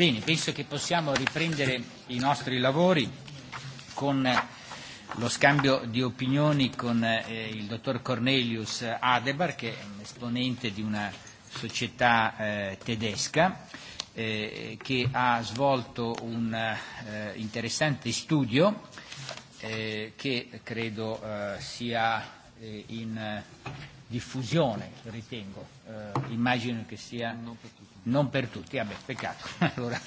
Bene, penso che possiamo riprendere i nostri lavori con eh, lo scambio di opinioni con eh, il dottor Cornelius Adebar, che è un esponente di una società eh, tedesca eh, che ha svolto un eh, interessante studio eh, che credo eh, sia eh, in diffusione, ritengo. Eh, immagino che sia. Non per tutti non per tutti, vabbè, peccato. Allora,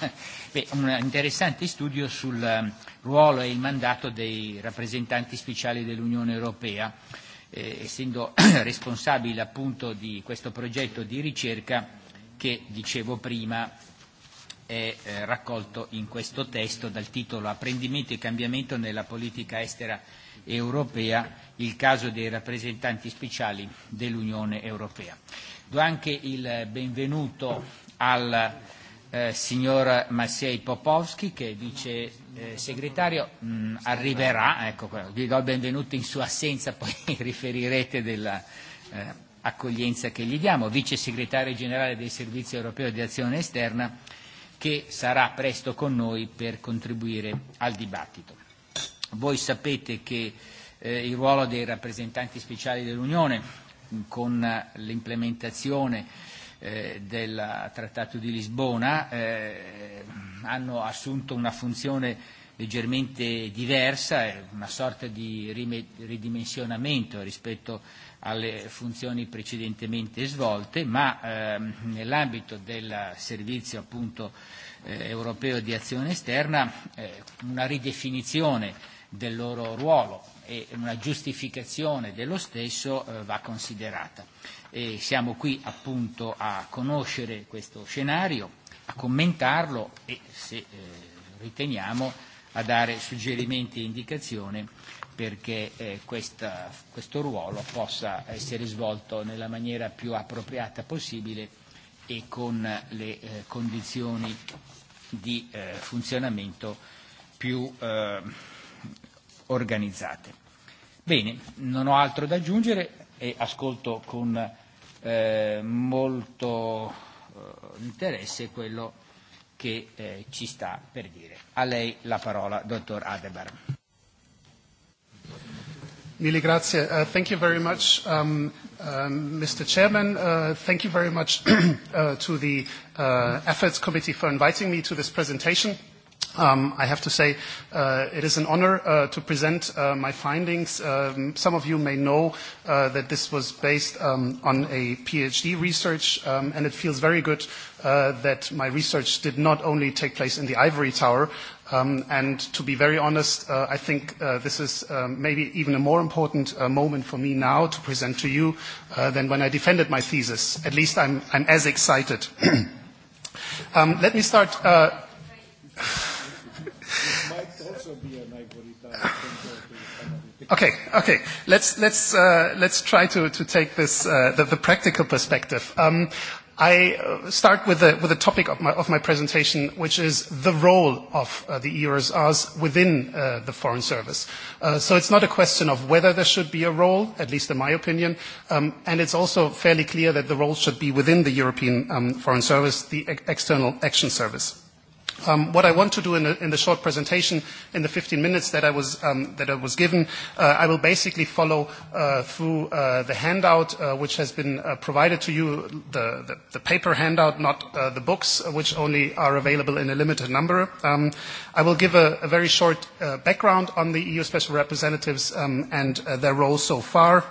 beh, un interessante studio sul ehm, ruolo e il mandato dei rappresentanti speciali dell'Unione Europea, eh, essendo responsabile appunto di questo progetto di ricerca che, dicevo prima, è eh, raccolto in questo testo dal titolo Apprendimento e cambiamento nella politica estera europea, il caso dei rappresentanti speciali dell'Unione Europea. Do anche il eh, benvenuto al eh, signor Massei Popovski che è vice eh, segretario, mh, mm, arriverà, ecco, vi do il benvenuto in sua assenza, poi riferirete dell'accoglienza eh, che gli diamo, vice segretario generale del Servizio Europeo di Azione Esterna che sarà presto con noi per contribuire al dibattito. Voi sapete che eh, il ruolo dei rappresentanti speciali dell'Unione mm, con eh, l'implementazione eh, eh, del Trattato di Lisbona eh, hanno assunto una funzione leggermente diversa, una sorta di ridimensionamento rispetto alle funzioni precedentemente svolte, ma ehm, nell'ambito del servizio appunto eh, europeo di azione esterna eh, una ridefinizione del loro ruolo e una giustificazione dello stesso eh, va considerata e siamo qui appunto a conoscere questo scenario, a commentarlo e se eh, riteniamo a dare suggerimenti e indicazioni perché eh, questa, questo ruolo possa essere svolto nella maniera più appropriata possibile e con le eh, condizioni di eh, funzionamento più eh, organizzate. Bene, non ho altro da aggiungere e ascolto con eh, molto eh, interesse quello che eh, ci sta per dire. A lei la parola, dottor Adebar. Mille grazie. Uh, thank you very much, um, um, Mr. Chairman. Uh, thank you very much uh, to the uh, Efforts Committee for inviting me to this presentation. Um, I have to say, uh, it is an honor uh, to present uh, my findings. Um, some of you may know uh, that this was based um, on a PhD research, um, and it feels very good uh, that my research did not only take place in the ivory tower. Um, and to be very honest, uh, I think uh, this is uh, maybe even a more important uh, moment for me now to present to you uh, than when I defended my thesis. At least I'm, I'm as excited. um, let me start. Uh, Okay, okay. Let's let's uh, let's try to to take this uh, the, the practical perspective. Um, I uh, start with the, with the topic of my, of my presentation, which is the role of uh, the ERSRs within uh, the Foreign Service. Uh, so it's not a question of whether there should be a role, at least in my opinion, um, and it's also fairly clear that the role should be within the European um, Foreign Service, the e External Action Service. Um, what I want to do in the, in the short presentation, in the 15 minutes that I was, um, that I was given, uh, I will basically follow uh, through uh, the handout uh, which has been uh, provided to you, the, the, the paper handout, not uh, the books, uh, which only are available in a limited number. Um, I will give a, a very short uh, background on the EU Special Representatives um, and uh, their role so far.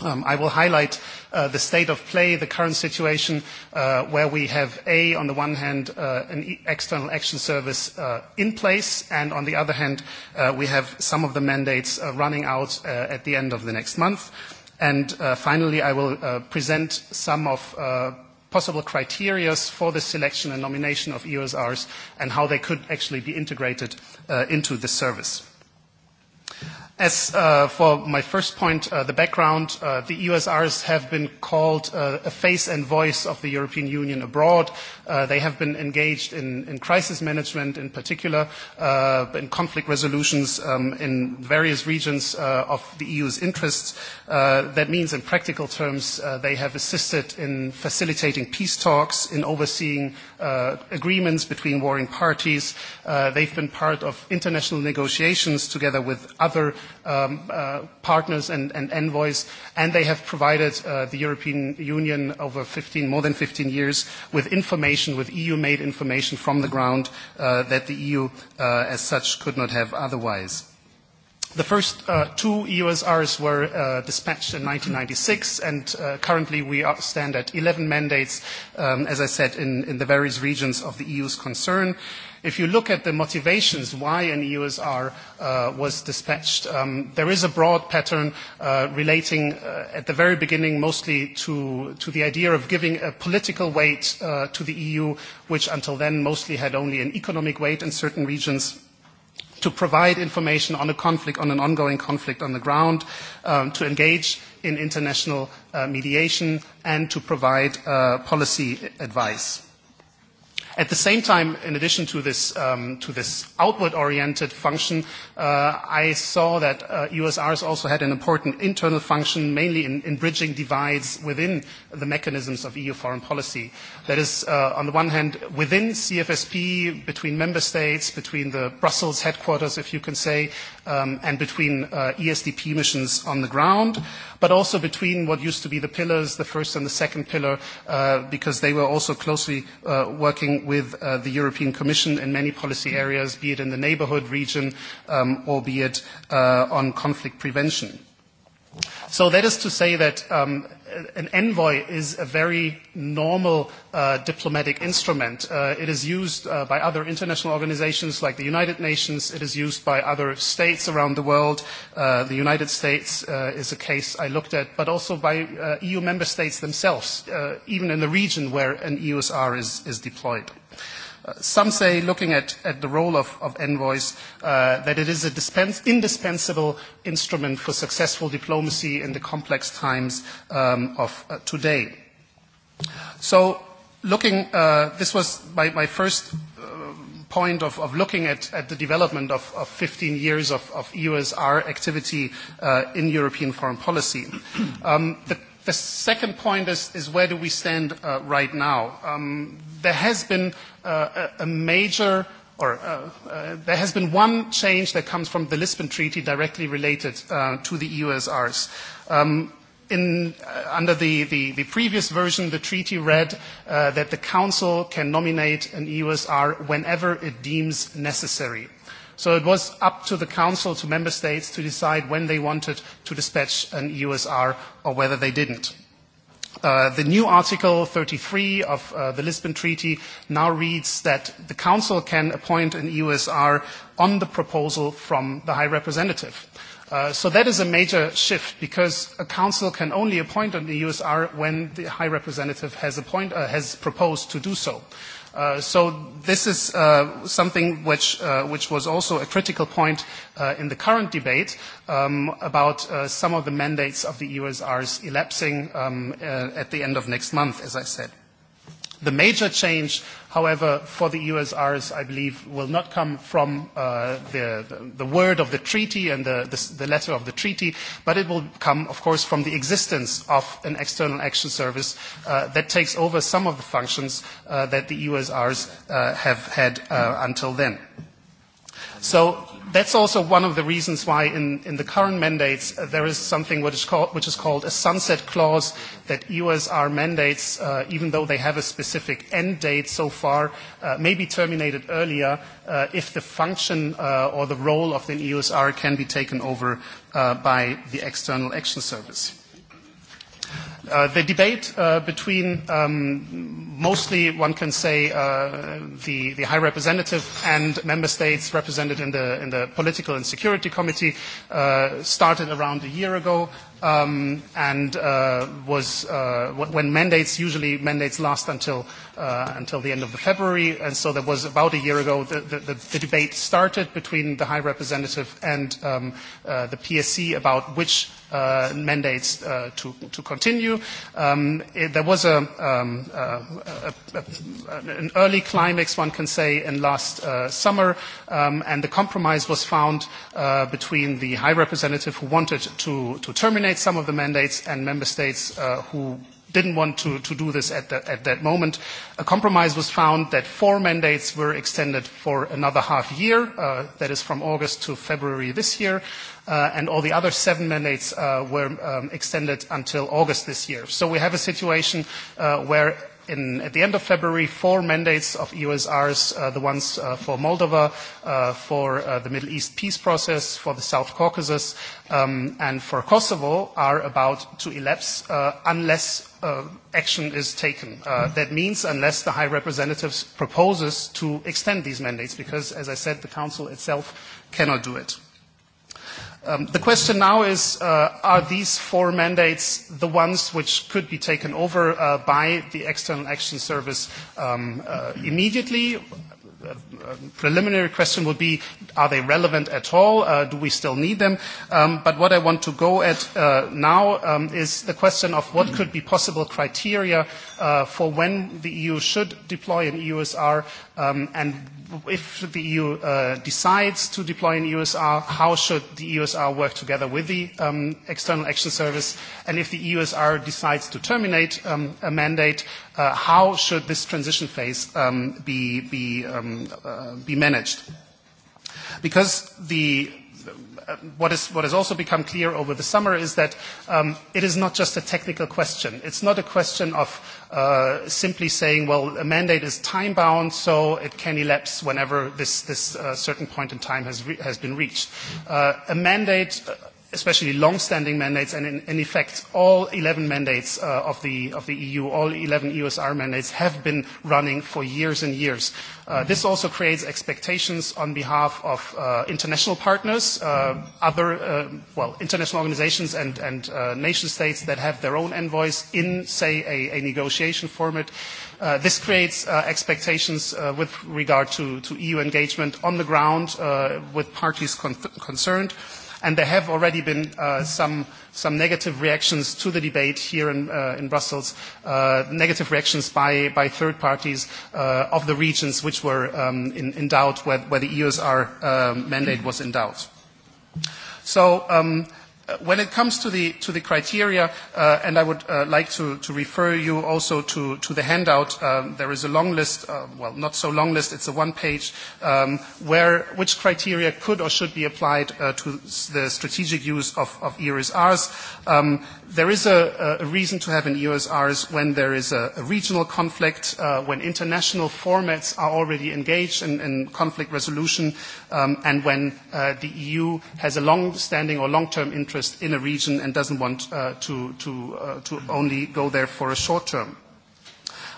Um, I will highlight uh, the state of play, the current situation, uh, where we have, A, on the one hand, uh, an e-, external action service uh, in place, and on the other hand, uh, we have some of the mandates uh, running out at the end of the next month. And finally, I will present some of possible criteria for the selection and nomination of EOSRs and how they could actually be integrated into the service. As uh, for my first point, uh, the background, uh, the EUSRs have been called uh, a face and voice of the European Union abroad. Uh, they have been engaged in, in crisis management in particular, uh, in conflict resolutions um, in various regions uh, of the EU's interests. Uh, that means in practical terms, uh, they have assisted in facilitating peace talks, in overseeing uh, agreements between warring parties. Uh, they've been part of international negotiations together with other Um, uh, partners and, and envoys, and they have provided uh, the European Union over 15, more than 15 years with information, with EU-made information from the ground uh, that the EU uh, as such could not have otherwise. The first uh, two EUSRs were uh, dispatched in 1996, and uh, currently we are, stand at 11 mandates, um, as I said, in, in the various regions of the EU's concern if you look at the motivations why an EUSR uh, was dispatched, um, there is a broad pattern uh, relating uh, at the very beginning mostly to, to the idea of giving a political weight uh, to the EU, which until then mostly had only an economic weight in certain regions to provide information on a conflict, on an ongoing conflict on the ground, um, to engage in international uh, mediation, and to provide uh, policy advice. At the same time, in addition to this, um, to this outward-oriented function, uh, I saw that uh, USRs also had an important internal function, mainly in, in bridging divides within the mechanisms of EU foreign policy. That is, uh, on the one hand, within CFSP, between member states, between the Brussels headquarters, if you can say, um, and between uh, ESDP missions on the ground, but also between what used to be the pillars, the first and the second pillar, uh, because they were also closely uh, working with uh, the European Commission in many policy areas, be it in the neighborhood region um, or be it uh, on conflict prevention. So that is to say that um, an envoy is a very normal uh, diplomatic instrument. Uh, it is used uh, by other international organizations like the United Nations. It is used by other states around the world. Uh, the United States uh, is a case I looked at, but also by uh, EU member states themselves, uh, even in the region where an EUSR is, is deployed. Uh, some say, looking at, at the role of, of envoys, uh, that it is an indispensable instrument for successful diplomacy in the complex times um, of uh, today. So, looking, uh, this was my, my first um, point of, of looking at, at the development of, of 15 years of, of EUSR activity uh, in European foreign policy. Um, the The second point is, is where do we stand uh, right now? Um, there has been uh, a, major or uh, uh, there has been one change that comes from the Lisbon Treaty directly related uh, to the EUSRs. Um, in, uh, under the, the, the previous version, the treaty read uh, that the Council can nominate an EUSR whenever it deems necessary. So it was up to the Council, to Member States, to decide when they wanted to dispatch an EUSR or whether they didn't. Uh, the new Article 33 of uh, the Lisbon Treaty now reads that the Council can appoint an EUSR on the proposal from the High Representative. Uh, so that is a major shift because a council can only appoint an EUSR when the High Representative has, appoint, uh, has proposed to do so. Uh, so this is uh, something which, uh, which was also a critical point uh, in the current debate um, about uh, some of the mandates of the EUSRs elapsing um, uh, at the end of next month, as I said. The major change, however, for the USRs, I believe, will not come from uh, the, the word of the treaty and the, the, the letter of the treaty, but it will come, of course, from the existence of an external action service uh, that takes over some of the functions uh, that the USRs uh, have had uh, until then. So that's also one of the reasons why in, in the current mandates uh, there is something which is, called, which is called a sunset clause that USR mandates, uh, even though they have a specific end date so far, uh, may be terminated earlier uh, if the function uh, or the role of the USR can be taken over uh, by the External Action Service. Uh, the debate uh, between um, mostly, one can say, uh, the, the High Representative and member states represented in the, in the Political and Security Committee uh, started around a year ago um, and uh, was uh, when mandates usually mandates last until uh, until the end of the February, and so there was about a year ago the, the, the debate started between the High Representative and um, uh, the PSC about which uh, mandates uh, to, to continue. Um, it, there was a, um, a, a, a, an early climax, one can say, in last uh, summer, um, and the compromise was found uh, between the High Representative who wanted to, to terminate mandate, some of the mandates and member states uh, who didn't want to, to do this at, the, at that moment. A compromise was found that four mandates were extended for another half year, uh, that is from August to February this year, uh, and all the other seven mandates uh, were um, extended until August this year. So we have a situation uh, where in, at the end of February, four mandates of EOSRs, uh, the ones uh, for Moldova, uh, for uh, the Middle East peace process, for the South Caucasus, um, and for Kosovo, are about to elapse uh, unless uh, action is taken. Uh, that means unless the High Representative proposes to extend these mandates, because, as I said, the Council itself cannot do it. Um, the question now is, uh, are these four mandates the ones which could be taken over uh, by the External Action Service um, uh, immediately? A uh, uh, preliminary question would be, are they relevant at all? Uh, do we still need them? Um, but what I want to go at uh, now um, is the question of what could be possible criteria uh, for when the EU should deploy an EUSR Um, and if the EU uh, decides to deploy an EUSR, how should the EUSR work together with the um, External Action Service? And if the EUSR decides to terminate um, a mandate, uh, how should this transition phase um, be, be, um, uh, be managed? Because the Uh, what, is, what has also become clear over the summer is that um, it is not just a technical question. It's not a question of uh, simply saying, well, a mandate is time bound, so it can elapse whenever this, this uh, certain point in time has, re- has been reached. Uh, a mandate uh, especially long-standing mandates, and in, in effect, all 11 mandates uh, of, the, of the EU, all 11 EUSR mandates have been running for years and years. Uh, this also creates expectations on behalf of uh, international partners, uh, other, uh, well, international organizations and, and uh, nation states that have their own envoys in, say, a, a negotiation format. Uh, this creates uh, expectations uh, with regard to, to EU engagement on the ground uh, with parties con- concerned. Uh, And there have already been uh, some, some negative reactions to the debate here in, uh, in Brussels, uh, negative reactions by, by third parties uh, of the regions which were um, in, in doubt, where, where the EUSR um, uh, mandate was in doubt. So um, Uh, when it comes to the to the criteria, uh, and I would uh, like to, to refer you also to, to the handout. Um, there is a long list, uh, well, not so long list. It's a one page um, where which criteria could or should be applied uh, to the strategic use of, of ERSRs. Um, there is a, a reason to have an ERSRs when there is a, a regional conflict, uh, when international formats are already engaged in, in conflict resolution, um, and when uh, the EU has a long-standing or long-term interest interest in a region and doesn't want uh, to, to, uh, to only go there for a short term.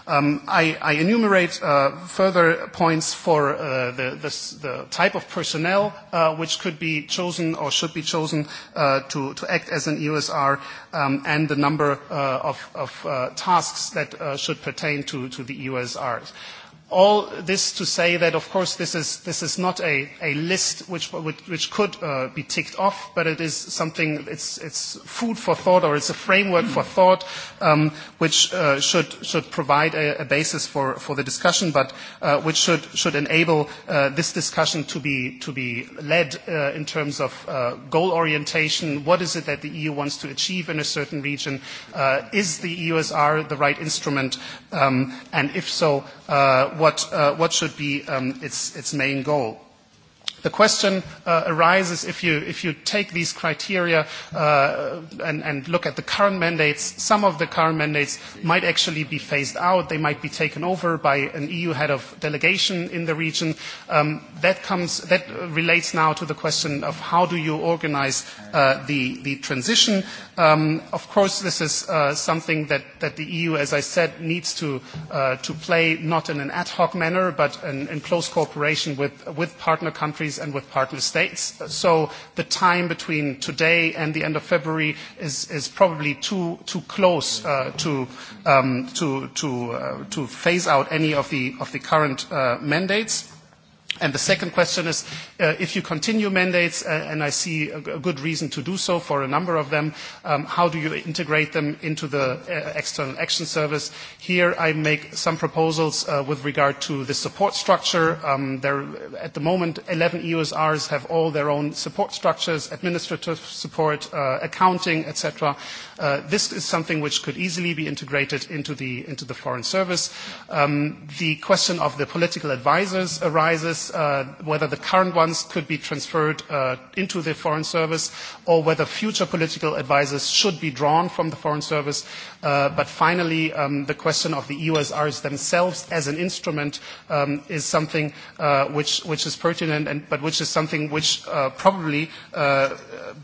Um, I, I enumerate uh, further points for uh, the, the, the type of personnel uh, which could be chosen or should be chosen uh, to, to act as an EOSR um, and the number uh, of, of uh, tasks that uh, should pertain to, to the EOSRs all this to say that, of course, this is, this is not a, a list which, which could uh, be ticked off, but it is something, it's, it's food for thought or it's a framework for thought um, which uh, should, should provide a, basis for, for the discussion, but uh, which should, should enable this discussion to be, to be led in terms of goal orientation. What is it that the EU wants to achieve in a certain region? is the EUSR the right instrument? Um, and if so, what, uh, what should be um, its, its main goal. The question uh, arises if you, if you take these criteria uh, and, and look at the current mandates, some of the current mandates might actually be phased out. They might be taken over by an EU head of delegation in the region. Um, that, comes, that relates now to the question of how do you organize uh, the, the transition. Um, of course, this is uh, something that, that the EU, as I said, needs to, uh, to play not in an ad hoc manner, but in, in close cooperation with, with partner countries countries and with partner states. So the time between today and the end of February is, probably too, close uh, um, uh, to, phase out any of the, current uh, mandates. And the second question is, uh, if you continue mandates, uh, and I see a good reason to do so for a number of them, um, how do you integrate them into the uh, External Action Service? Here, I make some proposals uh, with regard to the support structure. Um, there, at the moment, 11 EUSRs have all their own support structures, administrative support, uh, accounting, et cetera. Uh, this is something which could easily be integrated into the, into the Foreign Service. Um, the question of the political advisors arises, uh, whether the current ones could be transferred uh, into the Foreign Service or whether future political advisors should be drawn from the Foreign Service. Uh, but finally, um, the question of the EUSRs themselves as an instrument um, is something uh, which, which is pertinent, and, but which is something which uh, probably, uh,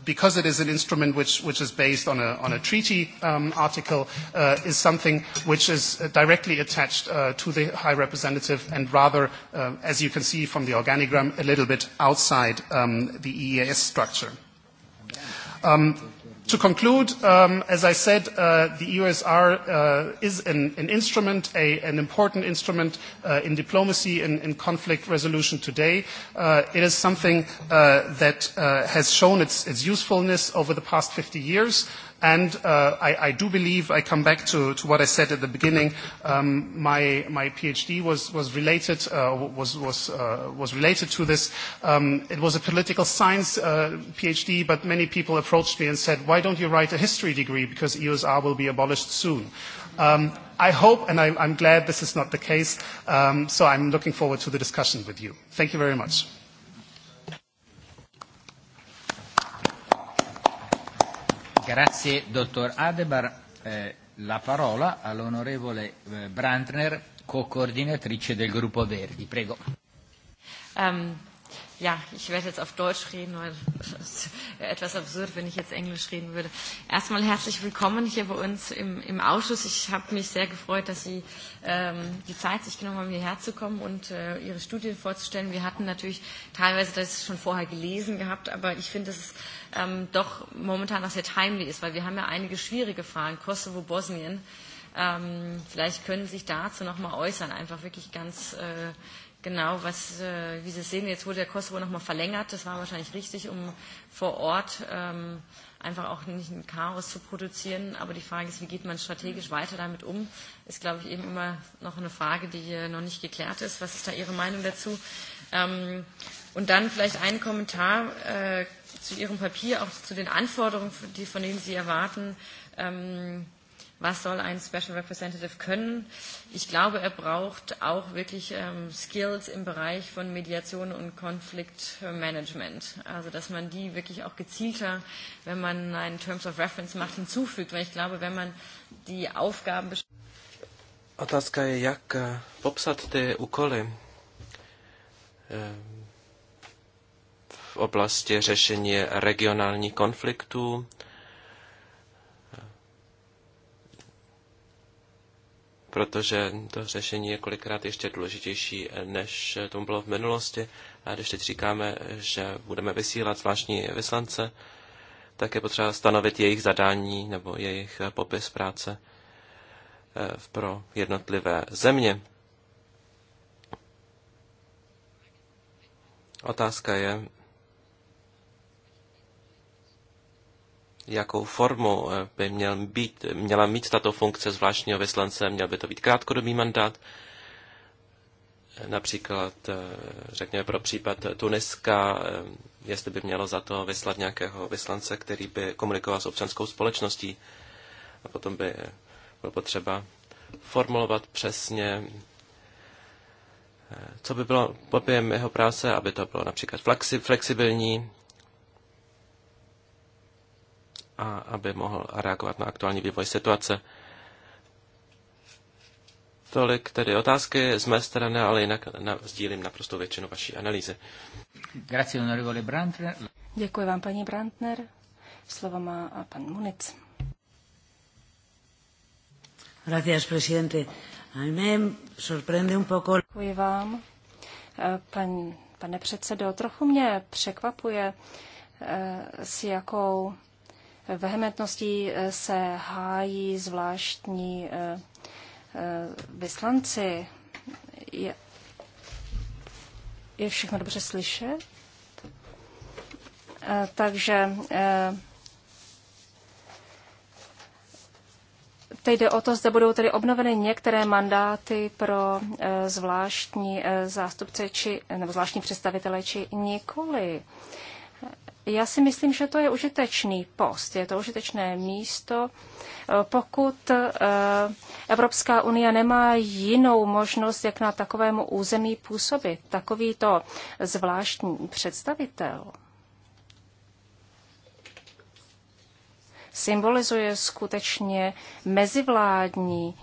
because it is an instrument which, which is based on a, on a treaty um, article, uh, is something which is directly attached uh, to the High Representative and rather, uh, as you can see from the organigram, a little bit outside um, the EES structure. Um, to conclude, um, as I said, uh, the EUSR uh, is an, an instrument, a, an important instrument uh, in diplomacy and in, conflict resolution today. Uh, it is something uh, that uh, has shown its, its usefulness over the past 50 years. And uh, I, I do believe, I come back to, to what I said at the beginning, um, my, my PhD was, was, related, uh, was, was, uh, was related to this. Um, it was a political science uh, PhD, but many people approached me and said, why don't you write a history degree because EUSR will be abolished soon. Um, I hope, and I, I'm glad this is not the case, um, so I'm looking forward to the discussion with you. Thank you very much. Grazie, dottor Adebar. Eh, la parola all'onorevole eh, Brandner, co-coordinatrice del gruppo Verdi. Prego. Um. Ja, ich werde jetzt auf Deutsch reden, weil es wäre etwas absurd, wenn ich jetzt Englisch reden würde. Erstmal herzlich willkommen hier bei uns im, im Ausschuss. Ich habe mich sehr gefreut, dass Sie ähm, die Zeit sich genommen haben, hierher zu kommen und äh, Ihre Studien vorzustellen. Wir hatten natürlich teilweise das schon vorher gelesen gehabt, aber ich finde, dass es ähm, doch momentan noch sehr timely ist, weil wir haben ja einige schwierige Fragen. Kosovo, Bosnien. Ähm, vielleicht können Sie sich dazu noch mal äußern, einfach wirklich ganz äh, Genau, was, äh, wie Sie sehen, jetzt wurde der Kosovo nochmal verlängert. Das war wahrscheinlich richtig, um vor Ort ähm, einfach auch nicht ein Chaos zu produzieren. Aber die Frage ist, wie geht man strategisch weiter damit um? Ist, glaube ich, eben immer noch eine Frage, die äh, noch nicht geklärt ist. Was ist da Ihre Meinung dazu? Ähm, und dann vielleicht ein Kommentar äh, zu Ihrem Papier, auch zu den Anforderungen, die, von denen Sie erwarten. Ähm, was soll ein Special Representative können? Ich glaube, er braucht auch wirklich ähm, Skills im Bereich von Mediation und Konfliktmanagement. Äh, also, dass man die wirklich auch gezielter, wenn man einen Terms of Reference macht, hinzufügt. Weil ich glaube, wenn man die Aufgaben... Otázka je, jak eh, popsat ty úkoly eh, v oblasti řešení regionálních konfliktů, protože to řešení je kolikrát ještě důležitější, než tomu bylo v minulosti. A když teď říkáme, že budeme vysílat zvláštní vyslance, tak je potřeba stanovit jejich zadání nebo jejich popis práce eh, pro jednotlivé země. Otázka je, jakou formu eh, by měl být, měla mít tato funkce zvláštního vyslance. Měl by to být krátkodobý mandát, například, eh, řekněme, pro případ Tuniska, eh, jestli by mělo za to vyslat nějakého vyslance, který by komunikoval s občanskou společností. A potom by bylo potřeba formulovat přesně, co by bylo popěm jeho práce, aby to bylo například flexibilní, a aby mohl reagovat na aktuální vývoj situace. Tolik tedy otázky z mé strany, ale jinak na, sdílím naprosto většinu vaší analýzy. Děkuji vám, paní Brandner. Slovo má a pan Munic. Gracias, presidente. A sorprende un poco... Děkuji vám, eh, pan, pane předsedo. Trochu mě překvapuje, eh, s jakou vehementností eh, se hájí zvláštní eh, eh, vyslanci. Je, je všechno dobře slyšet? Takže Teď jde o to, zda budou tedy obnoveny některé mandáty pro zvláštní zástupce či, nebo zvláštní představitele či nikoli já si myslím, že to je užitečný post, je to užitečné místo, eh, pokud eh, Evropská unie nemá jinou možnost, jak na takovému území působit. Takovýto zvláštní představitel symbolizuje skutečně mezivládní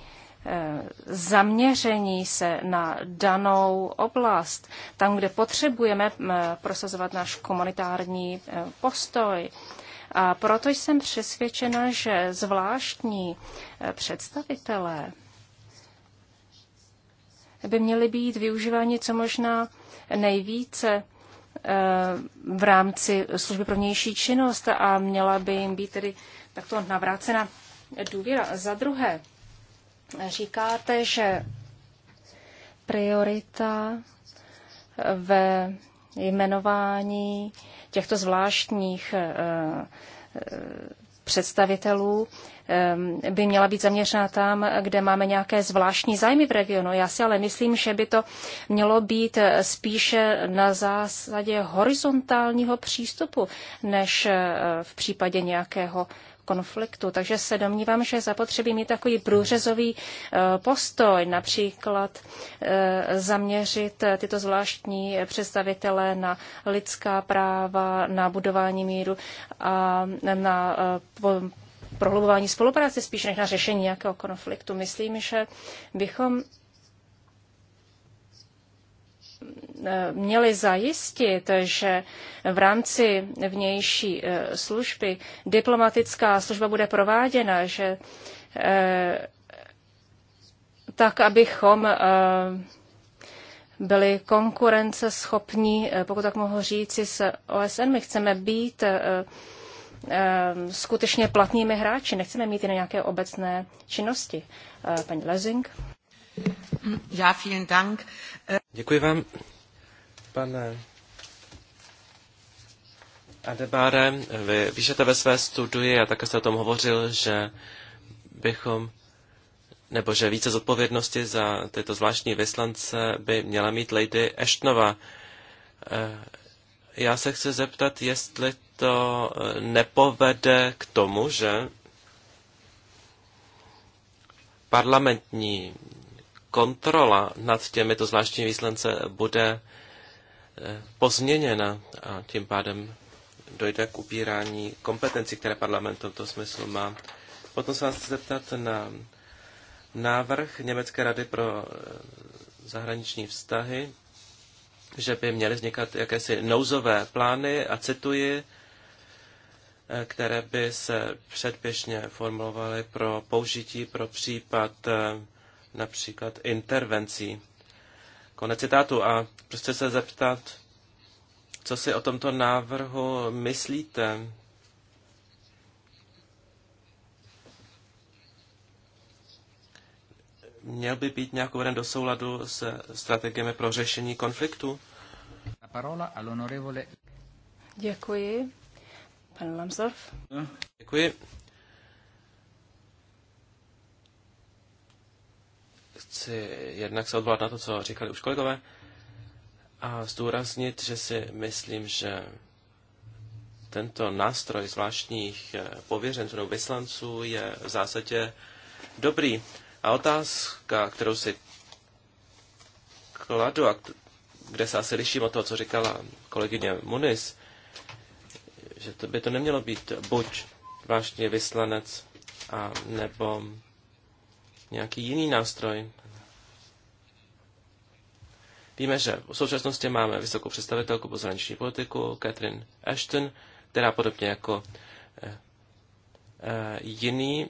zaměření se na danou oblast, tam, kde potřebujeme prosazovat náš komunitární e, postoj. A proto jsem přesvědčena, že zvláštní e, představitelé by měli být využíváni co možná nejvíce e, v rámci služby pro vnější činnost a měla by jim být tedy takto navrácena důvěra. Za druhé, Říkáte, že priorita ve jmenování těchto zvláštních eh, eh, představitelů eh, by měla být zaměřena tam, kde máme nějaké zvláštní zájmy v regionu. Já si ale myslím, že by to mělo být spíše na zásadě horizontálního přístupu, než v případě nějakého konfliktu. Takže se domnívám, že zapotřebí mít takový průřezový eh, postoj, například eh, zaměřit eh, tyto zvláštní představitele na lidská práva, na budování míru a na prohlubování spolupráce spíš než na řešení nějakého konfliktu. Myslím, že bychom měli zajistit, že v rámci vnější e, služby diplomatická služba bude prováděna, že e, tak, abychom e, byli konkurenceschopní, pokud tak mohu říci, s OSN. My chceme být skutečně platnými hráči, nechceme mít jen nějaké obecné činnosti. Paní Lezing. Já vielen Dank. Děkuji vám. Pane Adebáre, vy píšete ve své studii a také jste o tom hovořil, že bychom nebo že více zodpovědnosti za tyto zvláštní vyslance by měla mít Lady Eštnova. Eh, já se chci zeptat, jestli to eh, nepovede k tomu, že parlamentní kontrola nad těmito zvláštními výslence bude pozměněna a tím pádem dojde k upírání kompetencí, které parlament v tomto smyslu má. Potom se vás chci zeptat na návrh Německé rady pro eh, zahraniční vztahy, že by měly vznikat jakési nouzové plány, a cituji, eh, které by se předpěšně formulovaly pro použití pro případ eh, například intervencí. Konec citátu. A prostě se zeptat, co si o tomto návrhu myslíte. Měl by být nějak uveden do souladu s strategiemi pro řešení konfliktu? Děkuji. Pan Lamsdorf. Děkuji. chci jednak se odvolat na to, co říkali už kolegové, a zdůraznit, že si myslím, že tento nástroj zvláštních eh, pověřenců nebo vyslanců je v zásadě dobrý. A otázka, kterou si kladu, a kde se asi liším od toho, co říkala kolegyně Muniz, že to by to nemělo být buď zvláštní vyslanec, a nebo nějaký jiný nástroj. Víme, že v současnosti máme vysokou představitelku po zahraniční politiku, Catherine Ashton, která podobně jako eh, eh, jiný,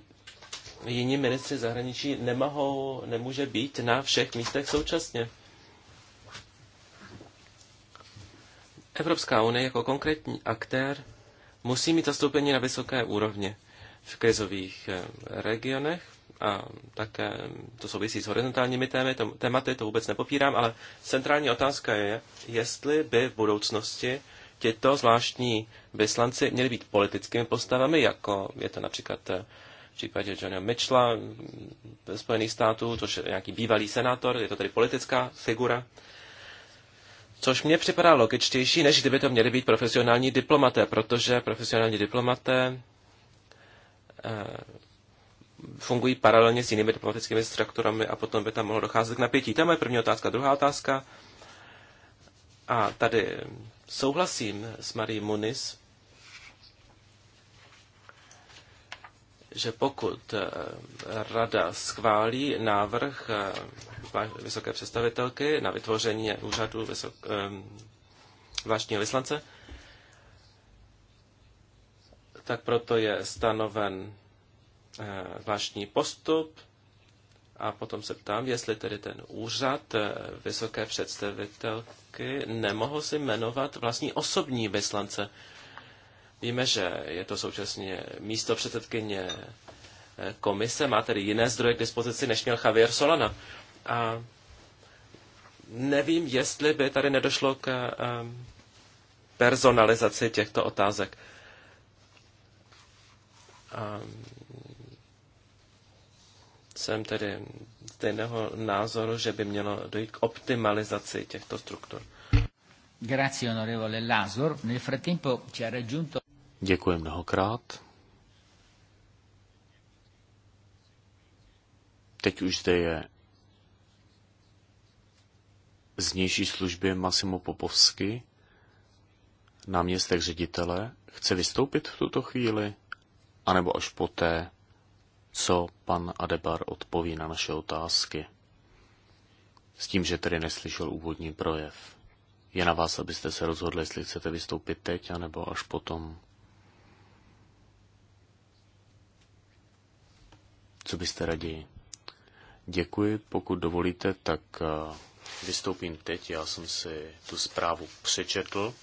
jiní ministři zahraničí nemohou, nemůže být na všech místech současně. Evropská unie jako konkrétní aktér musí mít zastoupení na vysoké úrovni v krizových eh, regionech a to souvisí s horizontálními témy, to, tématy, to vůbec nepopírám, ale centrální otázka je, jestli by v budoucnosti těto zvláštní vyslanci měli být politickými postavami, jako je to například eh, v případě Johna Mitchella ve mm, Spojených států, což je nějaký bývalý senátor, je to tedy politická figura, což mně připadá logičtější, než kdyby to měli být profesionální diplomaté, protože profesionální diplomaté eh, fungují paralelně s jinými diplomatickými strukturami a potom by tam mohlo docházet k napětí. Tam je první otázka. Druhá otázka. A tady souhlasím s Marí Muniz, že pokud eh, rada schválí návrh eh, vysoké představitelky na vytvoření úřadu vysok, eh, vyslance, tak proto je stanoven Eh, zvláštní postup a potom se ptám, jestli tedy ten úřad eh, vysoké představitelky nemohl si jmenovat vlastní osobní vyslance. Víme, že je to současně místo předsedkyně eh, komise, má tedy jiné zdroje k dispozici, než měl Javier Solana. A nevím, jestli by tady nedošlo k personalizaci těchto otázek. A jsem tedy stejného názoru, že by mělo dojít k optimalizaci těchto struktur. Grazie, onorevole Lazor. Nel frattempo ci ha raggiunto... Děkuji mnohokrát. Teď už zde je z služby Massimo Popovsky, náměstek ředitele. Chce vystoupit v tuto chvíli? anebo až poté, co pan Adebar odpoví na naše otázky. S tím, že tedy neslyšel úvodní projev. Je na vás, abyste se rozhodli, jestli chcete vystoupit teď, anebo až potom. Co byste raději? Děkuji, pokud dovolíte, tak eh, vystoupím teď. Já jsem si tu zprávu přečetl.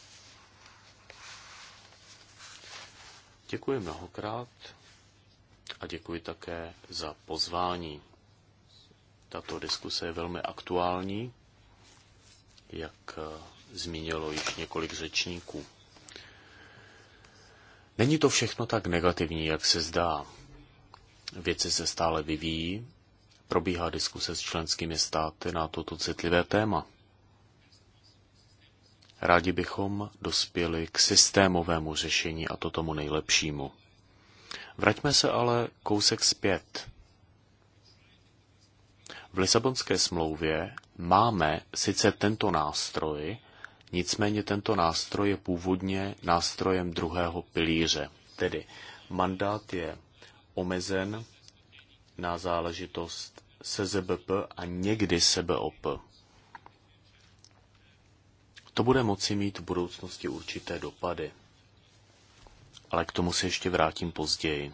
Děkuji mnohokrát a děkuji také za pozvání. Tato diskuse je velmi aktuální, jak eh, zmínilo již několik řečníků. Není to všechno tak negativní, jak se zdá. Věci se stále vyvíjí, probíhá diskuse s členskými státy na toto citlivé téma. Rádi bychom dospěli k systémovému řešení a to tomu nejlepšímu. Vraťme se ale kousek zpět. V Lisabonské smlouvě máme sice tento nástroj, nicméně tento nástroj je původně nástrojem druhého pilíře. Tedy mandát je omezen na záležitost SZBP a někdy SBOP. To bude moci mít v budoucnosti určité dopady ale k tomu se ještě vrátím později.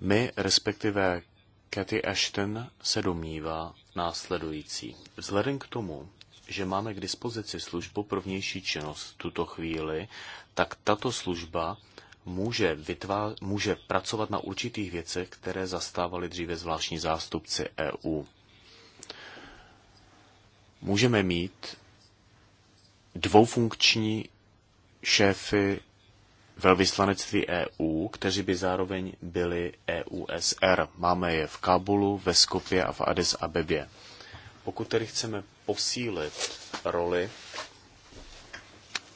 My, respektive Cathy Ashton, se domnívá následující. Vzhledem k tomu, že máme k dispozici službu pro vnější činnost tuto chvíli, tak tato služba může, vytvá- může pracovat na určitých věcech, které zastávali dříve zvláštní zástupci EU. Můžeme mít dvoufunkční šéfy velvyslanectví EU, kteří by zároveň byli EUSR. Máme je v Kabulu, ve Skopě a v Addis Abebě. Pokud tedy chceme posílit roli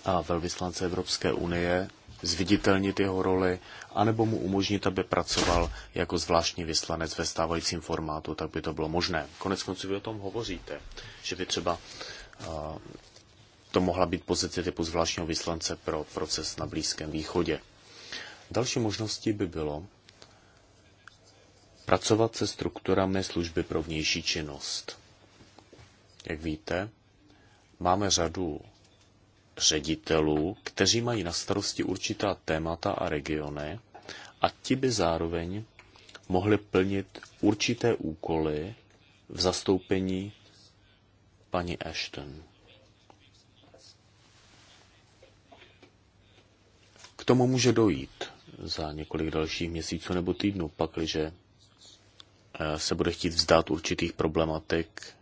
a velvyslance Evropské unie, zviditelnit jeho roli, anebo mu umožnit, aby pracoval jako zvláštní vyslanec ve stávajícím formátu, tak by to bylo možné. Konec konců vy o tom hovoříte, že by třeba to mohla být pozice typu zvláštního vyslance pro proces na Blízkém východě. Další možností by bylo pracovat se strukturami služby pro vnější činnost. Jak víte, máme řadu ředitelů, kteří mají na starosti určitá témata a regiony a ti by zároveň mohli plnit určité úkoly v zastoupení paní Ashton. tomu může dojít za několik dalších měsíců nebo týdnů, pakliže eh, se bude chtít vzdát určitých problematik,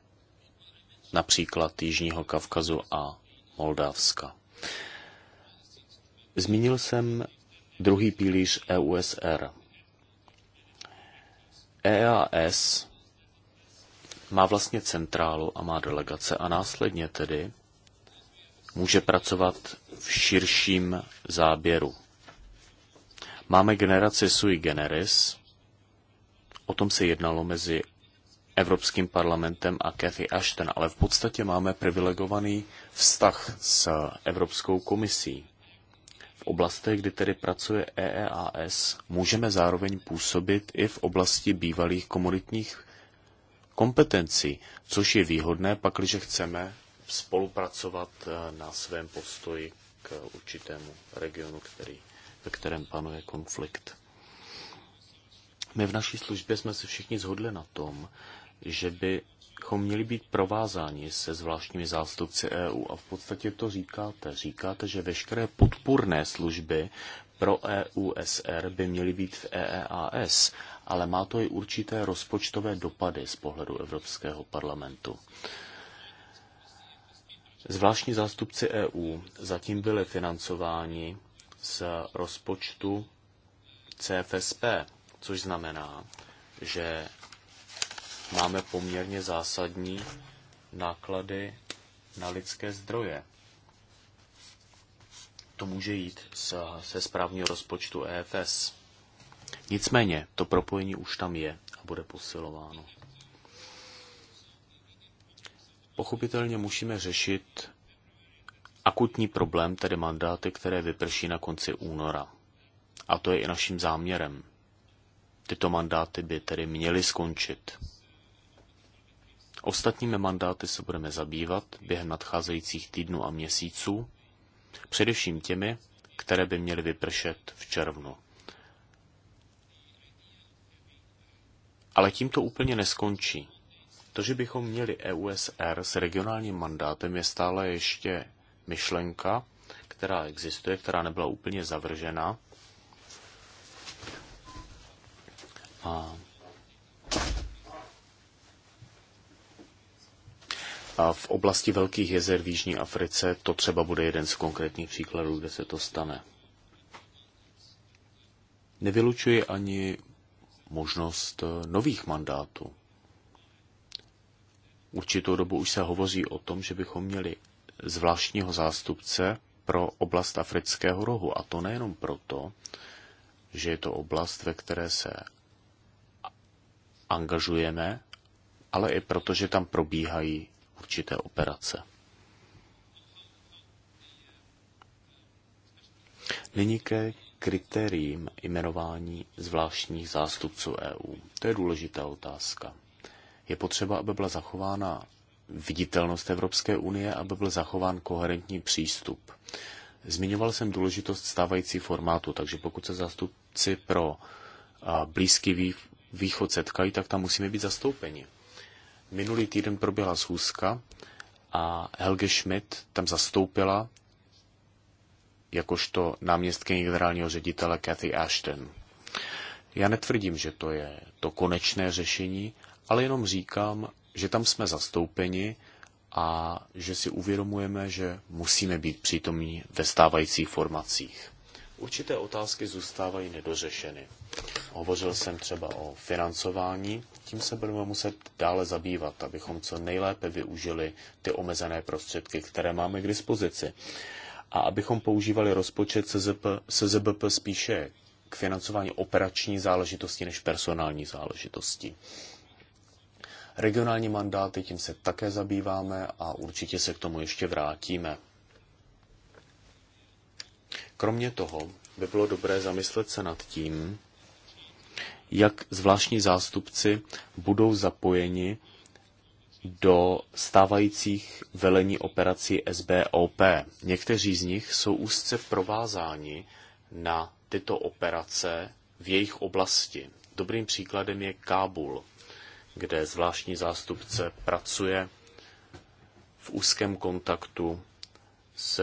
například Jižního Kavkazu a Moldavska. Zmínil jsem druhý pilíř EUSR. EAS má vlastně centrálu a má delegace a následně tedy může pracovat v širším záběru. Máme generaci sui generis, o tom se jednalo mezi Evropským parlamentem a Cathy Ashton, ale v podstatě máme privilegovaný vztah s Evropskou komisí. V oblastech, kdy tedy pracuje EEAS, můžeme zároveň působit i v oblasti bývalých komunitních kompetencí, což je výhodné, pakliže chceme spolupracovat eh, na svém postoji k určitému regionu, který, ve kterém panuje konflikt. My v naší službě jsme se všichni zhodli na tom, že bychom měli být provázáni se zvláštními zástupci EU. A v podstatě to říkáte. Říkáte, že veškeré podpůrné služby pro EUSR by měly být v EEAS, ale má to i určité rozpočtové dopady z pohledu Evropského parlamentu. Zvláštní zástupci EU zatím byli financováni z rozpočtu CFSP, což znamená, že máme poměrně zásadní náklady na lidské zdroje. To může jít se správního rozpočtu EFS. Nicméně to propojení už tam je a bude posilováno. Pochopitelně musíme řešit akutní problém, tedy mandáty, které vyprší na konci února. A to je i naším záměrem. Tyto mandáty by tedy měly skončit. Ostatními mandáty se budeme zabývat během nadcházejících týdnů a měsíců, především těmi, které by měly vypršet v červnu. Ale tím to úplně neskončí. To, že bychom měli EUSR s regionálním mandátem, je stále ještě myšlenka, která existuje, která nebyla úplně zavržena. A A v oblasti Velkých jezer v Jižní Africe to třeba bude jeden z konkrétních příkladů, kde se to stane. Nevylučuji ani možnost nových mandátů určitou dobu už se hovoří o tom, že bychom měli zvláštního zástupce pro oblast afrického rohu. A to nejenom proto, že je to oblast, ve které se angažujeme, ale i proto, že tam probíhají určité operace. Nyní ke kritériím jmenování zvláštních zástupců EU. To je důležitá otázka. Je potřeba, aby byla zachována viditelnost Evropské unie, aby byl zachován koherentní přístup. Zmiňoval jsem důležitost stávající formátu, takže pokud se zástupci pro Blízký východ setkají, tak tam musíme být zastoupeni. Minulý týden proběhla schůzka a Helge Schmidt tam zastoupila jakožto náměstky generálního ředitele Cathy Ashton. Já netvrdím, že to je to konečné řešení, ale jenom říkám, že tam jsme zastoupeni a že si uvědomujeme, že musíme být přítomní ve stávajících formacích. Určité otázky zůstávají nedořešeny. Hovořil jsem třeba o financování, tím se budeme muset dále zabývat, abychom co nejlépe využili ty omezené prostředky, které máme k dispozici. A abychom používali rozpočet CZP, CZBP spíše k financování operační záležitosti než personální záležitosti. Regionální mandáty, tím se také zabýváme a určitě se k tomu ještě vrátíme. Kromě toho by bylo dobré zamyslet se nad tím, jak zvláštní zástupci budou zapojeni do stávajících velení operací SBOP. Někteří z nich jsou úzce provázáni na tyto operace v jejich oblasti. Dobrým příkladem je Kábul, kde zvláštní zástupce pracuje v úzkém kontaktu s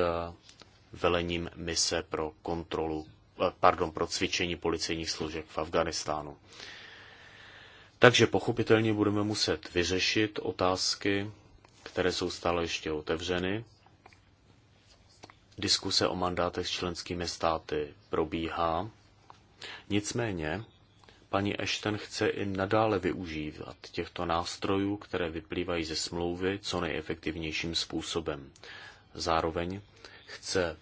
velením mise pro kontrolu, eh, pardon, pro cvičení policejních služeb v Afganistánu. Takže pochopitelně budeme muset vyřešit otázky, které jsou stále ještě otevřeny. Diskuse o mandátech s členskými státy probíhá. Nicméně paní Ashton chce i nadále využívat těchto nástrojů, které vyplývají ze smlouvy, co nejefektivnějším způsobem. Zároveň chce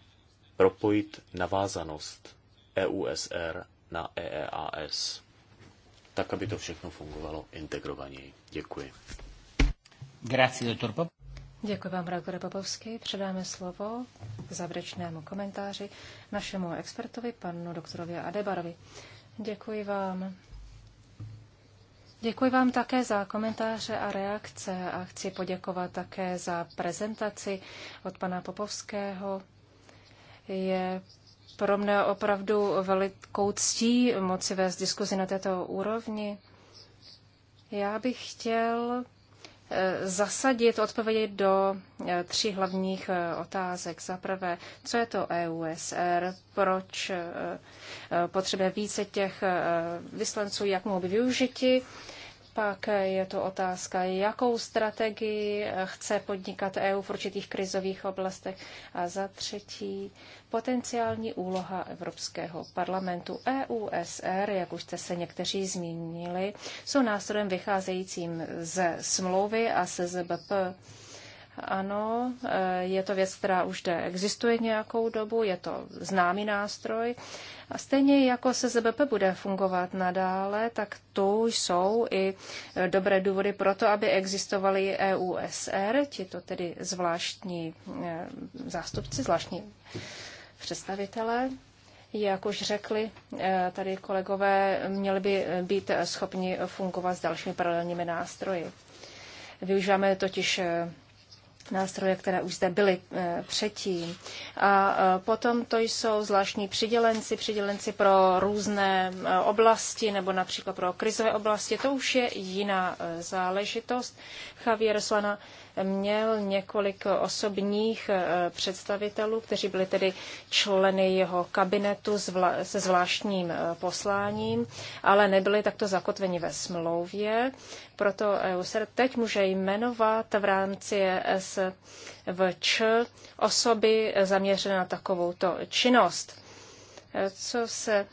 propojit navázanost EUSR na EEAS, tak aby to všechno fungovalo integrovaněji. Děkuji. Grazie, doktor Pop. Děkuji vám, Rákore Popovský. Předáme slovo k závěrečnému komentáři našemu expertovi, panu doktorovi Adebarovi. Děkuji vám. Děkuji vám také za komentáře a reakce a chci poděkovat také za prezentaci od pana Popovského. Je pro mne opravdu velikou ctí moci vést diskuzi na této úrovni. Já bych chtěl Eh, zasadit odpovědět do eh, tří hlavních eh, otázek. Za prvé, co je to EUSR, proč potřebuje více těch vyslanců, jak mohou být využiti, pak je to otázka, jakou strategii chce podnikat EU v určitých krizových oblastech. A za třetí, potenciální úloha Evropského parlamentu. EUSR, jak už jste se někteří zmínili, jsou nástrojem vycházejícím ze smlouvy a SZBP. Ano, eh, je to věc, která už zde existuje nějakou dobu, je to známý nástroj. A stejně jako se ZBP bude fungovat nadále, tak tu jsou i eh, dobré důvody pro to, aby existovaly EUSR, ti to tedy zvláštní eh, zástupci, zvláštní představitelé. Jak už řekli tady kolegové, měli by být schopni fungovat s dalšími paralelními nástroji. Využíváme totiž nástroje, které už zde byly eh, předtím. A eh, potom to jsou zvláštní přidělenci, přidělenci pro různé eh, oblasti nebo například pro krizové oblasti. To už je jiná záležitost. Javier Solana měl několik osobních eh, představitelů, kteří byli tedy členy jeho kabinetu se zvláštním eh, posláním, ale nebyli takto zakotveni ve smlouvě. Proto EUSER eh, teď může jmenovat v rámci e SVČ osoby zaměřené na takovouto činnost. Co se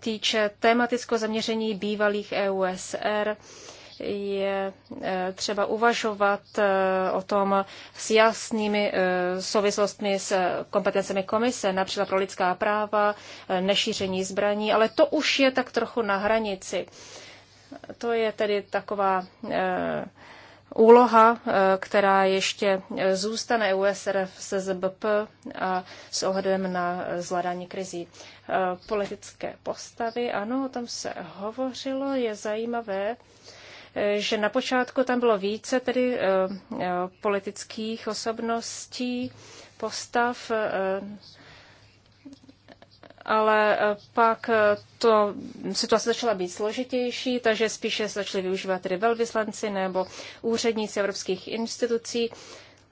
týče tématického zaměření bývalých EUSR, je eh, třeba uvažovat eh, o tom s jasnými eh, souvislostmi s kompetencemi komise, například pro lidská práva, nešíření zbraní, ale to už je tak trochu na hranici. To je tedy taková úloha, která ještě zůstane USRF ZBP a s ohledem na zvládání krizí. Politické postavy, ano, o tom se hovořilo, je zajímavé, že na počátku tam bylo více tedy eh, eh, politických osobností, postav, eh, ale pak to situace začala být složitější, takže spíše začali využívat tedy velvyslanci nebo úředníci evropských institucí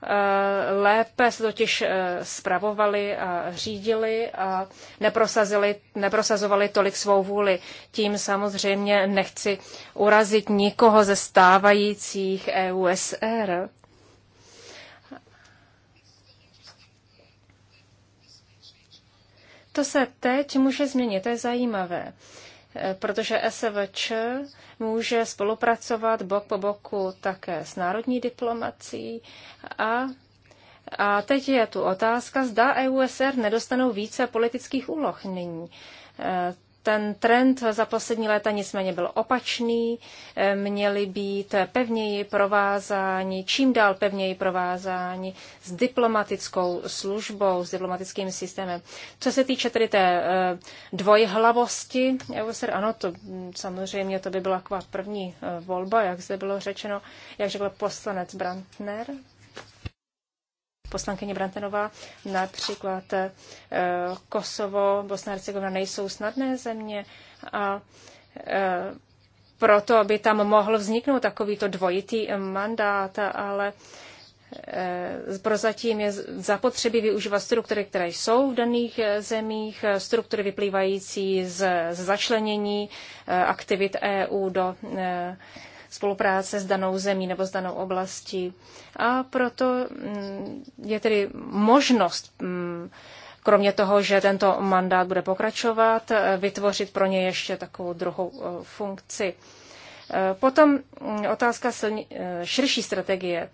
Eh, lépe se totiž eh, spravovali a řídili a neprosazili, neprosazovali tolik svou vůli. Tím samozřejmě nechci urazit nikoho ze stávajících EUSR. To se teď může změnit, to je zajímavé protože SVČ může spolupracovat bok po boku také s národní diplomací a a teď je tu otázka, zda EUSR nedostanou více politických úloh nyní. Eh, ten trend za poslední léta nicméně byl opačný, eh, měli být pevněji provázáni, čím dál pevněji provázáni s diplomatickou službou, s diplomatickým systémem. Co se týče tedy té eh, dvojhlavosti, eh, ano, to hm, samozřejmě to by byla taková první volba, jak zde bylo řečeno, jak řekl poslanec Brandner, poslankyně Brantenová, například eh, Kosovo, Bosna a Hercegovina nejsou snadné země a eh, proto by tam mohl vzniknout takovýto dvojitý mandát, ale eh, prozatím je zapotřebí využívat struktury, které jsou v daných zemích, struktury vyplývající z začlenění aktivit EU do spolupráce s danou zemí nebo s danou oblastí. A proto mm, je tedy možnost, mm, kromě toho, že tento mandát bude pokračovat, eh, vytvořit pro ně ještě takovou druhou eh, funkci. Eh, potom mm, otázka silni, širší strategie,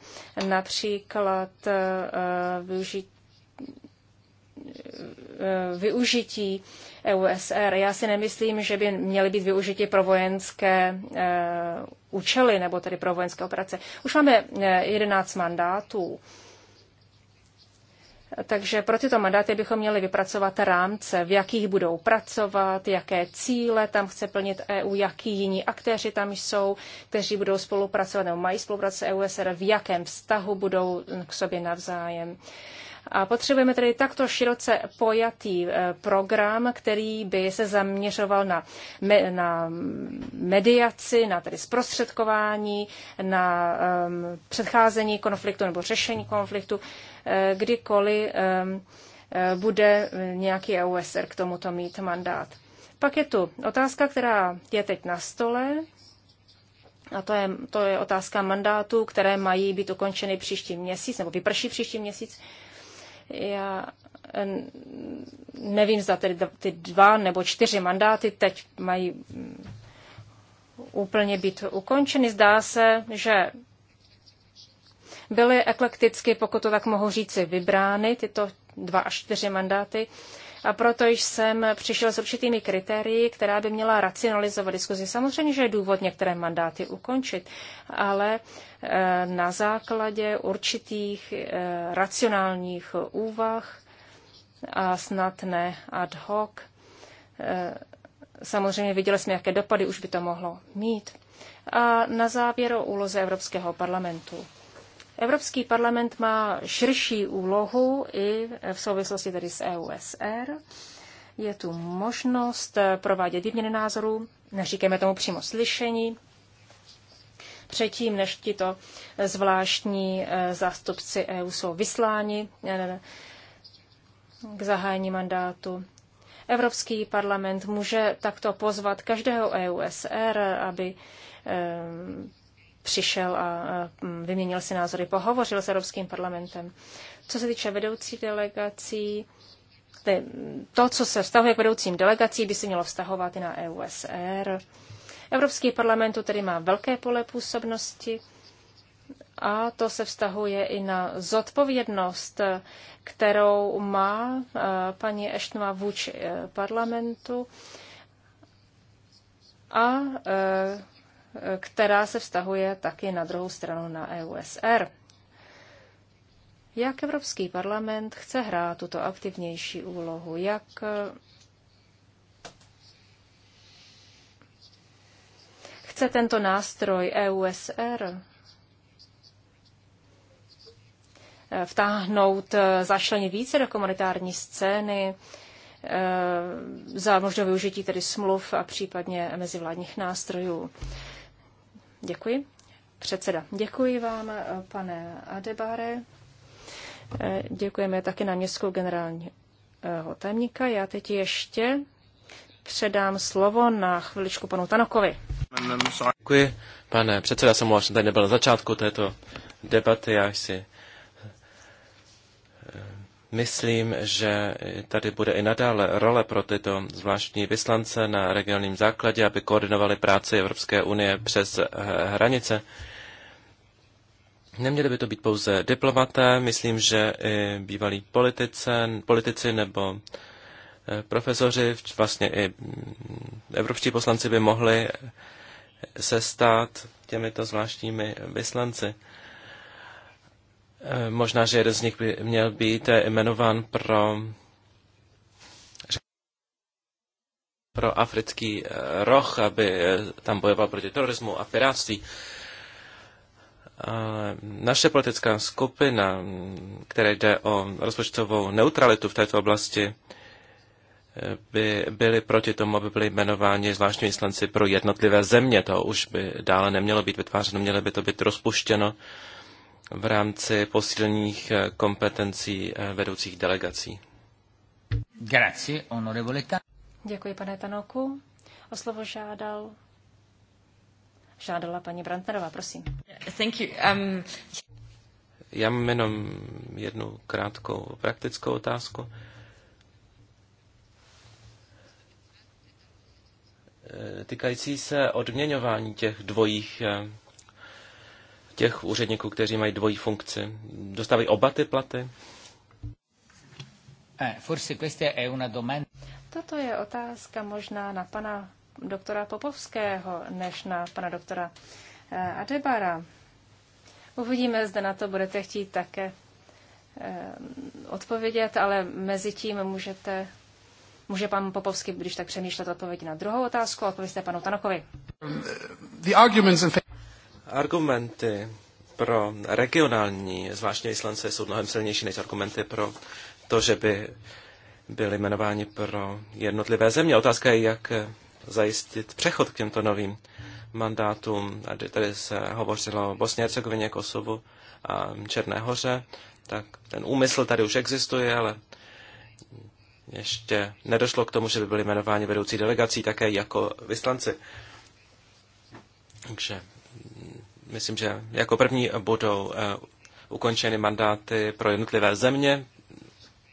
například využít Eh, využití EUSR. Já si nemyslím, že by měly být využity pro vojenské eh, účely nebo tedy pro vojenské operace. Už máme 11 eh, mandátů. Takže pro tyto mandáty bychom měli vypracovat rámce, v jakých budou pracovat, jaké cíle tam chce plnit EU, jaký jiní aktéři tam jsou, kteří budou spolupracovat nebo mají s EUSR, v jakém vztahu budou k sobě navzájem. A potřebujeme tedy takto široce pojatý eh, program, který by se zaměřoval na, me, na mediaci, na tedy zprostředkování, na um, předcházení konfliktu nebo řešení konfliktu, eh, kdykoliv um, ehm, eh, bude nějaký OSR e k tomuto mít mandát. Pak je tu otázka, která je teď na stole, a to je, to je otázka mandátů, které mají být ukončeny příští měsíc, nebo vyprší příští měsíc. Já eh, nevím, zda tedy ty dva nebo čtyři mandáty teď mají mm, úplně být ukončeny. Zdá se, že byly eklekticky, pokud to tak mohu říci, vybrány tyto dva až čtyři mandáty a proto jsem přišel s určitými kritérii, která by měla racionalizovat diskuzi. Samozřejmě, že je důvod některé mandáty ukončit, ale eh, na základě určitých eh, racionálních úvah a snad ne ad hoc. Eh, samozřejmě viděli jsme, jaké dopady už by to mohlo mít. A na závěr o úloze Evropského parlamentu. Evropský parlament má širší úlohu i v souvislosti tedy s EUSR. Je tu možnost provádět výměny názorů, neříkejme tomu přímo slyšení, předtím, než tito zvláštní eh, zástupci EU jsou vysláni eh, k zahájení mandátu. Evropský parlament může takto pozvat každého EUSR, aby eh, přišel a vyměnil si názory, pohovořil s Evropským parlamentem. Co se týče vedoucí delegací, to, co se vztahuje k vedoucím delegací, by se mělo vztahovat i na EUSR. Evropský parlament tedy má velké pole působnosti a to se vztahuje i na zodpovědnost, kterou má paní Eštnová vůči e, parlamentu a e, která se vztahuje taky na druhou stranu na EUSR. Jak Evropský parlament chce hrát tuto aktivnější úlohu? Jak chce tento nástroj EUSR vtáhnout, eh, zašlenit více do komunitární scény eh, za možné využití tedy smluv a případně mezivládních nástrojů. Děkuji. Předseda, děkuji vám, eh, pane Adebare. Eh, děkujeme také městskou generálního eh, tajemníka. Já teď ještě předám slovo na chviličku panu Tanokovi. Děkuji, pane předseda, jsem jsem tady nebyl na začátku této debaty, já si Myslím, že tady bude i nadále role pro tyto zvláštní vyslance na regionálním základě, aby koordinovali práci Evropské unie přes eh, hranice. Neměli by to být pouze diplomaté, myslím, že i bývalí politice, politici nebo eh, profesoři, vlastně i mm, evropští poslanci by mohli se stát těmito zvláštními vyslanci. Eh, možná, že jeden z nich by měl být eh, jmenován pro pro africký eh, roh, aby tam bojoval proti terorismu a piráctví. Naše politická skupina, která jde o rozpočtovou neutralitu v této oblasti, by byly proti tomu, aby byly jmenováni zvláštní vyslanci pro jednotlivé země. To už by dále nemělo být vytvářeno, mělo by to být rozpuštěno v rámci posílených eh, kompetencí eh, vedoucích delegací. Grazie, onorevole Děkuji, pane Tanoku. O slovo žádal žádala paní Brantnerová, prosím. Thank you. Um... Já mám jenom jednu krátkou praktickou otázku. Eh, týkající se odměňování těch dvojích těch úředníků, kteří mají dvojí funkci? Dostávají oba ty platy? Eh, Toto je otázka možná na pana doktora Popovského, než na pana doktora eh, Adebara. Uvidíme, zda na to budete chtít také eh, odpovědět, ale mezi tím můžete, může pan Popovský, když tak přemýšlet, odpovědět na druhou otázku a odpověste panu Tanokovi. Argumenty pro regionální zvláště vyslance jsou mnohem silnější než argumenty pro to, že by byli jmenováni pro jednotlivé země. Otázka je, jak zajistit přechod k těmto novým mandátům. A tady se hovořilo o Bosně, Hercegovině, Kosovu a Černé hoře, tak ten úmysl tady už existuje, ale ještě nedošlo k tomu, že by byli jmenováni vedoucí delegací také jako vyslanci. Takže Myslím, že jako první budou eh, ukončeny mandáty pro jednotlivé země,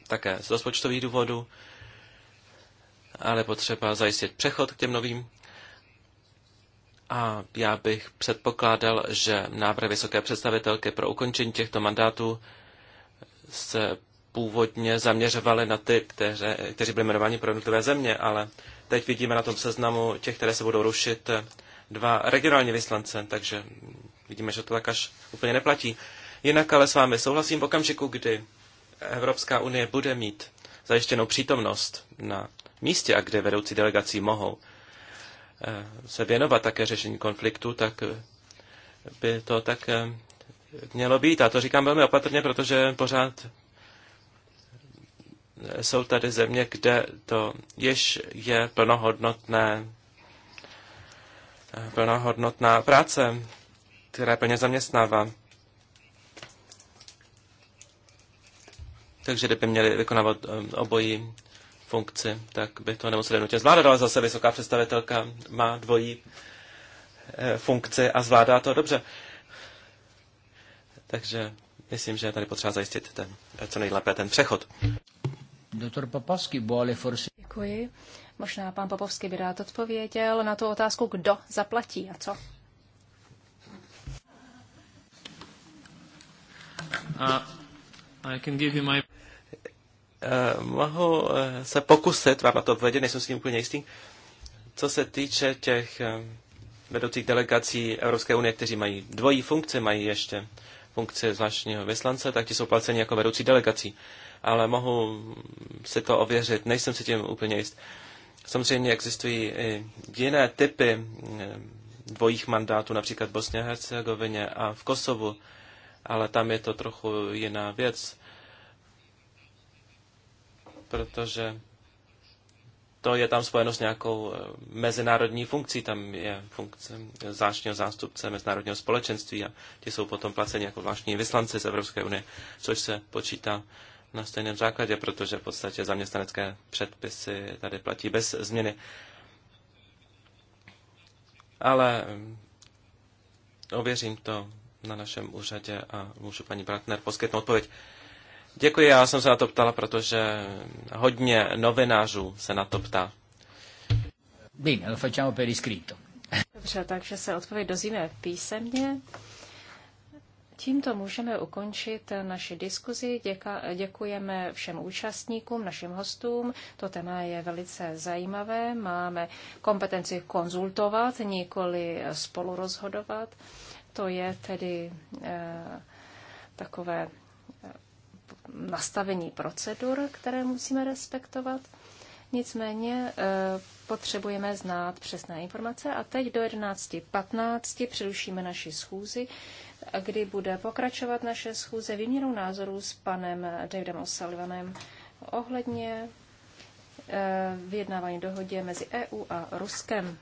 také z rozpočtových důvodů, ale potřeba zajistit přechod k těm novým. A já bych předpokládal, že návrh vysoké představitelky pro ukončení těchto mandátů se původně zaměřovaly na ty, kteře, kteří byli jmenováni pro jednotlivé země, ale teď vidíme na tom seznamu těch, které se budou rušit, eh, dva regionální vyslance, takže Vidíme, že to tak až úplně neplatí. Jinak ale s vámi souhlasím v okamžiku, kdy Evropská unie bude mít zajištěnou přítomnost na místě a kde vedoucí delegací mohou eh, se věnovat také řešení konfliktu, tak eh, by to tak eh, mělo být. A to říkám velmi opatrně, protože pořád jsou tady země, kde to již je plnohodnotné, plnohodnotná práce které plně zaměstnává. Takže kdyby měli vykonávat um, obojí funkci, tak by to nemuseli nutně zvládat, ale zase vysoká představitelka má dvojí eh, funkci a zvládá to dobře. Takže myslím, že tady potřeba zajistit ten, co nejlépe ten přechod. Doktor Popovský, boli forsi... Děkuji. Možná pan Popovský by rád odpověděl na tu otázku, kdo zaplatí a co. Uh, I can give you my... Uh, mohu uh, se pokusit vám na to odpovědět, nejsem s tím úplně jistý. Co se týče těch eh, vedoucích delegací Evropské unie, kteří mají dvojí funkci, mají ještě funkci zvláštního vyslance, tak ti jsou placeni jako vedoucí delegací. Ale mohu si to ověřit, nejsem si tím úplně jist. Samozřejmě existují i jiné typy dvojích mandátů, například v Bosně a Hercegovině a v Kosovu ale tam je to trochu jiná věc, protože to je tam spojeno s nějakou eh, mezinárodní funkcí, tam je funkce zvláštního zástupce mezinárodního společenství a ti jsou potom placeni jako zvláštní vyslanci z Evropské unie, což se počítá na stejném základě, protože v podstatě zaměstnanecké předpisy tady platí bez změny. Ale mm, ověřím to na našem úřadě a můžu paní Bratner poskytnout odpověď. Děkuji, já jsem se na to ptala, protože hodně novinářů se na to ptá. Bene, lo facciamo per iscritto. Dobře, takže se odpověď dozvíme písemně. Tímto můžeme ukončit naši diskuzi. Děka, děkujeme všem účastníkům, našim hostům. To téma je velice zajímavé. Máme kompetenci konzultovat, nikoli spolurozhodovat. To je tedy eh, takové eh, nastavení procedur, které musíme respektovat. Nicméně eh, potřebujeme znát přesné informace a teď do 11.15 přerušíme naši schůzi, kdy bude pokračovat naše schůze výměnou názorů s panem Davidem O'Sullivanem ohledně vyjednávání dohodě mezi EU a Ruskem.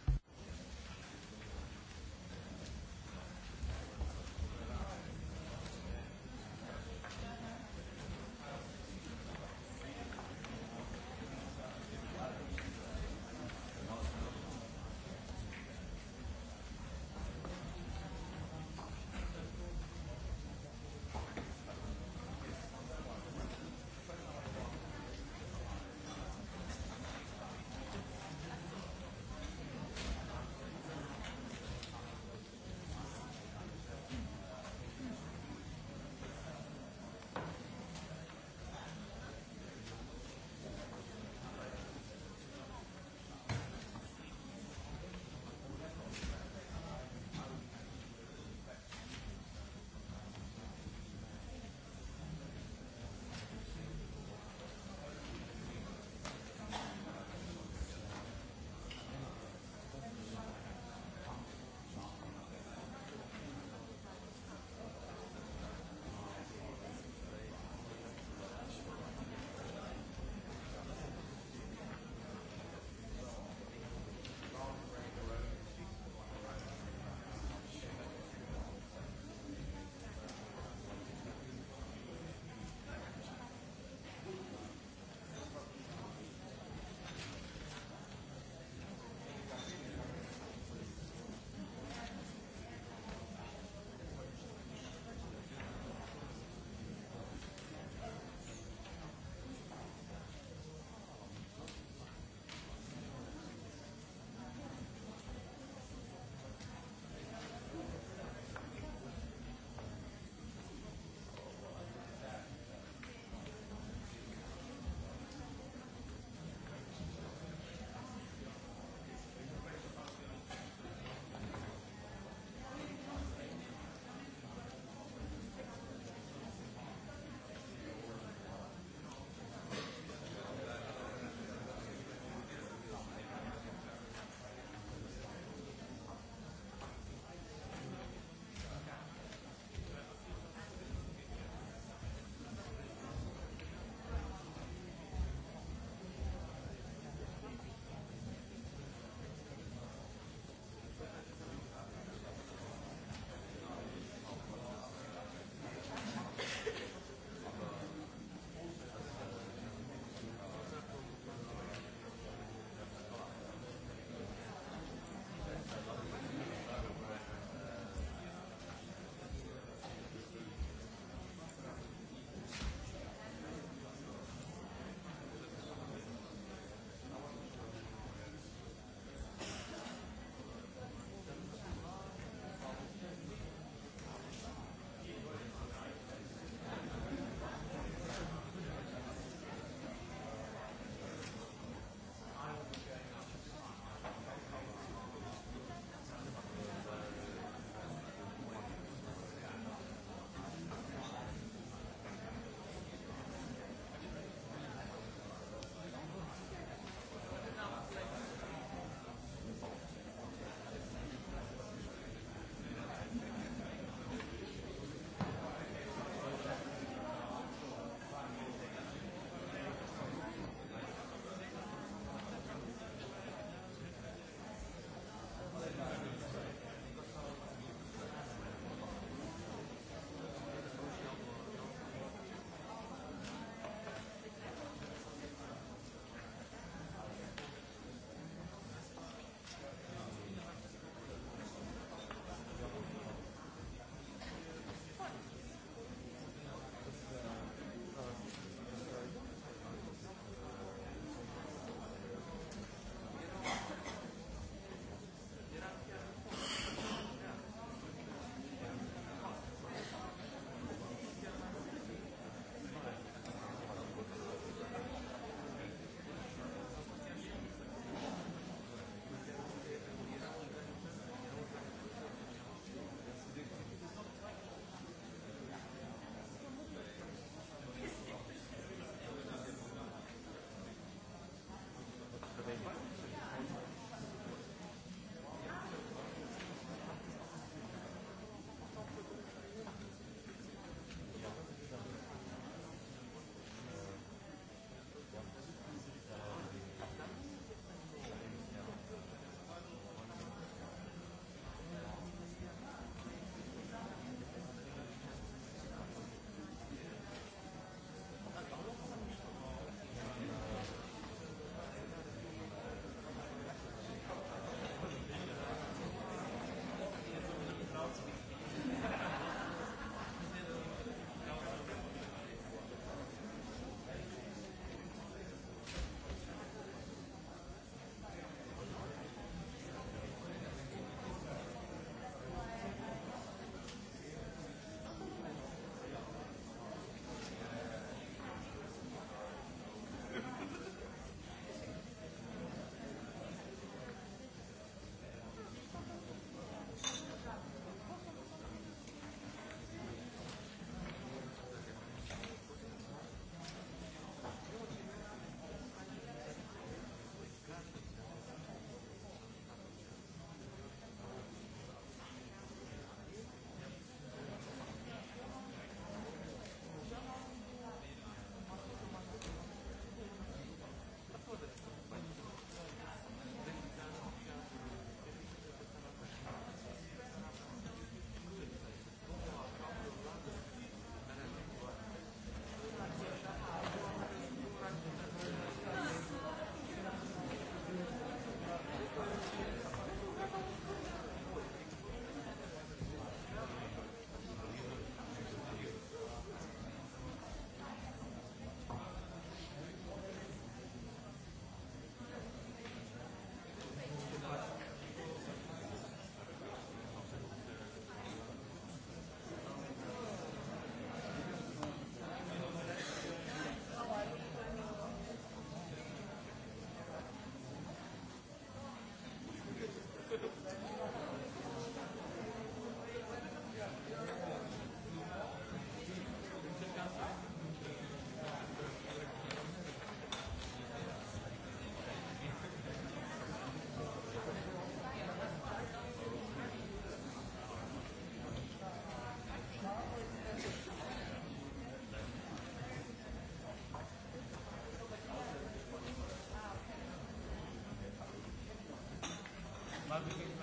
aby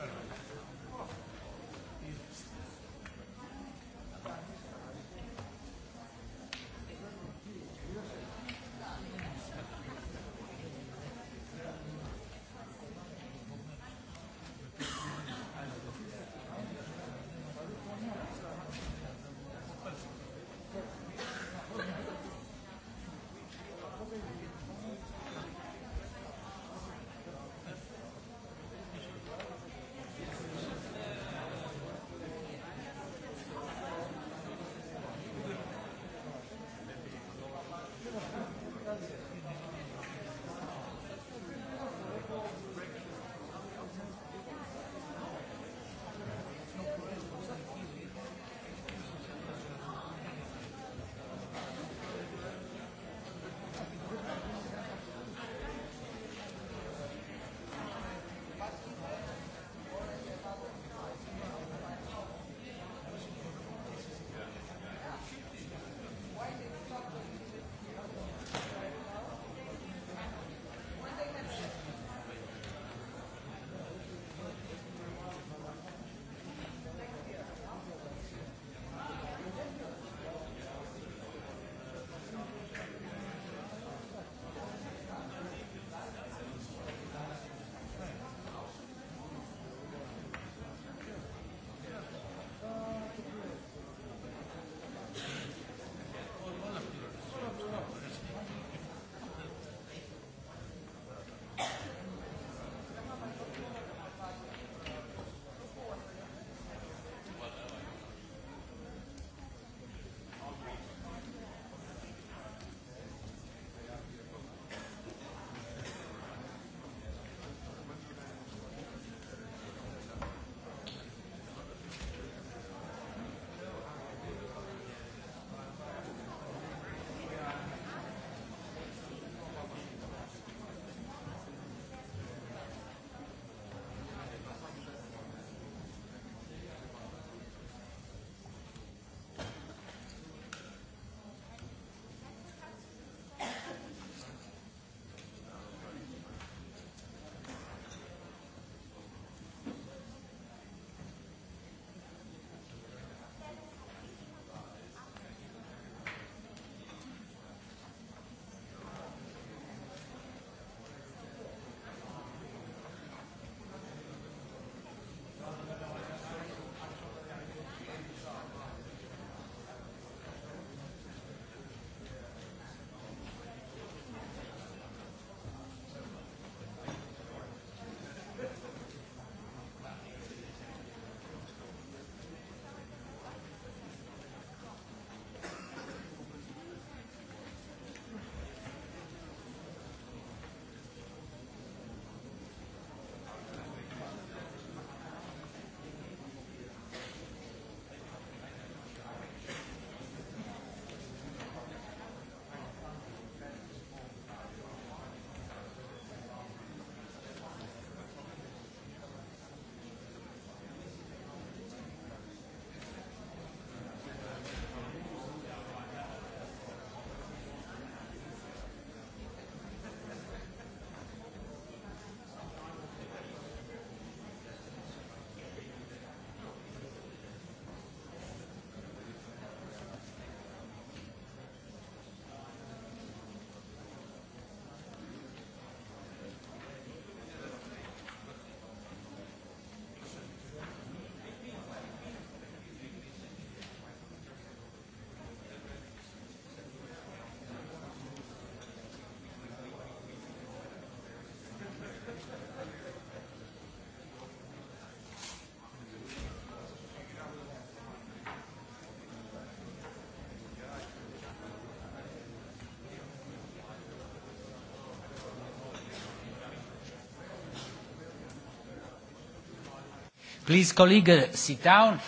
Please, colleague, sit down.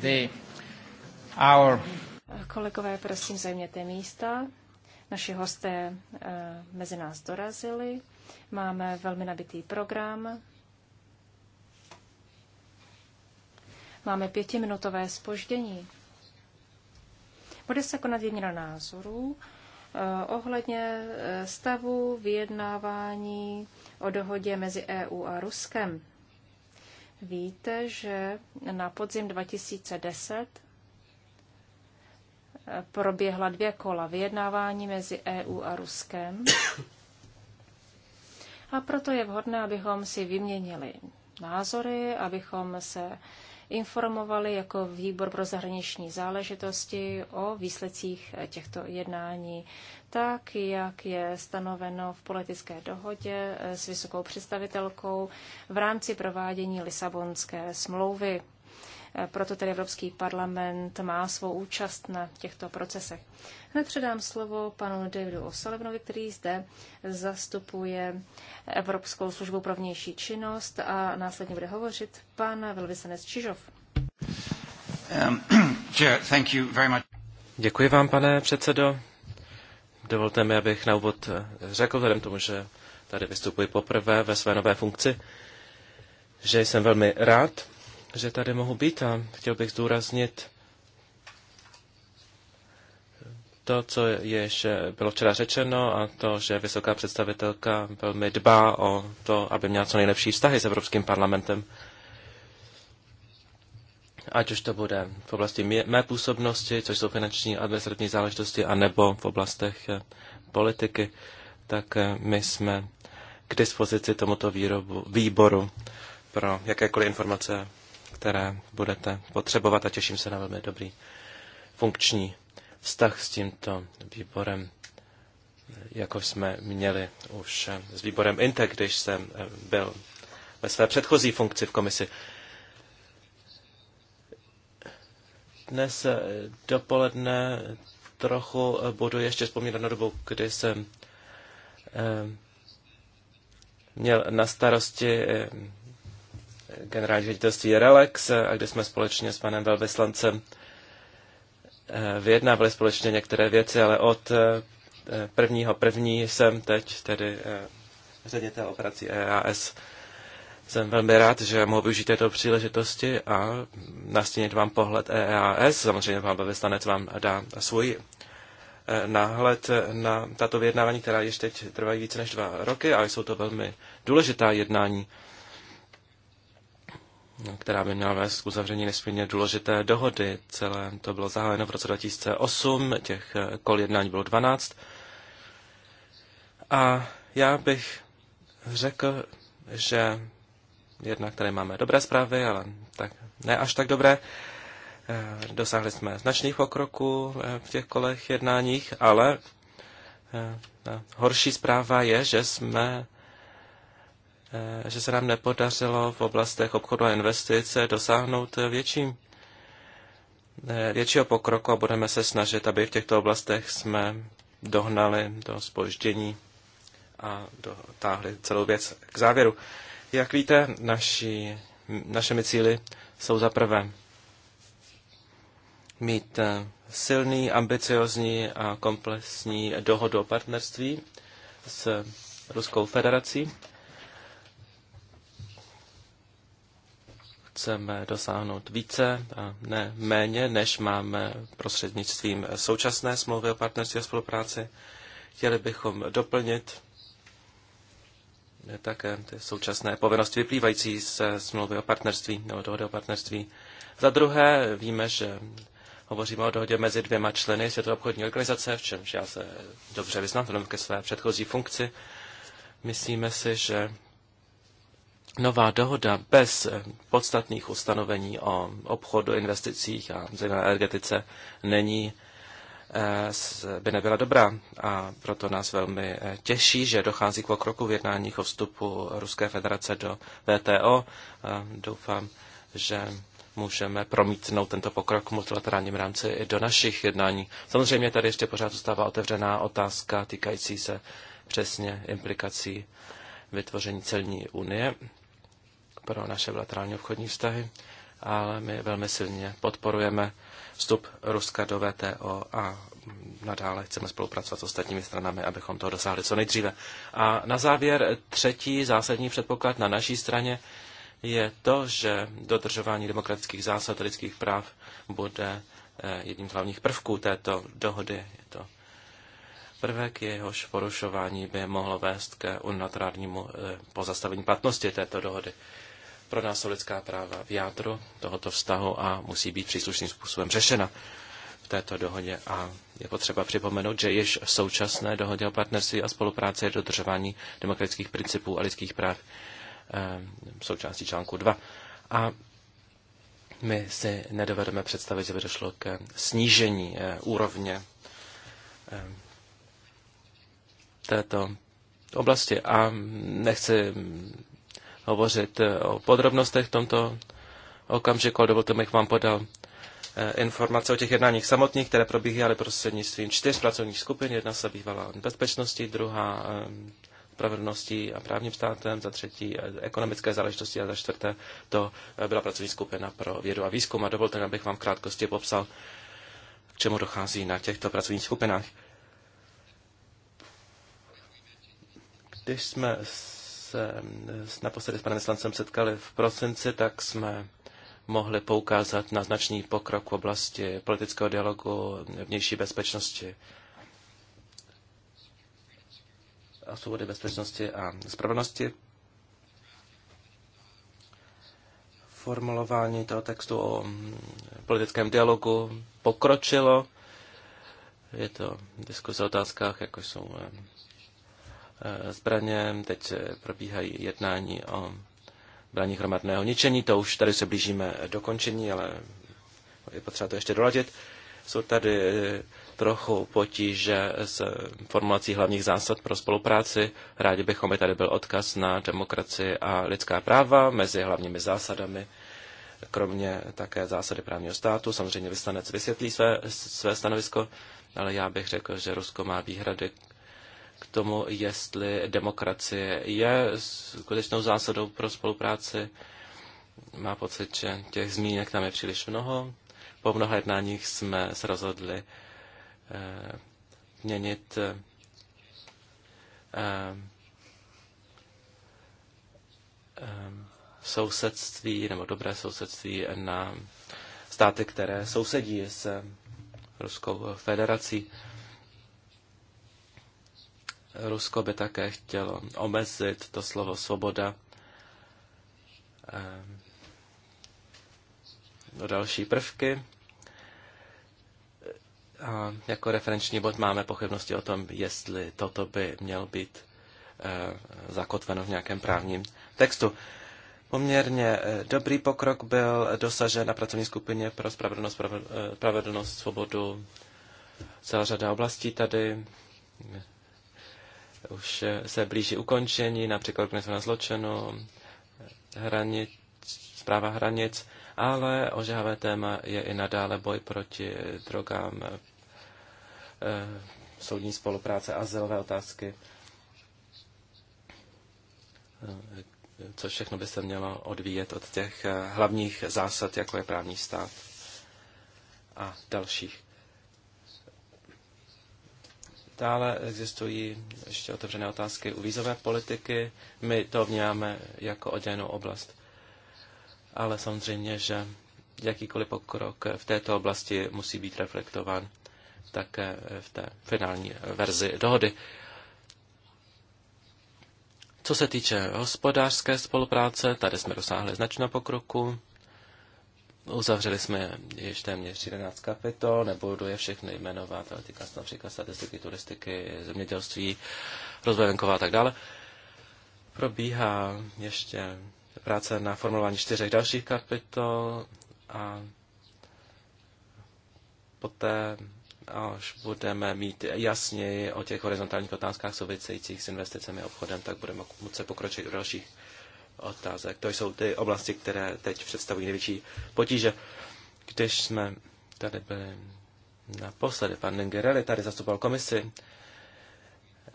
The, our... Kolegové, prosím, zajměte místa. Naši hosté eh, mezi nás dorazili. Máme velmi nabitý program. Máme pětiminutové spoždění. Bude se konat na názorů eh, ohledně eh, stavu vyjednávání o dohodě mezi EU a Ruskem. Víte, že na podzim 2010 proběhla dvě kola vyjednávání mezi EU a Ruskem. A proto je vhodné, abychom si vyměnili názory, abychom se informovali jako výbor pro zahraniční záležitosti o výsledcích těchto jednání, tak jak je stanoveno v politické dohodě s vysokou představitelkou v rámci provádění Lisabonské smlouvy. Eh, proto tedy Evropský parlament má svou účast na těchto procesech. Hned předám slovo panu Davidu Osalevnovi, který zde zastupuje Evropskou službu pro vnější činnost a následně bude hovořit pan velvyslanec Čižov. Um, Děkuji vám, pane předsedo. Dovolte mi, abych na úvod eh, řekl, vzhledem tomu, že tady vystupuji poprvé ve své nové funkci, že jsem velmi rád, že tady mohu být a chtěl bych zdůraznit to, co jež bylo včera řečeno a to, že vysoká představitelka velmi dbá o to, aby měla co nejlepší vztahy s Evropským parlamentem. Ať už to bude v oblasti mé, mé působnosti, což jsou finanční administrativní záležitosti, anebo v oblastech eh, politiky, tak eh, my jsme k dispozici tomuto výrobu, výboru pro jakékoliv informace které budete potřebovat a těším se na velmi dobrý funkční vztah s tímto výborem, jako jsme měli už eh, s výborem INTE, když jsem eh, byl ve své předchozí funkci v komisi. Dnes eh, dopoledne trochu budu ještě vzpomínat na dobu, kdy jsem měl na starosti generální ředitelství Relax, a eh, kde jsme společně s panem velvyslancem eh, vyjednávali společně některé věci, ale od eh, prvního první jsem teď tedy ředitel operací EAS. Jsem velmi rád, že mohu využít této příležitosti a nastínit vám pohled EAS. Samozřejmě vám velvyslanec vám dá svůj náhled na tato vyjednávání, která ještě teď trvají více než dva roky ale jsou to velmi důležitá jednání která by měla vést k uzavření nesmírně důležité dohody. Celé to bylo zahájeno v roce 2008, těch eh, kol jednání bylo 12. A já bych řekl, že jednak tady máme dobré zprávy, ale tak ne až tak dobré. Eh, dosáhli jsme značných pokroků eh, v těch kolech jednáních, ale horší zpráva je, že jsme Eh, že se nám nepodařilo v oblastech obchodu a investice dosáhnout eh, větší, eh, většího pokroku a budeme se snažit, aby v těchto oblastech jsme dohnali do spoždění a dotáhli celou věc k závěru. Jak víte, naši, našimi cíly jsou za prvé mít silný, ambiciozní a komplexní dohodu o partnerství s Ruskou federací. chceme dosáhnout více a ne méně, než máme prostřednictvím současné smlouvy o partnerství a spolupráci. Chtěli bychom doplnit také ty současné povinnosti vyplývající z smlouvy o partnerství nebo dohody o partnerství. Za druhé víme, že hovoříme o dohodě mezi dvěma členy Světové obchodní organizace, v čemž já se dobře vyznám, vzhledem ke své předchozí funkci. Myslíme si, že nová dohoda bez eh, podstatných ustanovení o obchodu, investicích a zejména energetice není, eh, by nebyla dobrá. A proto nás velmi eh, těší, že dochází k pokroku v jednáních o vstupu Ruské federace do VTO. A doufám, že můžeme promítnout tento pokrok v multilaterálním rámci i do našich jednání. Samozřejmě tady ještě pořád zůstává otevřená otázka týkající se přesně implikací vytvoření celní unie pro naše bilaterální obchodní vztahy, ale my velmi silně podporujeme vstup Ruska do VTO a nadále chceme spolupracovat s ostatními stranami, abychom toho dosáhli co nejdříve. A na závěr třetí zásadní předpoklad na naší straně je to, že dodržování demokratických zásad a lidských práv bude eh, jedním z hlavních prvků této dohody. Je to prvek, jehož porušování by mohlo vést k unilaterálnímu eh, pozastavení platnosti této dohody. Pro nás jsou lidská práva v jádru tohoto vztahu a musí být příslušným způsobem řešena v této dohodě. A je potřeba připomenout, že již v současné dohodě o partnerství a spolupráci je dodržování demokratických principů a lidských práv e, součástí článku 2. A my si nedovedeme představit, že by došlo k snížení eh, úrovně eh, této oblasti. A nechci hovořit eh, o podrobnostech v tomto okamžiku, ale dovolte, bych vám podal eh, informace o těch jednáních samotných, které probíhaly prostřednictvím čtyř pracovních skupin. Jedna se bývala bezpečnosti, druhá eh, spravedlností a právním státem, za třetí ekonomické záležitosti a za čtvrté to byla pracovní skupina pro vědu a výzkum. A dovolte, abych vám v krátkosti popsal, k čemu dochází na těchto pracovních skupinách. Když jsme se naposledy s panem Slancem setkali v prosinci, tak jsme mohli poukázat na značný pokrok v oblasti politického dialogu, vnější bezpečnosti a svobody bezpečnosti a spravedlnosti. Formulování toho textu o politickém dialogu pokročilo. Je to diskuse o otázkách, jako jsou eh, Eh, zbraně. Teď probíhají jednání o zbraních hromadného ničení. To už tady se blížíme dokončení, ale je potřeba to ještě doladit. Jsou tady trochu potíže s formulací hlavních zásad pro spolupráci. Rádi bychom, aby tady byl odkaz na demokracii a lidská práva mezi hlavními zásadami, kromě také zásady právního státu. Samozřejmě vyslanec vysvětlí své, své stanovisko, ale já bych řekl, že Rusko má výhrady k tomu, jestli demokracie je skutečnou zásadou pro spolupráci. Má pocit, že těch zmínek tam je příliš mnoho. Po mnoha jednáních jsme se rozhodli eh, měnit eh, eh, sousedství nebo dobré sousedství na státy, které sousedí s Ruskou federací. Eh, Rusko by také chtělo omezit to slovo svoboda do ehm, další prvky. A jako referenční bod máme pochybnosti o tom, jestli toto by měl být ehm, zakotveno v nějakém právním textu. Poměrně eh, dobrý pokrok byl dosažen na pracovní skupině pro spravedlnost, eh, spravedlnost svobodu. Celá řada oblastí tady už eh, se blíží ukončení, například na zločinu, hranic, zpráva hranic, ale ožávé téma je i nadále boj proti drogám, eh, soudní spolupráce a zelové otázky, eh, co všechno by se mělo odvíjet od těch hlavních zásad, jako je právní stát a dalších. Stále existují ještě otevřené otázky u vízové politiky. My to vnímáme jako oddělenou oblast. Ale samozřejmě, že jakýkoliv pokrok v této oblasti musí být reflektován také v té finální verzi dohody. Co se týče hospodářské spolupráce, tady jsme dosáhli značného pokroku. Uzavřeli jsme ještě téměř 11 kapitol, nebudu je všechny jmenovat, ale týká se například statistiky, turistiky, zemědělství, rozvoje venkova a tak dále. Probíhá ještě práce na formulování čtyřech dalších kapitol a poté až budeme mít jasněji o těch horizontálních otázkách souvisejících s investicemi a obchodem, tak budeme moci pokročit u dalších otázek. To jsou ty oblasti, které teď představují největší potíže. Když jsme tady byli naposledy, pan Nengerelli tady zastupoval komisi,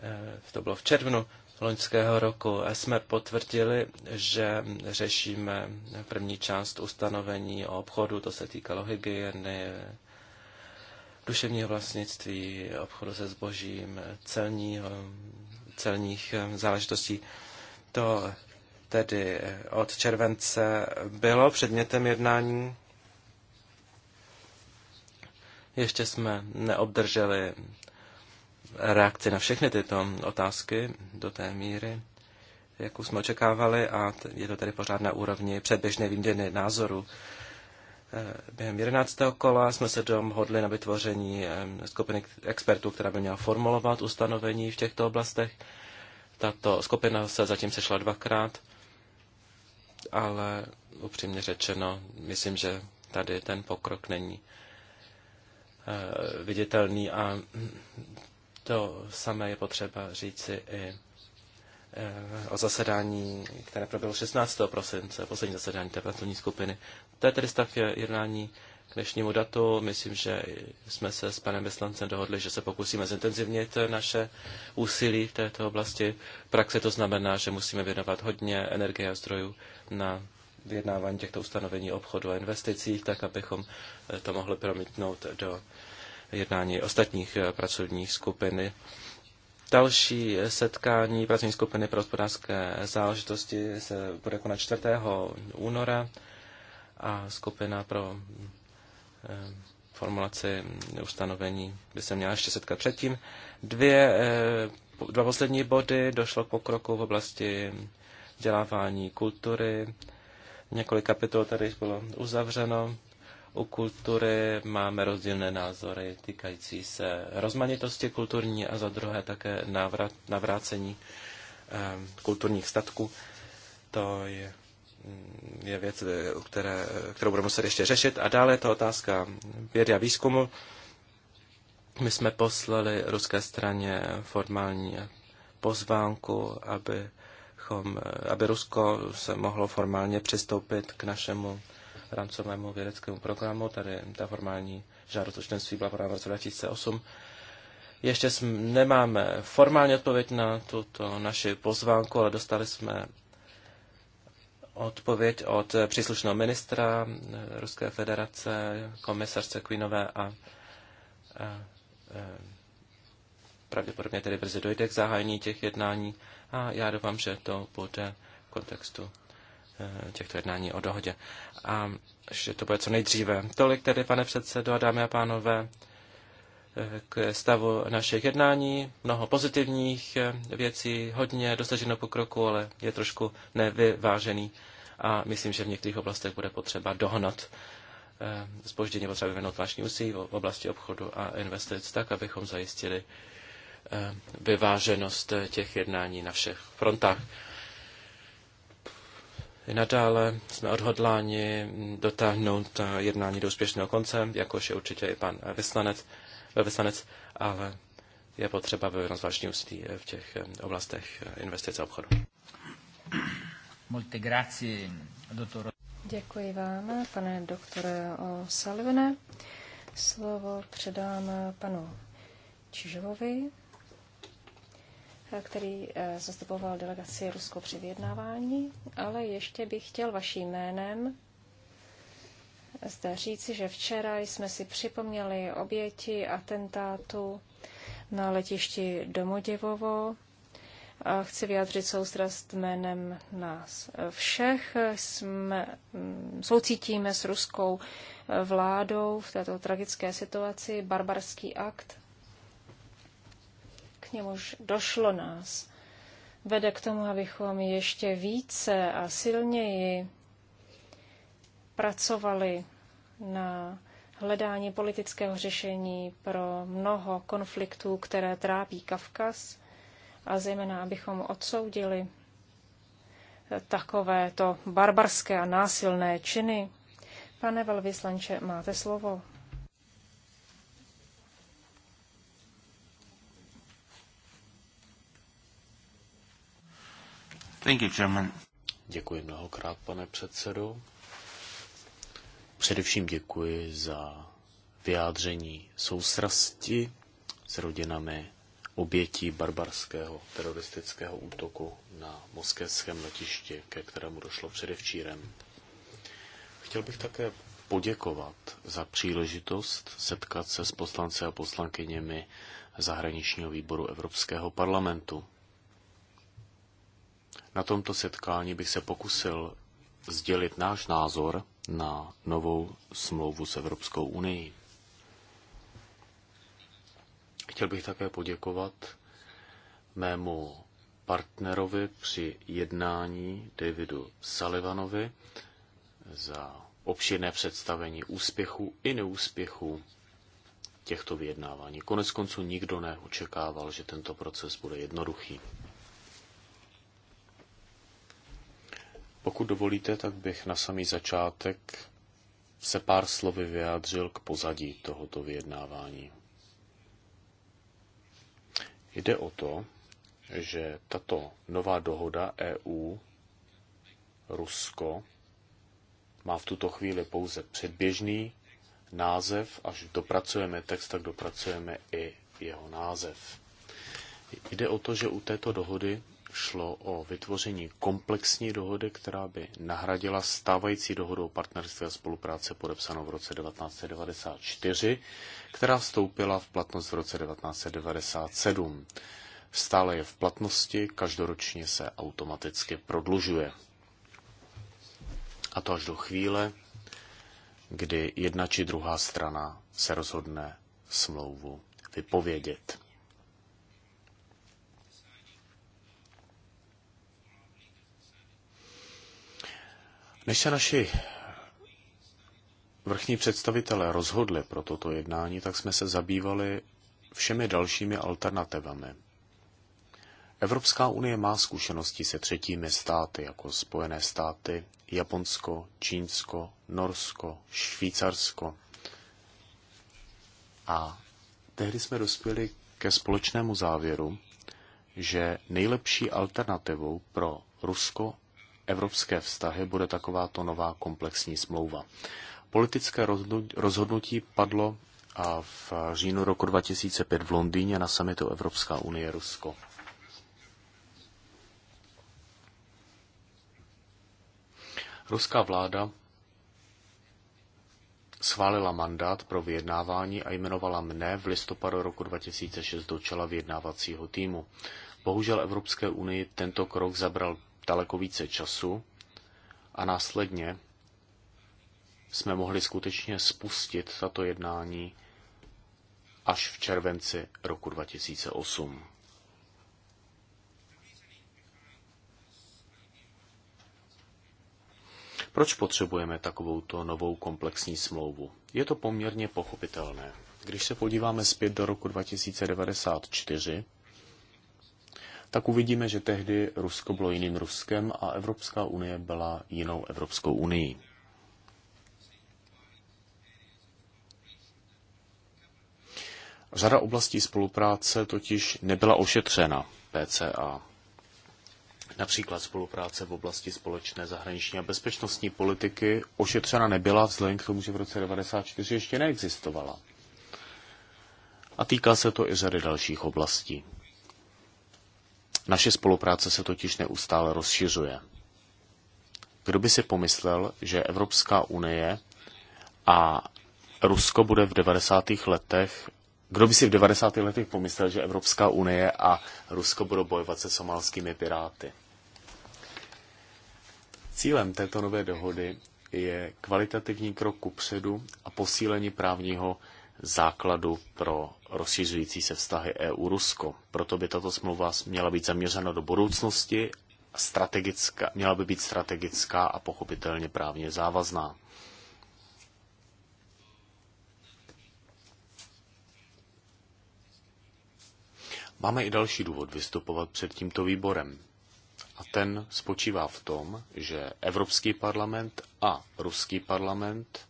eh, to bylo v červnu loňského roku, a jsme potvrdili, že řešíme první část ustanovení o obchodu, to se týkalo hygieny, duševního vlastnictví, obchodu se zbožím, celního, celních eh, záležitostí. To tedy eh, od července bylo předmětem jednání. Ještě jsme neobdrželi reakci na všechny tyto otázky do té míry, jakou jsme očekávali, a je to tedy pořád na úrovni předběžné výměny názoru. Eh, během 11. kola jsme se domhodli na vytvoření eh, skupiny expertů, která by měla formulovat ustanovení v těchto oblastech. Tato skupina se zatím sešla dvakrát ale upřímně řečeno, myslím, že tady ten pokrok není eh, viditelný a to samé je potřeba říci i eh, o zasedání, které proběhlo 16. prosince, poslední zasedání té pracovní skupiny. To je tedy stav jednání dnešnímu datu. Myslím, že jsme se s panem Veslancem dohodli, že se pokusíme zintenzivnit naše úsilí v této oblasti. V praxi to znamená, že musíme věnovat hodně energie a zdrojů na vyjednávání těchto ustanovení obchodu a investicích, tak abychom to mohli promítnout do jednání ostatních pracovních skupiny. Další setkání pracovní skupiny pro hospodářské záležitosti se bude konat 4. února a skupina pro Eh, formulaci ustanovení by se měla ještě setkat předtím. Dvě, eh, dva poslední body došlo k pokroku v oblasti vzdělávání kultury. Několik kapitol tady bylo uzavřeno. U kultury máme rozdílné názory týkající se rozmanitosti kulturní a za druhé také navrat, navrácení eh, kulturních statků. To je je věc, eh, které, eh, kterou budeme muset ještě řešit. A dále je to otázka vědy a výzkumu. My jsme poslali ruské straně formální pozvánku, abychom, eh, aby Rusko se mohlo formálně přistoupit k našemu rámcovému vědeckému programu. Tady ta formální žádost o členství byla podána v roce 2008. Ještě jsme, nemáme formálně odpověď na tuto naši pozvánku, ale dostali jsme odpověď od příslušného ministra eh, Ruské federace, komisařce Queenové a, a, a eh, pravděpodobně tedy brzy dojde k zahájení těch jednání a já doufám, že to bude v kontextu eh, těchto jednání o dohodě. A že to bude co nejdříve. Tolik tedy, pane předsedo a dámy a pánové k stavu našich jednání. Mnoho pozitivních eh, věcí, hodně dosaženo pokroku, ale je trošku nevyvážený a myslím, že v některých oblastech bude potřeba dohnat eh, zpoždění potřeba vyvinout vážný úsilí v oblasti obchodu a investic tak, abychom zajistili eh, vyváženost těch jednání na všech frontách. I nadále jsme odhodláni dotáhnout jednání do úspěšného konce, jakož je určitě i pan vyslanec velvyslanec, ale je potřeba ve zvláštní ústí eh, v těch eh, oblastech eh, investice a obchodu. Děkuji vám, pane doktore Salvene. Slovo předám panu Čižovovi, který zastupoval delegaci Rusko při vyjednávání, ale ještě bych chtěl vaším jménem zde říci, že včera jsme si připomněli oběti atentátu na letišti Domoděvovo. A chci vyjádřit soustrast jménem nás všech. Jsme, mm, soucítíme s ruskou vládou v této tragické situaci, barbarský akt. K němuž došlo nás. Vede k tomu, abychom ještě více a silněji pracovali na hledání politického řešení pro mnoho konfliktů, které trápí Kavkaz, a zejména abychom odsoudili takovéto barbarské a násilné činy. Pane velvyslanče, máte slovo. Thank you, Děkuji mnohokrát, pane předsedo. Především děkuji za vyjádření soustrasti s rodinami obětí barbarského teroristického útoku na moskevském letišti, ke kterému došlo předevčírem. Chtěl bych také poděkovat za příležitost setkat se s poslanci a poslankyněmi zahraničního výboru Evropského parlamentu. Na tomto setkání bych se pokusil sdělit náš názor na novou smlouvu s Evropskou unii. Chtěl bych také poděkovat mému partnerovi při jednání Davidu Sullivanovi za obširné představení úspěchu i neúspěchu těchto vyjednávání. Konec konců nikdo neočekával, že tento proces bude jednoduchý. Pokud dovolíte, tak bych na samý začátek se pár slovy vyjádřil k pozadí tohoto vyjednávání. Jde o to, že tato nová dohoda EU-Rusko má v tuto chvíli pouze předběžný název. Až dopracujeme text, tak dopracujeme i jeho název. Jde o to, že u této dohody šlo o vytvoření komplexní dohody, která by nahradila stávající dohodu o partnerství a spolupráce podepsanou v roce 1994, která vstoupila v platnost v roce 1997. Stále je v platnosti, každoročně se automaticky prodlužuje. A to až do chvíle, kdy jedna či druhá strana se rozhodne smlouvu vypovědět. Než se naši vrchní představitelé rozhodli pro toto jednání, tak jsme se zabývali všemi dalšími alternativami. Evropská unie má zkušenosti se třetími státy, jako Spojené státy, Japonsko, Čínsko, Norsko, Švýcarsko. A tehdy jsme dospěli ke společnému závěru, že nejlepší alternativou pro Rusko evropské vztahy bude takováto nová komplexní smlouva. Politické rozhodnutí padlo a v říjnu roku 2005 v Londýně na samitu Evropská unie Rusko. Ruská vláda schválila mandát pro vyjednávání a jmenovala mne v listopadu roku 2006 do čela vyjednávacího týmu. Bohužel Evropské unii tento krok zabral daleko více času a následně jsme mohli skutečně spustit tato jednání až v červenci roku 2008. Proč potřebujeme takovouto novou komplexní smlouvu? Je to poměrně pochopitelné. Když se podíváme zpět do roku 2094, tak uvidíme, že tehdy Rusko bylo jiným Ruskem a Evropská unie byla jinou Evropskou unii. Řada oblastí spolupráce totiž nebyla ošetřena PCA. Například spolupráce v oblasti společné zahraniční a bezpečnostní politiky ošetřena nebyla vzhledem k tomu, že v roce 1994 ještě neexistovala. A týká se to i řady dalších oblastí. Naše spolupráce se totiž neustále rozšiřuje. Kdo by si pomyslel, že Evropská unie a Rusko bude v 90. letech kdo by si v 90. letech pomyslel, že Evropská unie a Rusko budou bojovat se somálskými piráty? Cílem této nové dohody je kvalitativní krok kupředu a posílení právního základu pro rozšiřující se vztahy EU-Rusko. Proto by tato smlouva měla být zaměřena do budoucnosti, strategická, měla by být strategická a pochopitelně právně závazná. Máme i další důvod vystupovat před tímto výborem. A ten spočívá v tom, že Evropský parlament a Ruský parlament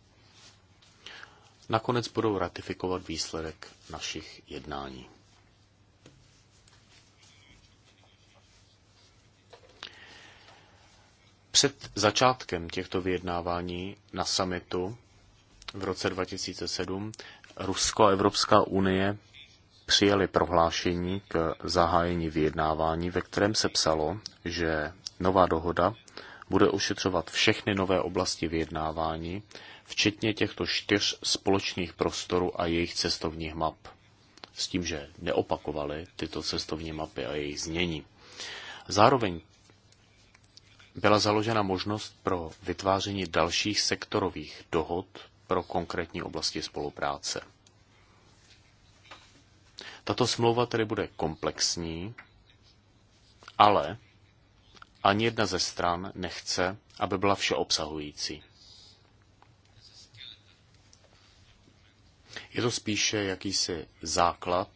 nakonec budou ratifikovat výsledek našich jednání. Před začátkem těchto vyjednávání na summitu v roce 2007 Rusko a Evropská unie přijali prohlášení k zahájení vyjednávání, ve kterém se psalo, že nová dohoda bude ošetřovat všechny nové oblasti vyjednávání, včetně těchto čtyř společných prostorů a jejich cestovních map. S tím, že neopakovali tyto cestovní mapy a jejich znění. Zároveň byla založena možnost pro vytváření dalších sektorových dohod pro konkrétní oblasti spolupráce. Tato smlouva tedy bude komplexní, ale ani jedna ze stran nechce, aby byla všeobsahující. Je to spíše jakýsi základ,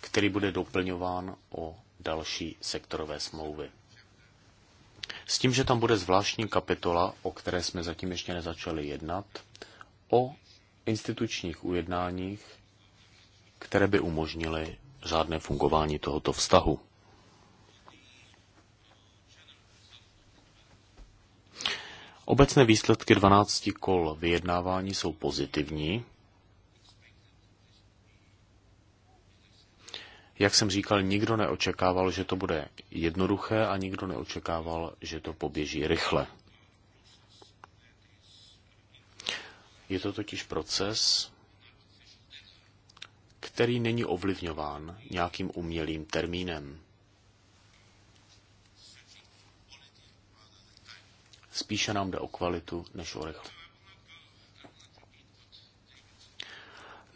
který bude doplňován o další sektorové smlouvy. S tím, že tam bude zvláštní kapitola, o které jsme zatím ještě nezačali jednat, o institučních ujednáních, které by umožnily řádné fungování tohoto vztahu. Obecné výsledky 12 kol vyjednávání jsou pozitivní. Jak jsem říkal, nikdo neočekával, že to bude jednoduché a nikdo neočekával, že to poběží rychle. Je to totiž proces, který není ovlivňován nějakým umělým termínem. Spíše nám jde o kvalitu než o rychlost.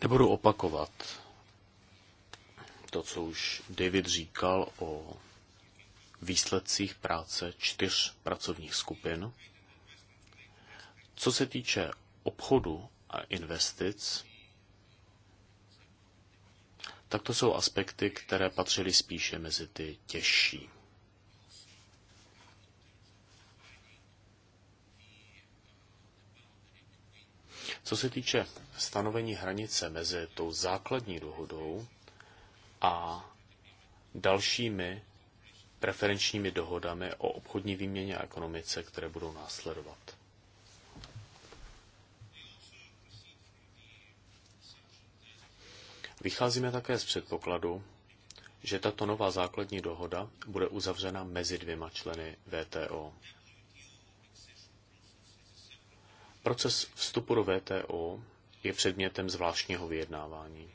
Nebudu opakovat to, co už David říkal o výsledcích práce čtyř pracovních skupin. Co se týče obchodu a investic, tak to jsou aspekty, které patřily spíše mezi ty těžší. Co se týče stanovení hranice mezi tou základní dohodou a dalšími preferenčními dohodami o obchodní výměně a ekonomice, které budou následovat. Vycházíme také z předpokladu, že tato nová základní dohoda bude uzavřena mezi dvěma členy VTO. Proces vstupu do VTO je předmětem zvláštního vyjednávání.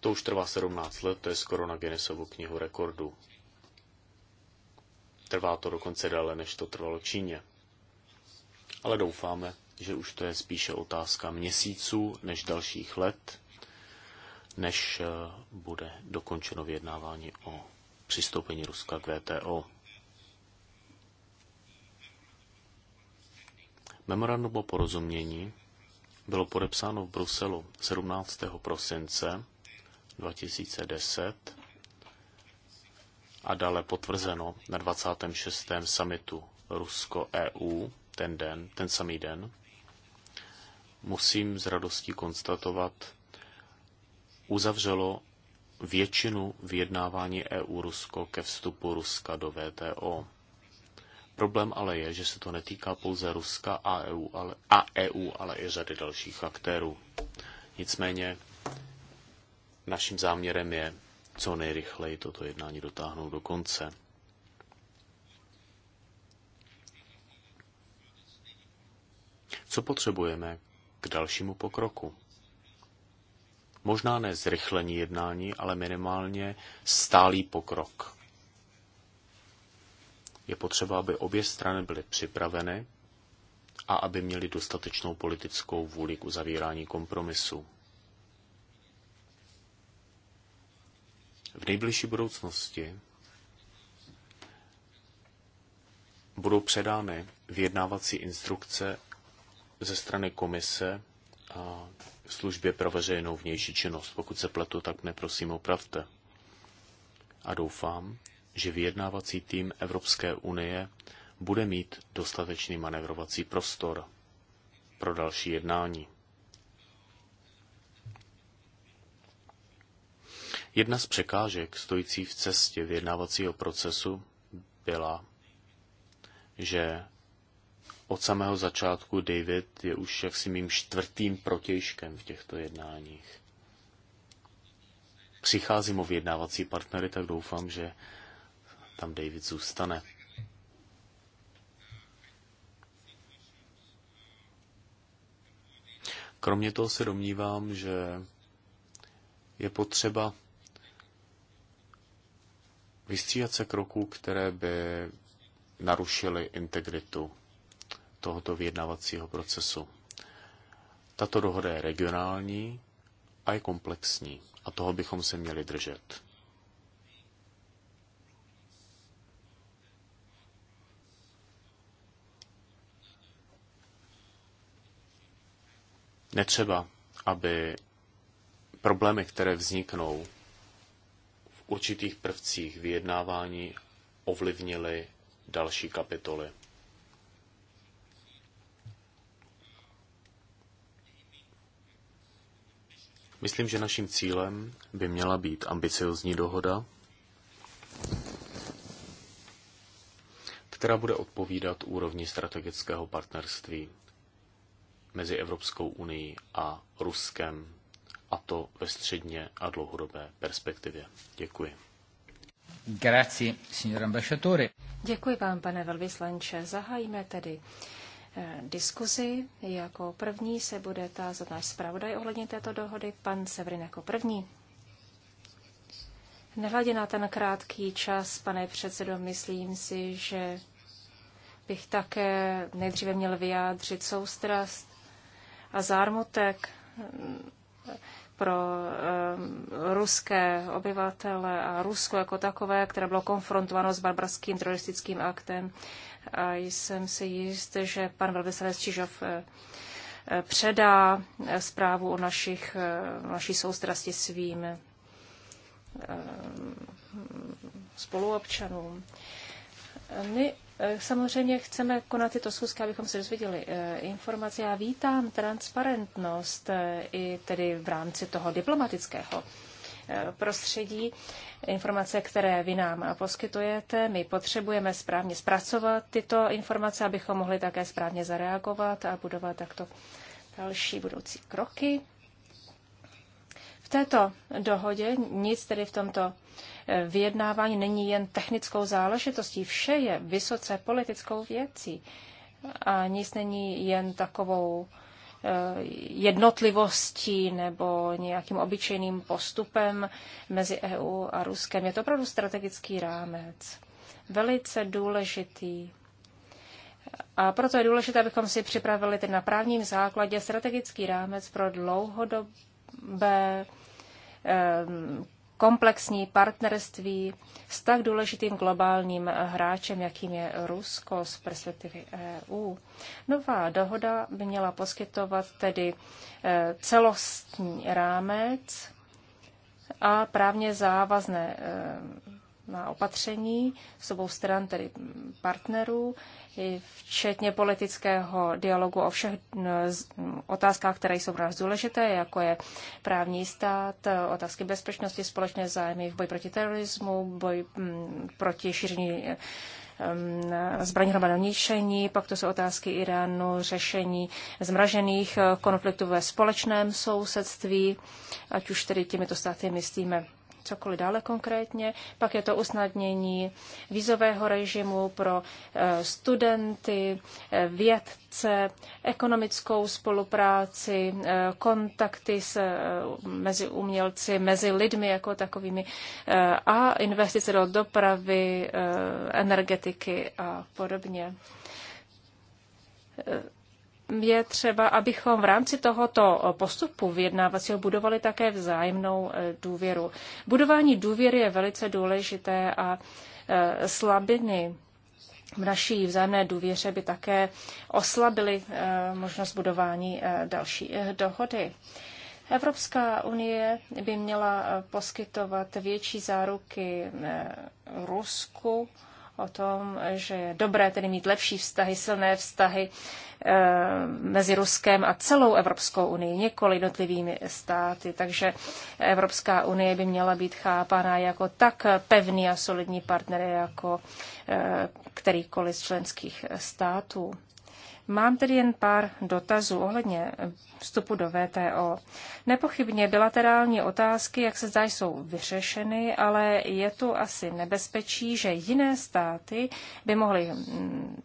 To už trvá 17 let, to je skoro na Guinnessovu knihu rekordů. Trvá to dokonce déle, než to trvalo Číně. Ale doufáme, že už to je spíše otázka měsíců než dalších let, než eh, bude dokončeno vyjednávání o přistoupení Ruska k VTO. Memorandum o porozumění bylo podepsáno v Bruselu 17. prosince 2010 a dále potvrzeno na 26. summitu Rusko-EU ten den, ten samý den, musím s radostí konstatovat, uzavřelo většinu vyjednávání EU-Rusko ke vstupu Ruska do VTO. Problém ale je, že se to netýká pouze Ruska a EU, ale, a EU, ale i řady dalších aktérů. Nicméně naším záměrem je co nejrychleji toto jednání dotáhnout do konce. Co potřebujeme k dalšímu pokroku? Možná ne zrychlení jednání, ale minimálně stálý pokrok. Je potřeba, aby obě strany byly připraveny a aby měly dostatečnou politickou vůli k uzavírání kompromisu. V nejbližší budoucnosti budou předány vyjednávací instrukce ze strany komise a službě pro veřejnou vnější činnost. Pokud se pletu, tak mě prosím opravte. A doufám, že vyjednávací tým Evropské unie bude mít dostatečný manevrovací prostor pro další jednání. Jedna z překážek stojící v cestě vyjednávacího procesu byla, že od samého začátku David je už jaksi mým čtvrtým protějškem v těchto jednáních. Přicházím o vyjednávací partnery, tak doufám, že tam David zůstane. Kromě toho se domnívám, že je potřeba vystříhat se kroků, které by narušily integritu tohoto vyjednávacího procesu. Tato dohoda je regionální a je komplexní a toho bychom se měli držet. netřeba, aby problémy, které vzniknou v určitých prvcích vyjednávání, ovlivnily další kapitoly. Myslím, že naším cílem by měla být ambiciozní dohoda, která bude odpovídat úrovni strategického partnerství mezi Evropskou unii a Ruskem, a to ve středně a dlouhodobé perspektivě. Děkuji. Grazie, signor ambasciatore. Děkuji vám, pane velvyslanče. Zahájíme tedy eh, diskuzi. Jako první se bude tázat náš zpravodaj ohledně této dohody, pan Severin jako první. Nehledě na ten krátký čas, pane předsedo, myslím si, že bych také nejdříve měl vyjádřit soustrast a zármutek mm, pro um, ruské obyvatele a Rusko jako takové, které bylo konfrontováno s barbarským teroristickým aktem. A jsem si jist, že pan velvyslanec Čižov eh, eh, předá eh, zprávu o našich, naší soustrasti svým mm, spoluobčanům. My Eh, samozřejmě chceme konat tyto schůzky, abychom se dozvěděli eh, informace. Já vítám transparentnost eh, i tedy v rámci toho diplomatického prostředí. Informace, které vy nám poskytujete, my potřebujeme správně zpracovat tyto informace, abychom mohli také správně zareagovat a budovat takto další budoucí kroky. V této dohodě nic tedy v tomto vyjednávání není jen technickou záležitostí, vše je vysoce politickou věcí a nic není jen takovou eh, jednotlivostí nebo nějakým obyčejným postupem mezi EU a Ruskem. Je to opravdu strategický rámec, velice důležitý. A proto je důležité, abychom si připravili tedy na právním základě strategický rámec pro dlouhodobé eh, komplexní partnerství s tak důležitým globálním hráčem, jakým je Rusko z perspektivy EU. Nová dohoda by měla poskytovat tedy e, celostní rámec a právně závazné e, na opatření s obou stran, tedy partnerů, včetně politického dialogu o všech mm, otázkách, které jsou pro nás důležité, jako je právní stát, otázky bezpečnosti, společné zájmy v boji proti terorismu, boj mm, proti šíření mm, zbraní hromadného ničení, pak to jsou otázky Iránu, řešení zmražených eh, konfliktů ve společném sousedství, ať už tedy těmito státy myslíme cokoliv dále konkrétně. Pak je to usnadnění vízového režimu pro eh, studenty, eh, vědce, ekonomickou spolupráci, eh, kontakty s, mezi umělci, mezi lidmi jako takovými a investice do dopravy, energetiky a podobně je třeba, abychom v rámci tohoto eh, postupu vyjednávacího budovali také vzájemnou eh, důvěru. Budování důvěry je velice důležité a eh, slabiny v naší vzájemné důvěře by také oslabily možnost budování další dohody. Evropská unie by měla poskytovat větší záruky Rusku o tom, že je dobré tedy mít lepší vztahy, silné vztahy eh, mezi Ruskem a celou Evropskou unii, několik jednotlivými státy. Takže Evropská unie by měla být chápaná jako tak pevný a solidní partner jako eh, kterýkoliv z členských států. Mám tedy jen pár dotazů ohledně vstupu do VTO. Nepochybně bilaterální otázky, jak se zdá, jsou vyřešeny, ale je tu asi nebezpečí, že jiné státy by mohly mm,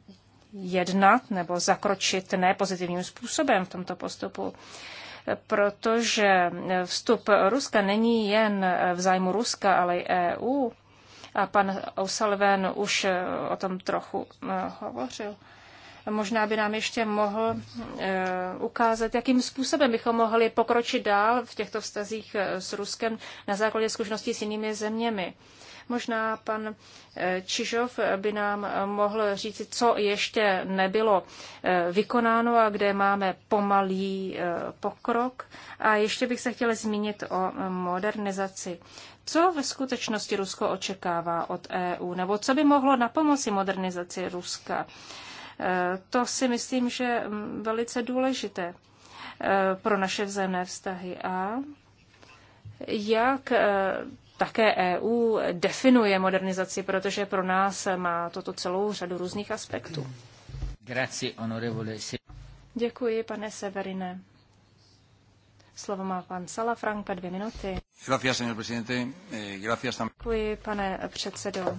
jednat nebo zakročit nepozitivním způsobem v tomto postupu protože vstup Ruska není jen v zájmu Ruska, ale i EU. A pan O'Sullivan už o tom trochu eh, hovořil. Možná by nám ještě mohl eh, ukázat, jakým způsobem bychom mohli pokročit dál v těchto vztazích eh, s Ruskem na základě zkušeností s jinými zeměmi. Možná pan eh, Čižov by nám mohl říct, co ještě nebylo vykonáno a kde máme pomalý pokrok. A ještě bych se chtěla zmínit o modernizaci. Co ve skutečnosti Rusko očekává od EU, nebo co by mohlo na pomoci modernizaci Ruska? To si myslím, že velice důležité eh, pro naše vzájemné vztahy. A jak eh, také EU definuje modernizaci, protože pro nás má toto celou řadu různých aspektů. Grazie, onorevole. Děkuji, pane Severine. Slovo má pan Salafranka, dvě minuty. Gracias, señor presidente. Eh, gracias. Děkuji, pane předsedo.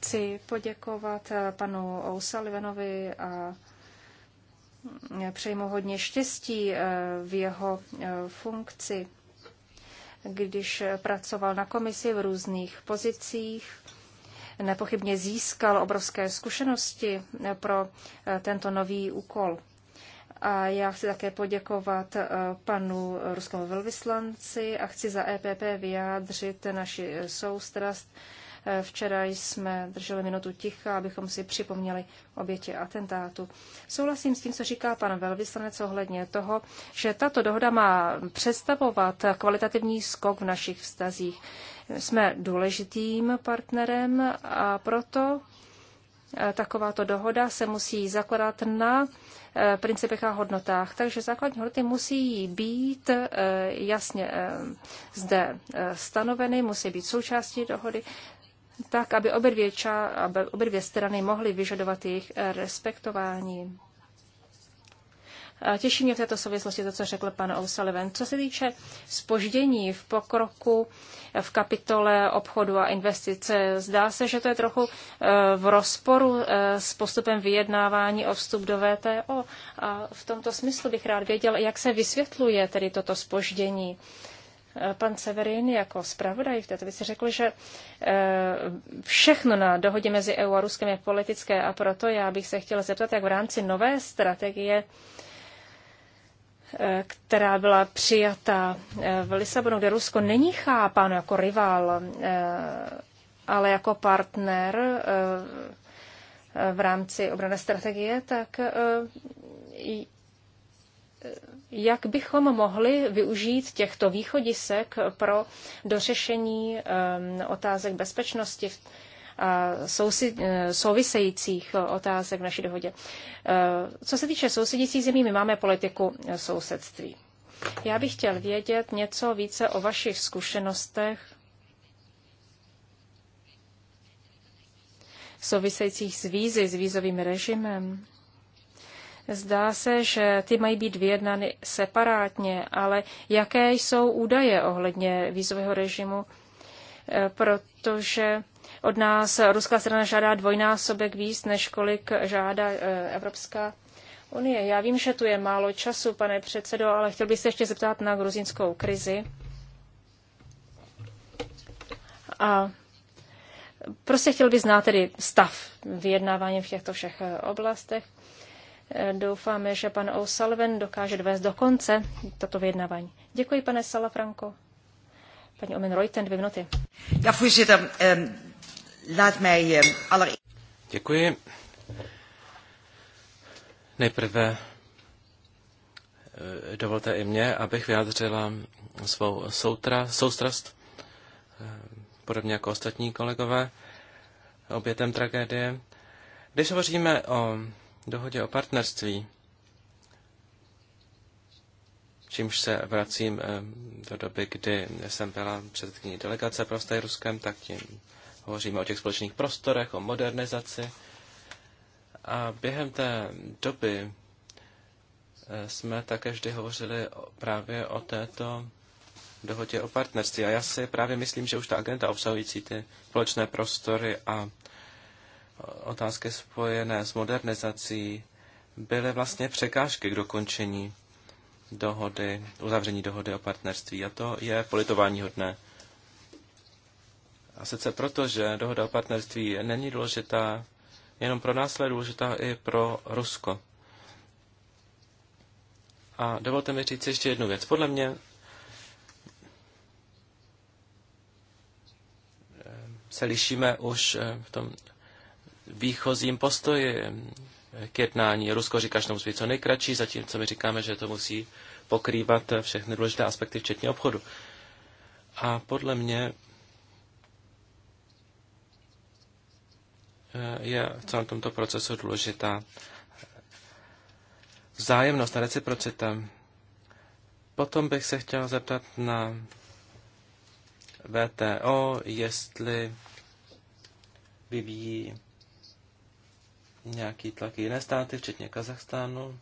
Chci poděkovat eh, panu O'Sullivanovi a eh, přeji mu hodně štěstí eh, v jeho funkci, když pracoval na komisi v různých pozicích. Nepochybně získal obrovské zkušenosti pro tento nový úkol. A já chci také poděkovat panu ruskému velvyslanci a chci za EPP vyjádřit naši soustrast Včera jsme drželi minutu ticha, abychom si připomněli oběti atentátu. Souhlasím s tím, co říká pan velvyslanec ohledně toho, že tato dohoda má představovat kvalitativní skok v našich vztazích. Jsme důležitým partnerem a proto eh, takováto dohoda se musí zakladat na eh, principech a hodnotách. Takže základní hodnoty musí být eh, jasně zde stanoveny, musí být součástí dohody tak, aby obě dvě, ča, aby obě dvě strany mohly vyžadovat jejich eh, respektování. Těší mě v této souvislosti to, co řekl pan O'Sullivan. Co se týče spoždění v pokroku eh, v kapitole obchodu a investice, zdá se, že to je trochu eh, v rozporu s postupem vyjednávání o vstup do VTO. A v tomto smyslu bych rád věděl, jak se vysvětluje tedy toto spoždění Pan Severin jako zpravodaj v této věci řekl, že eh, všechno na dohodě mezi EU a Ruskem je politické a proto já bych se chtěla zeptat, jak v rámci nové strategie eh, která byla přijata eh, v Lisabonu, kde Rusko není chápáno jako rival, ale jako partner v rámci obrané strategie, tak jak bychom mohli využít těchto východisek pro dořešení otázek bezpečnosti a e, souvisejících otázek v naší dohodě. E, co se týče sousedících zemí, my máme politiku e, sousedství. Já bych chtěl vědět něco více o vašich zkušenostech souvisejících s vízy, s vízovým režimem Zdá se, že ty mají být vyjednány separátně, ale jaké jsou údaje ohledně vízového režimu? E, protože od nás ruská strana žádá dvojnásobek víc, než kolik žádá e, Evropská unie. Já vím, že tu je málo času, pane předsedo, ale chtěl bych se ještě zeptat na gruzinskou krizi. A prostě chtěl bych znát tedy stav vyjednávání v těchto všech e, oblastech. Doufáme, že pan O'Sullivan dokáže dovést do konce toto vyjednávání. Děkuji, pane Salafranco. Paní Omen Reuten, dvě minuty. Ja, um, ehm, laat mij, um, aller... Děkuji. Nejprve eh, dovolte i mě, abych vyjádřila svou soutra, soustrast, eh, podobně jako ostatní kolegové, obětem tragédie. Když hovoříme o dohodě o partnerství, čímž se vracím eh, do doby, kdy jsem byla předsedkyní delegace pro vztahy Ruskem, tak tím hovoříme o těch společných prostorech, o modernizaci. A během té doby eh, jsme také vždy hovořili právě o této dohodě o partnerství. A já si právě myslím, že už ta agenda obsahující ty společné prostory a otázky spojené s modernizací byly vlastně překážky k dokončení dohody, uzavření dohody o partnerství. A to je politování hodné. A sice proto, že dohoda o partnerství není důležitá jenom pro nás, ale důležitá i pro Rusko. A dovolte mi říct ještě jednu věc. Podle mě eh, se lišíme už eh, v tom výchozím postoji k jednání. Rusko říká, že to musí být co nejkratší, zatímco my říkáme, že to musí pokrývat všechny důležité aspekty, včetně obchodu. A podle mě eh, je v celém tomto procesu důležitá vzájemnost a reciprocita. Potom bych se chtěl zeptat na VTO, jestli vyvíjí nějaký tlak i jiné státy, včetně Kazachstánu.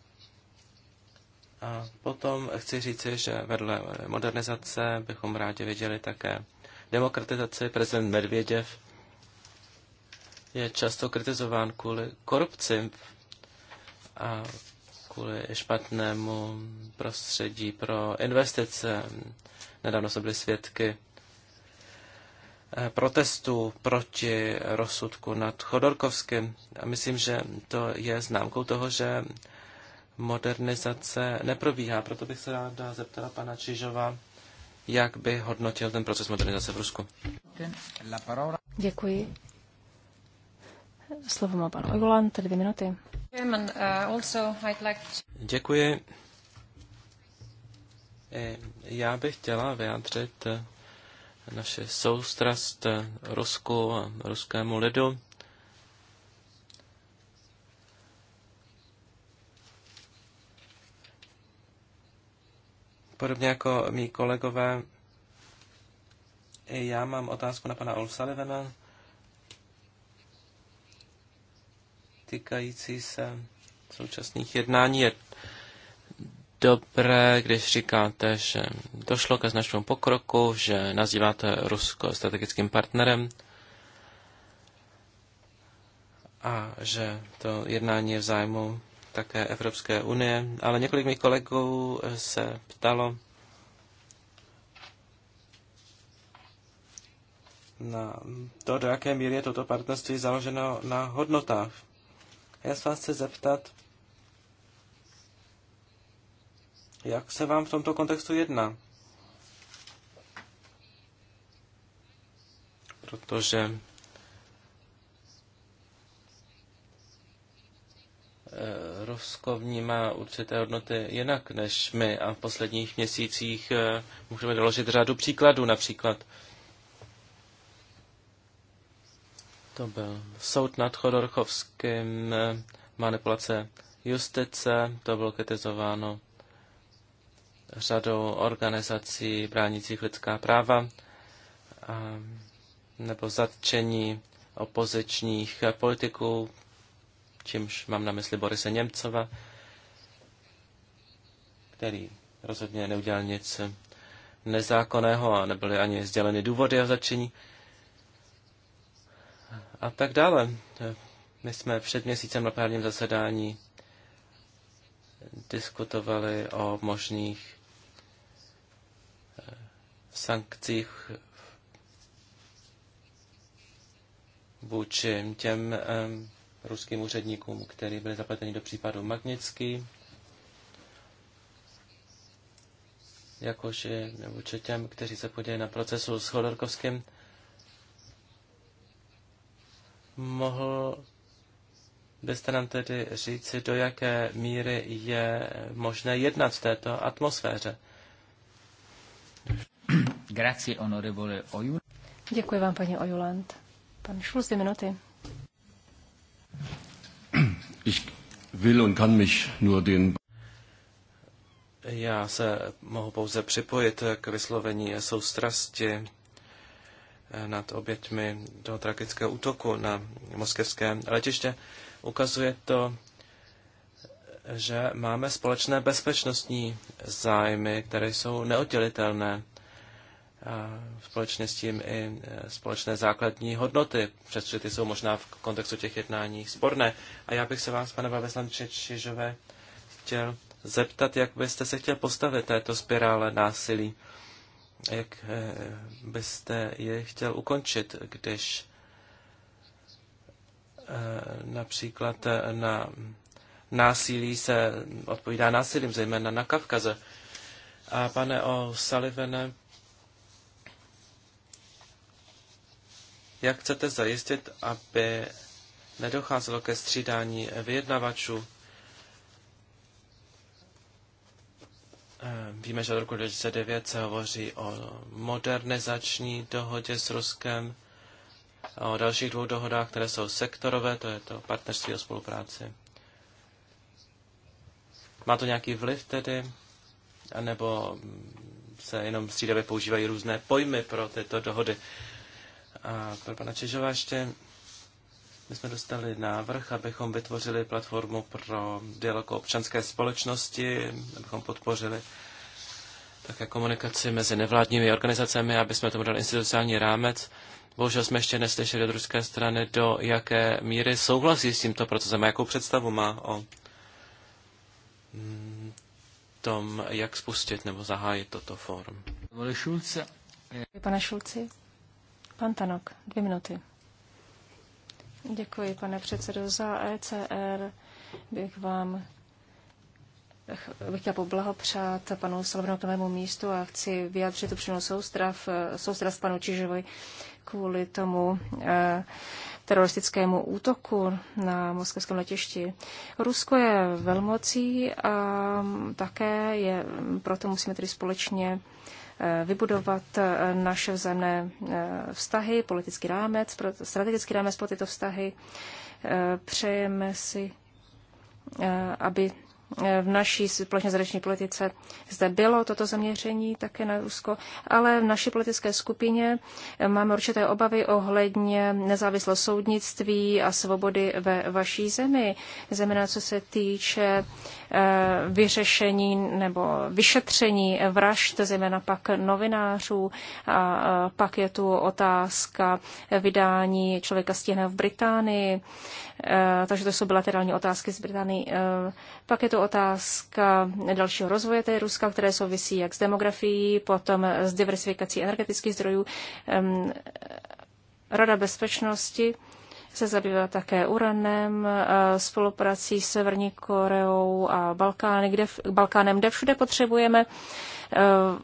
A potom chci říci, že vedle modernizace bychom rádi viděli také demokratizaci. Prezident Medvěděv je často kritizován kvůli korupci a kvůli špatnému prostředí pro investice. Nedávno jsme byli svědky Eh, protestů proti rozsudku nad Chodorkovským. A myslím, že to je známkou toho, že modernizace neprobíhá. Proto bych se ráda zeptala pana Čižova, jak by hodnotil ten proces modernizace v Rusku. Děkuji. Slovo má pan Ogolan, tedy dvě minuty. Uh, Děkuji. Já bych chtěla vyjádřit naše soustrast Rusku a ruskému lidu. Podobně jako mý kolegové, já mám otázku na pana Olsalivena týkající se současných jednání. Je dobré, když říkáte, že došlo ke značnému pokroku, že nazýváte Rusko strategickým partnerem a že to jednání je v zájmu také Evropské unie, ale několik mých kolegů se ptalo na to, do jaké míry je toto partnerství založeno na hodnotách. Já se vás chci zeptat, Jak se vám v tomto kontextu jedná? Protože eh, Rusko vnímá určité hodnoty jinak než my a v posledních měsících eh, můžeme doložit řadu příkladů. Například to byl soud nad Chodorchovským, eh, manipulace justice, to bylo kritizováno řadou organizací bránících lidská práva a, nebo zatčení opozičních politiků, čímž mám na mysli Borise Němcova, který rozhodně neudělal nic nezákonného a nebyly ani sděleny důvody o zatčení. A tak dále. My jsme před měsícem na právním zasedání diskutovali o možných sankcích vůči těm um, ruským úředníkům, kteří byli zapleteni do případu Magnický, jakož i vůči těm, kteří se podělili na procesu s Chodorkovským, mohl byste nám tedy říci, do jaké míry je možné jednat v této atmosféře. Grazie, onorevole Ojuland. Děkuji vám, paní Ojuland. Pan Šulc, dvě minuty. Ich will und kann mich nur den já se mohu pouze připojit k vyslovení soustrasti eh, nad oběťmi do tragického útoku na moskevské letiště. Ukazuje to, že máme společné bezpečnostní zájmy, které jsou neoddělitelné společně s tím i e, společné základní hodnoty, přestože ty jsou možná v kontextu těch jednání sporné. A já bych se vás, pane Babeslanče Čižové, chtěl zeptat, jak byste se chtěl postavit této spirále násilí, jak e, byste je chtěl ukončit, když e, například na násilí se odpovídá násilím, zejména na Kavkaze. A pane O'Sullivane, Jak chcete zajistit, aby nedocházelo ke střídání vyjednavačů? Eh, víme, že od roku 2009 se hovoří o modernizační dohodě s Ruskem a o dalších dvou dohodách, které jsou sektorové, to je to partnerství o spolupráci. Má to nějaký vliv tedy? A nebo se jenom střídavě používají různé pojmy pro tyto dohody? A pro pana Čežova ještě my jsme dostali návrh, abychom vytvořili platformu pro dialog občanské společnosti, abychom podpořili také komunikaci mezi nevládními organizacemi, aby jsme tomu dali institucionální rámec. Bohužel jsme ještě neslyšeli od ruské strany, do jaké míry souhlasí s tímto procesem jakou představu má o mm, tom, jak spustit nebo zahájit toto fórum. Pane Šulci. Pan Tanok, dvě minuty. Děkuji, pane předsedo, za ECR. Bych vám bych chtěla poblahopřát panu Salvenu k místu a chci vyjádřit upřímnou soustrav, soustrav panu Čižovi kvůli tomu eh, teroristickému útoku na moskevském letišti. Rusko je velmocí a také je, proto musíme tedy společně eh, Eh, vybudovat eh, naše vzájemné eh, vztahy, politický rámec, strategický rámec pro tyto vztahy. Přejeme si, aby v naší společné zahraniční politice zde bylo toto zaměření také na Rusko, ale v naší politické skupině máme určité obavy ohledně nezávislé soudnictví a svobody ve vaší zemi, zejména co se týče Eh, vyřešení nebo vyšetření vražd, zejména pak novinářů. A eh, pak je tu otázka vydání člověka stěhne v Británii. Eh, takže to jsou bilaterální otázky z Británii. Pak je to otázka dalšího rozvoje té Ruska, které souvisí jak s demografií, potom s diversifikací energetických zdrojů. Rada bezpečnosti se zabývá také uranem, e, spoluprací s Severní Koreou a Balkány, kde, Balkánem, kde všude potřebujeme e,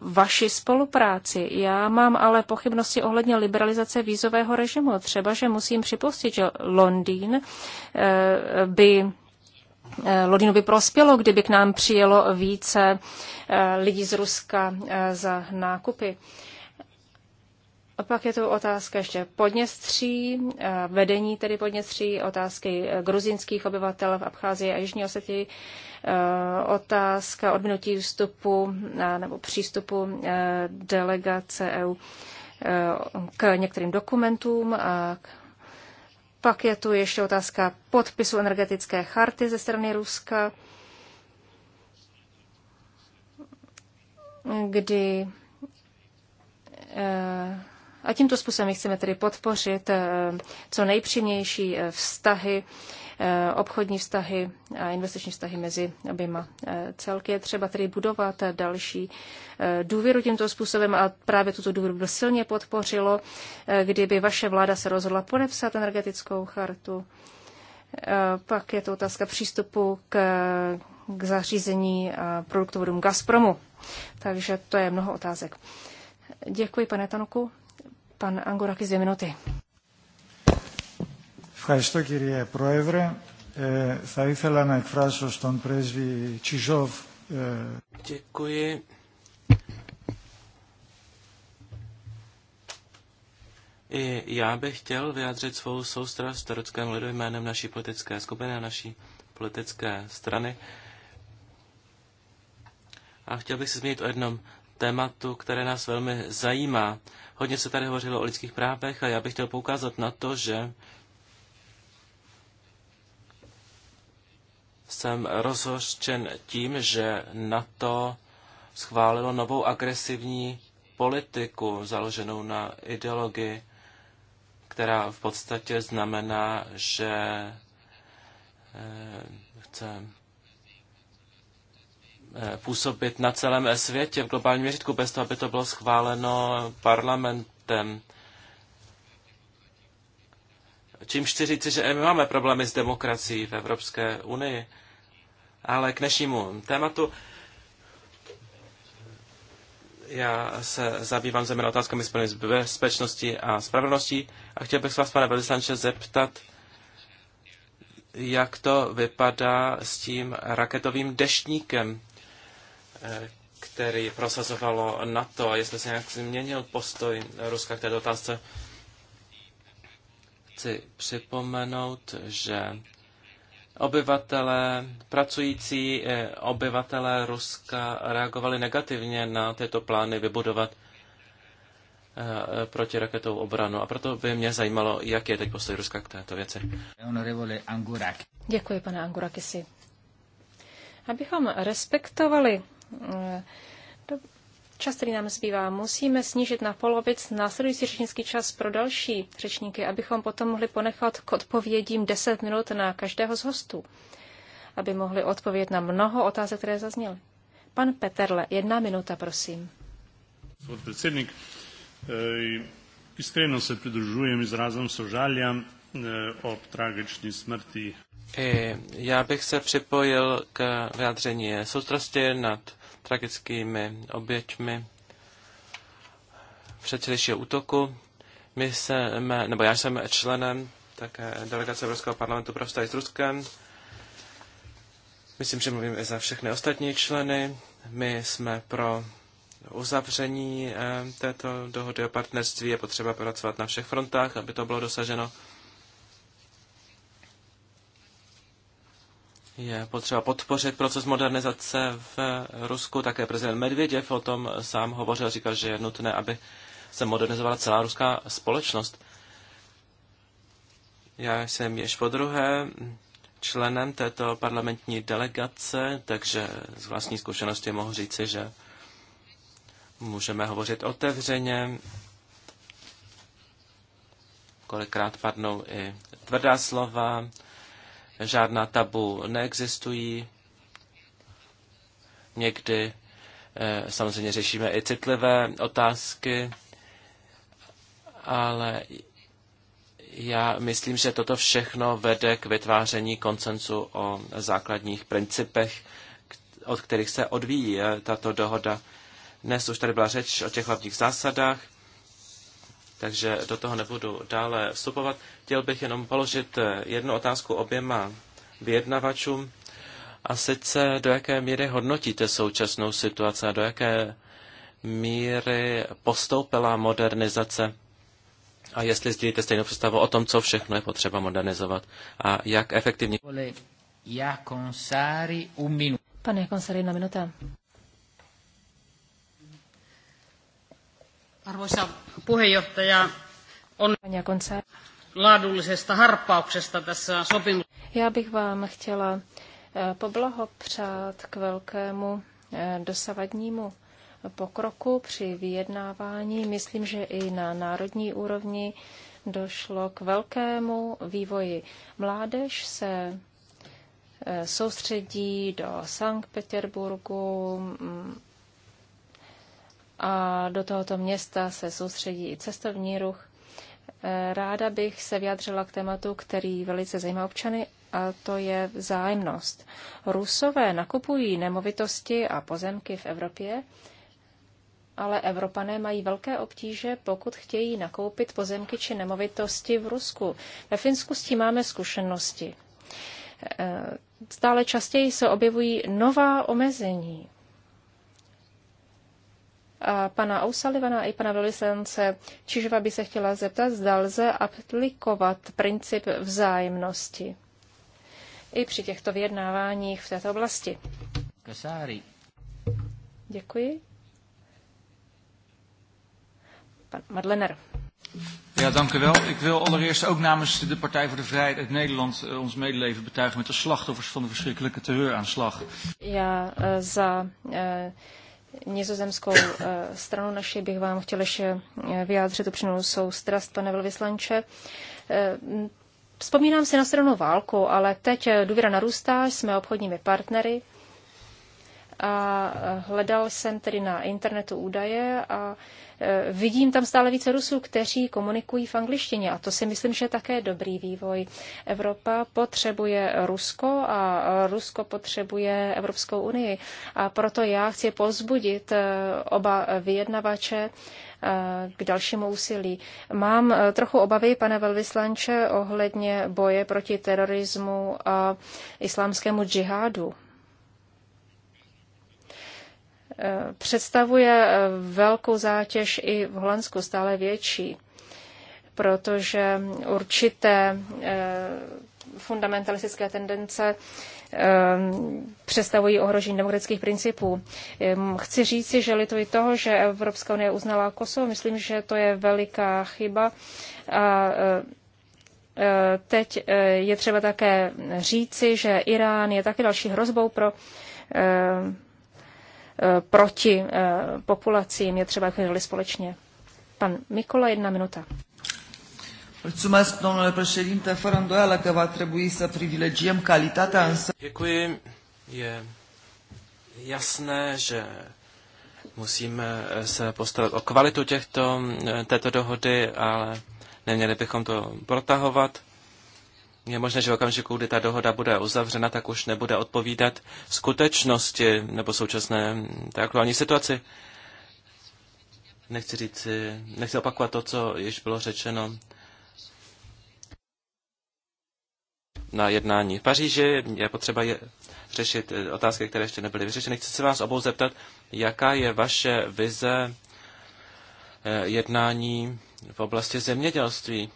vaši spolupráci. Já mám ale pochybnosti ohledně liberalizace vízového režimu. Třeba, že musím připustit, že Londýn e, by Londýnu by prospělo, kdyby k nám přijelo více lidí z Ruska za nákupy. A pak je to otázka ještě Podněstří, eh, vedení tedy Podněstří, otázky eh, gruzinských obyvatel v Abcházii a Jižní Osetii, eh, otázka odminutí vstupu nebo přístupu delegace EU k některým dokumentům. A pak je tu ještě otázka podpisu energetické charty ze strany Ruska, kdy a tímto způsobem chceme tedy podpořit eh, co nejpřímější eh, vztahy, eh, obchodní vztahy a investiční vztahy mezi oběma celky. Je třeba tedy budovat další důvěru tímto způsobem a právě tuto důvěru by silně podpořilo, kdyby vaše vláda se rozhodla podepsat energetickou chartu. Pak je to otázka přístupu k, k zařízení a produktovodům Gazpromu. Takže to je mnoho otázek. Děkuji, pane Tanuku. Pan Angorakis, dvě minuty. Ευχαριστώ κύριε Πρόεδρε. Ε, θα ήθελα να εκφράσω στον πρέσβη Τσιζόβ. Ε... Děkuji. I já bych chtěl vyjádřit svou soustrast tureckém lidu jménem naší politické skupiny a naší politické strany. A chtěl bych se zmínit o jednom tématu, které nás velmi zajímá. Hodně se tady hovořilo o lidských právech a já bych chtěl poukázat na to, že jsem rozhořčen tím, že NATO schválilo novou agresivní politiku založenou na ideologii, která v podstatě znamená, že eh, chce Eh, působit na celém světě v globálním měřitku, bez toho, aby to bylo schváleno parlamentem. Čímž chci říci, že my máme problémy s demokracií v Evropské unii. Ale k dnešnímu tématu. Já se zabývám zejména otázkami spojenými s bezpečností a spravedlností a chtěl bych se vás, pane velvyslanče, zeptat, jak to vypadá s tím raketovým deštníkem který prosazovalo NATO, jestli se nějak změnil postoj Ruska k této otázce. Chci připomenout, že obyvatele, pracující eh, obyvatele Ruska reagovali negativně na tyto plány vybudovat eh, protiraketovou obranu. A proto by mě zajímalo, jak je teď postoj Ruska k této věci. Děkuji, pane Angurakisi. Abychom respektovali Eh, do čas, který nám zbývá, musíme snížit na polovic následující řečnický čas pro další řečníky, abychom potom mohli ponechat k odpovědím 10 minut na každého z hostů, aby mohli odpovědět na mnoho otázek, které zazněly. Pan Peterle, jedna minuta, prosím. Podpredsednik, eh, iskreno se pridružujem izrazom sožalja eh, o tragičné smrti. Já bych se připojil k vyjádření soustrasti nad tragickými oběťmi včerejšího útoku. My jsme, nebo já jsem členem také delegace Evropského parlamentu pro vztahy s Ruskem. Myslím, že mluvím i za všechny ostatní členy. My jsme pro uzavření eh, této dohody o partnerství. Je potřeba pracovat na všech frontách, aby to bylo dosaženo. je potřeba podpořit proces modernizace v Rusku. Také prezident Medvěděv o tom sám hovořil, říkal, že je nutné, aby se modernizovala celá ruská společnost. Já jsem již po druhé členem této parlamentní delegace, takže z vlastní zkušenosti mohu říci, že můžeme hovořit otevřeně. Kolikrát padnou i tvrdá slova, žádná tabu neexistují. Někdy eh, samozřejmě řešíme i citlivé otázky, ale já myslím, že toto všechno vede k vytváření koncensu o základních principech, od kterých se odvíjí eh, tato dohoda. Dnes už tady byla řeč o těch hlavních zásadách takže do toho nebudu dále vstupovat. Chtěl bych jenom položit eh, jednu otázku oběma vyjednavačům. A sice do jaké míry hodnotíte současnou situaci a do jaké míry postoupila modernizace a jestli sdílíte stejnou představu o tom, co všechno je potřeba modernizovat a jak efektivně. Pane Konsari, na minuta. Arvoisa puheenjohtaja, on laadullisesta harppauksesta tässä sopimus. Já bych vám chtěla eh, poblahopřát k velkému eh, dosavadnímu pokroku při vyjednávání. Myslím, že i na národní úrovni došlo k velkému vývoji. Mládež se eh, soustředí do Sankt Petersburgu, mm, a do tohoto města se soustředí i cestovní ruch. E, ráda bych se vyjadřila k tématu, který velice zajímá občany, a to je vzájemnost. Rusové nakupují nemovitosti a pozemky v Evropě, ale Evropané mají velké obtíže, pokud chtějí nakoupit pozemky či nemovitosti v Rusku. Ve Finsku s tím máme zkušenosti. E, stále častěji se objevují nová omezení pana Ausalivana i pana Velisence Čižova by se chtěla zeptat, zda lze aplikovat princip vzájemnosti i při těchto vyjednáváních v této oblasti. Kasári. Děkuji. Pan Madlener. Ja, dank u wel. Ik wil allereerst ook namens de Partij voor de Vrijheid uit Nederland uh, ons medeleven betuigen met de slachtoffers van de verschrikkelijke terreuraanslag. Ja, uh, za uh, nizozemskou eh, stranu naši bych vám chtěl ještě eh, vyjádřit upřímnou soustrast, pane velvyslanče. Eh, vzpomínám si na stranu válku, ale teď důvěra narůstá, jsme obchodními partnery a hledal jsem tedy na internetu údaje a e, vidím tam stále více Rusů, kteří komunikují v angličtině a to si myslím, že je také dobrý vývoj. Evropa potřebuje Rusko a Rusko potřebuje Evropskou unii a proto já chci pozbudit e, oba vyjednavače e, k dalšímu úsilí. Mám trochu obavy, pane velvyslanče, ohledně boje proti terorismu a islámskému džihádu představuje eh, velkou zátěž i v Holandsku, stále větší, protože určité eh, fundamentalistické tendence eh, představují ohrožení demokratických principů. Ehm, chci říci, že lituji toho, že Evropská unie uznala Kosovo. Myslím, že to je veliká chyba. A teď je třeba také říci, že Irán je také další hrozbou pro Eh, proti eh, populacím je třeba chvíli společně. Pan Mikola, jedna minuta. Děkuji. Je jasné, že musíme eh, se postarat o kvalitu těchto, této dohody, ale neměli bychom to protahovat je možné, že v okamžiku, kdy ta dohoda bude uzavřena, tak už nebude odpovídat skutečnosti nebo současné té aktuální situaci. Nechci říct, nechci opakovat to, co již bylo řečeno na jednání v Paříži. Je potřeba je řešit eh, otázky, které ještě nebyly vyřešeny. Chci se vás obou zeptat, jaká je vaše vize eh, jednání v oblasti zemědělství.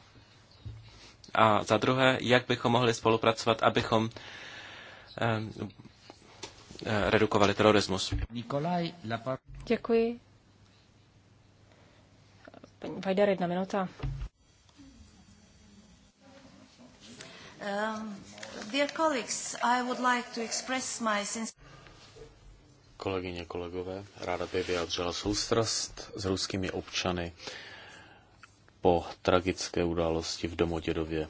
A za druhé, jak bychom mohli spolupracovat, abychom eh, eh, redukovali terorismus. Nikolaj Lapar... Děkuji. Paní Vajdar, jedna minuta. Um, dear colleagues, I would like to express my sincere... Kolegyně, kolegové, ráda by vyjádřila soustrast s ruskými občany, po tragické události v Domodědově.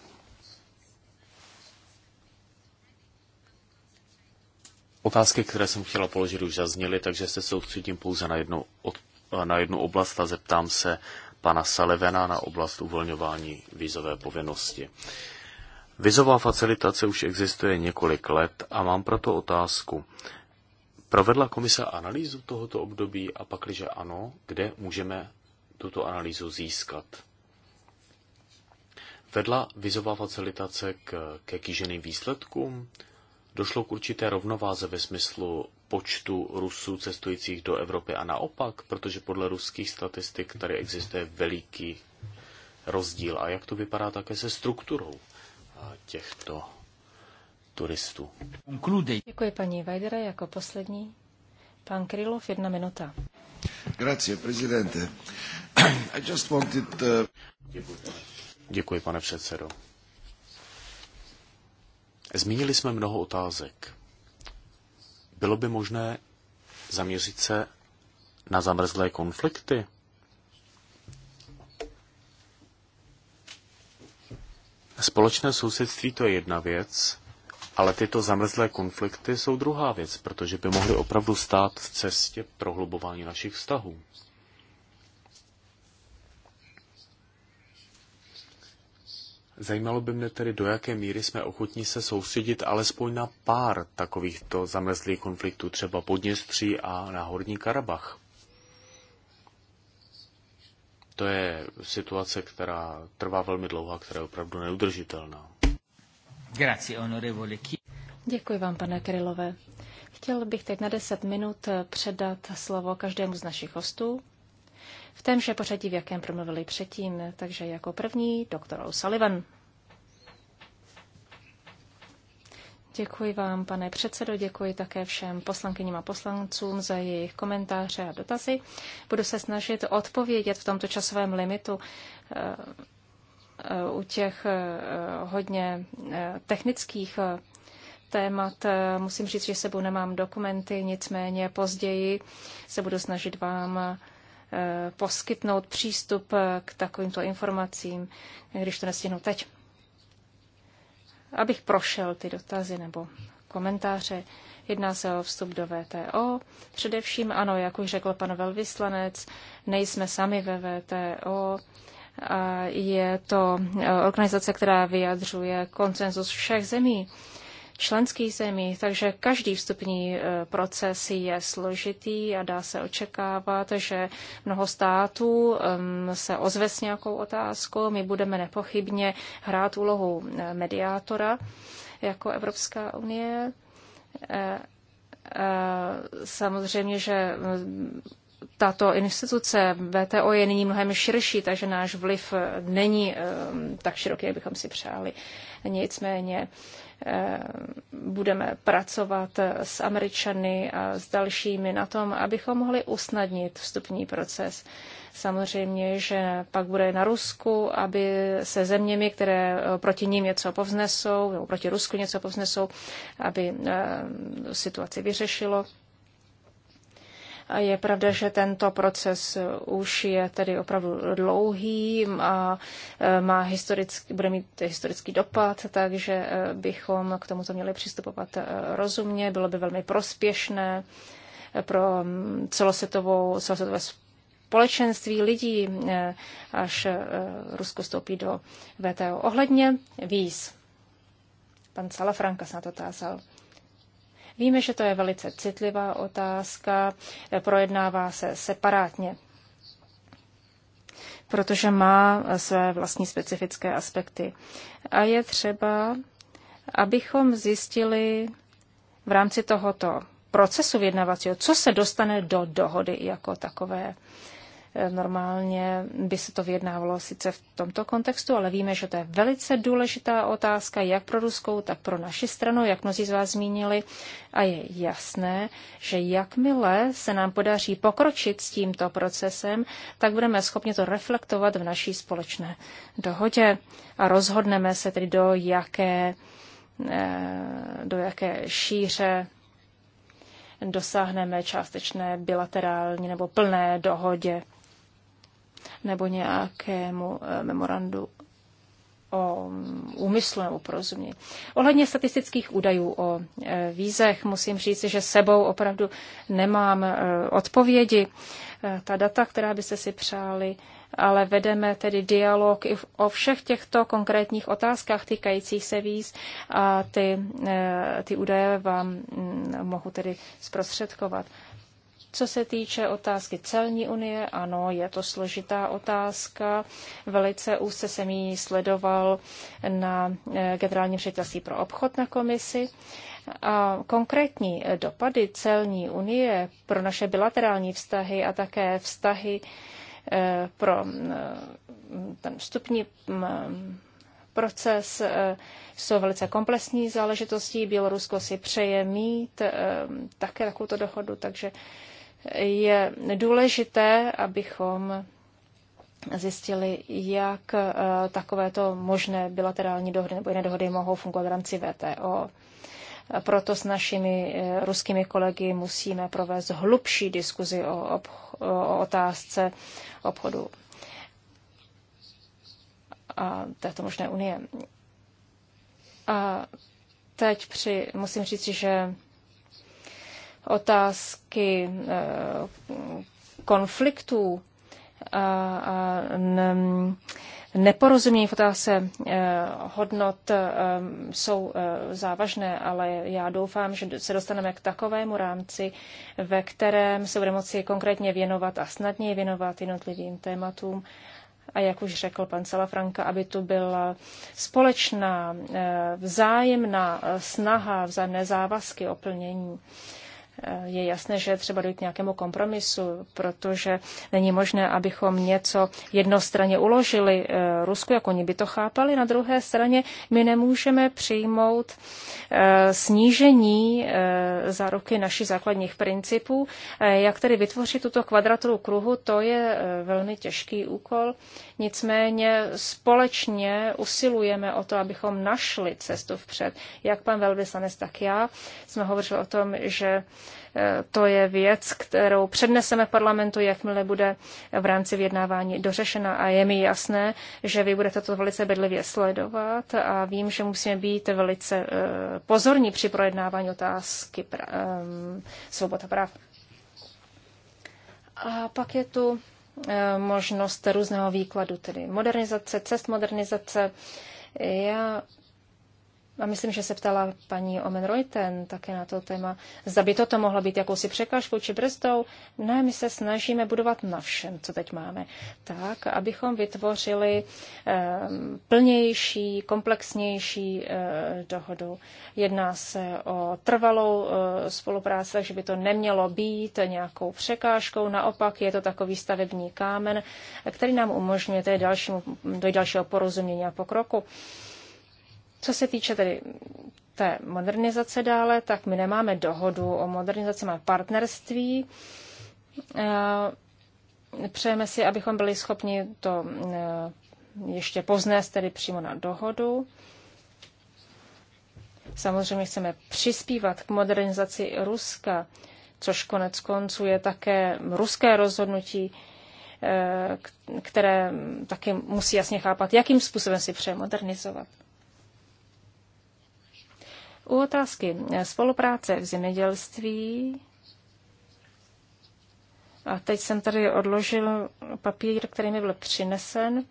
Otázky, které jsem chtěla položit, už zazněly, takže se soustředím pouze na jednu, od, na jednu oblast a zeptám se pana Salevena na oblast uvolňování vízové povinnosti. Vizová facilitace už existuje několik let a mám proto otázku. Provedla komise analýzu tohoto období a pakliže ano, kde můžeme tuto analýzu získat? Vedla vizová facilitace k, ke kýženým výsledkům? Došlo k určité rovnováze ve smyslu počtu Rusů cestujících do Evropy a naopak, protože podle ruských statistik tady existuje veliký rozdíl. A jak to vypadá také se strukturou těchto turistů? Děkuji paní Vajdere jako poslední. Pan Krylov, jedna minuta. Grazie, prezidente. I just wanted, uh... Děkuji. Děkuji, pane předsedo. Zmínili jsme mnoho otázek. Bylo by možné zaměřit se na zamrzlé konflikty? Společné sousedství to je jedna věc, ale tyto zamrzlé konflikty jsou druhá věc, protože by mohly opravdu stát v cestě prohlubování našich vztahů. Zajímalo by mě tedy, do jaké míry jsme ochotní se soustředit alespoň na pár takovýchto zamrzlých konfliktů, třeba Podněstří a na Horní Karabach. To je situace, která trvá velmi dlouho a která je opravdu neudržitelná. Děkuji vám, pane Krylové. Chtěl bych teď na 10 minut předat slovo každému z našich hostů v témže pořadí, v jakém promluvili předtím. Takže jako první doktor O'Sullivan. Děkuji vám, pane předsedo, děkuji také všem poslankyním a poslancům za jejich komentáře a dotazy. Budu se snažit odpovědět v tomto časovém limitu eh, eh, u těch eh, hodně technických témat. Musím říct, že sebou nemám dokumenty, nicméně později se budu snažit vám Eh, poskytnout přístup eh, k takovýmto informacím, když to nestihnu teď. Abych prošel ty dotazy nebo komentáře, jedná se o vstup do VTO. Především ano, jak už řekl pan velvyslanec, nejsme sami ve VTO. Je to eh, organizace, která vyjadřuje koncenzus všech zemí členských zemí, takže každý vstupní e, proces je složitý a dá se očekávat, že mnoho států se ozve s nějakou otázkou. My budeme nepochybně hrát úlohu e, mediátora jako Evropská unie. E, samozřejmě, že tato instituce VTO je nyní mnohem širší, takže náš vliv není tak široký, jak bychom si přáli. Nicméně Eh, budeme pracovat s Američany a s dalšími na tom, abychom mohli usnadnit vstupní proces. Samozřejmě, že pak bude na Rusku, aby se zeměmi, které eh, proti ním něco povznesou, nebo proti Rusku něco povznesou, aby eh, situaci vyřešilo. A je pravda, že tento proces uh, už je tedy opravdu dlouhý a uh, má historický, bude mít historický dopad, takže uh, bychom k tomuto měli přistupovat rozumně. Bylo by velmi prospěšné pro um, celosvětovou, celosvětové společenství lidí, až Rusko stoupí do VTO. Ohledně víz. Pan Salafranka se na to tázal. Víme, že to je velice citlivá otázka, eh, projednává se separátně, protože má eh, své vlastní specifické aspekty. A je třeba, abychom zjistili v rámci tohoto procesu vyjednavacího, co se dostane do dohody jako takové. Normálně by se to vyjednávalo sice v tomto kontextu, ale víme, že to je velice důležitá otázka jak pro ruskou, tak pro naši stranu, jak mnozí z vás zmínili. A je jasné, že jakmile se nám podaří pokročit s tímto procesem, tak budeme schopni to reflektovat v naší společné dohodě a rozhodneme se tedy do jaké eh, do jaké šíře dosáhneme částečné bilaterální nebo plné dohodě nebo nějakému eh, memorandu o mm, úmyslu nebo porozumění. Ohledně statistických údajů o eh, vízech musím říct, že sebou opravdu nemám eh, odpovědi. Ta data, která byste si přáli, ale vedeme tedy dialog i o všech těchto konkrétních otázkách týkajících se víz a ty, ty údaje vám mm, mohu tedy zprostředkovat. Co se týče otázky celní unie, ano, je to složitá otázka. Velice úzce jsem ji sledoval na eh, generálním ředitelství pro obchod na komisi. A konkrétní dopady celní unie pro naše bilaterální vztahy a také vztahy eh, pro mm, ten vstupní mm, proces eh, jsou velice komplexní záležitostí. Bělorusko si přeje mít také takovou dohodu, takže je důležité, abychom zjistili, jak eh, takovéto možné bilaterální dohody nebo jiné dohody mohou fungovat v rámci VTO. Proto s našimi eh, ruskými kolegy musíme provést hlubší diskuzi o, o otázce obchodu a této možné unie. A teď při, musím říct, že otázky eh, konfliktů a neporozumění v otázce eh, hodnot eh, jsou závažné, ale já doufám, že se dostaneme k takovému rámci, ve kterém se bude moci konkrétně věnovat a snadněji věnovat jednotlivým tématům a jak už řekl pan Salafranka, aby tu byla společná, vzájemná snaha, vzájemné závazky o plnění je jasné, že je třeba dojít k nějakému kompromisu, protože není možné, abychom něco jednostranně uložili eh, Rusku, jako oni by to chápali. Na druhé straně my nemůžeme přijmout eh, snížení eh, záruky našich základních principů. Jak tedy vytvořit tuto kvadraturu kruhu, to je velmi těžký úkol. Nicméně společně usilujeme o to, abychom našli cestu vpřed. Jak pan velvyslanec, tak já jsme hovořili o tom, že Eh, to je věc, kterou předneseme v parlamentu, jakmile bude v rámci vyjednávání dořešena. A je mi jasné, že vy budete to velice bedlivě sledovat a vím, že musíme být velice eh, pozorní při projednávání otázky eh, svoboda práv. A pak je tu možnost různého výkladu, tedy modernizace, cest modernizace. Já a myslím, že se ptala paní Omen Reuten také na to téma, zda by toto mohlo být jakousi překážkou či brzdou. Ne, my se snažíme budovat na všem, co teď máme, tak, abychom vytvořili ehm, plnější, komplexnější eh, dohodu. Jedná se o trvalou eh, spolupráci, takže by to nemělo být nějakou překážkou. Naopak je to takový stavební kámen, který nám umožňuje dojít dalšího porozumění a pokroku. Co se týče tedy té modernizace dále, tak my nemáme dohodu o modernizaci, máme partnerství. Eh, přejeme si, abychom byli schopni to eh, ještě poznést tedy přímo na dohodu. Samozřejmě chceme přispívat k modernizaci Ruska, což konec konců je také ruské rozhodnutí, eh, které taky musí jasně chápat, jakým způsobem si přeje modernizovat. U otázky eh, spolupráce v zemědělství a teď jsem tady odložil papír, který mi byl přinesen.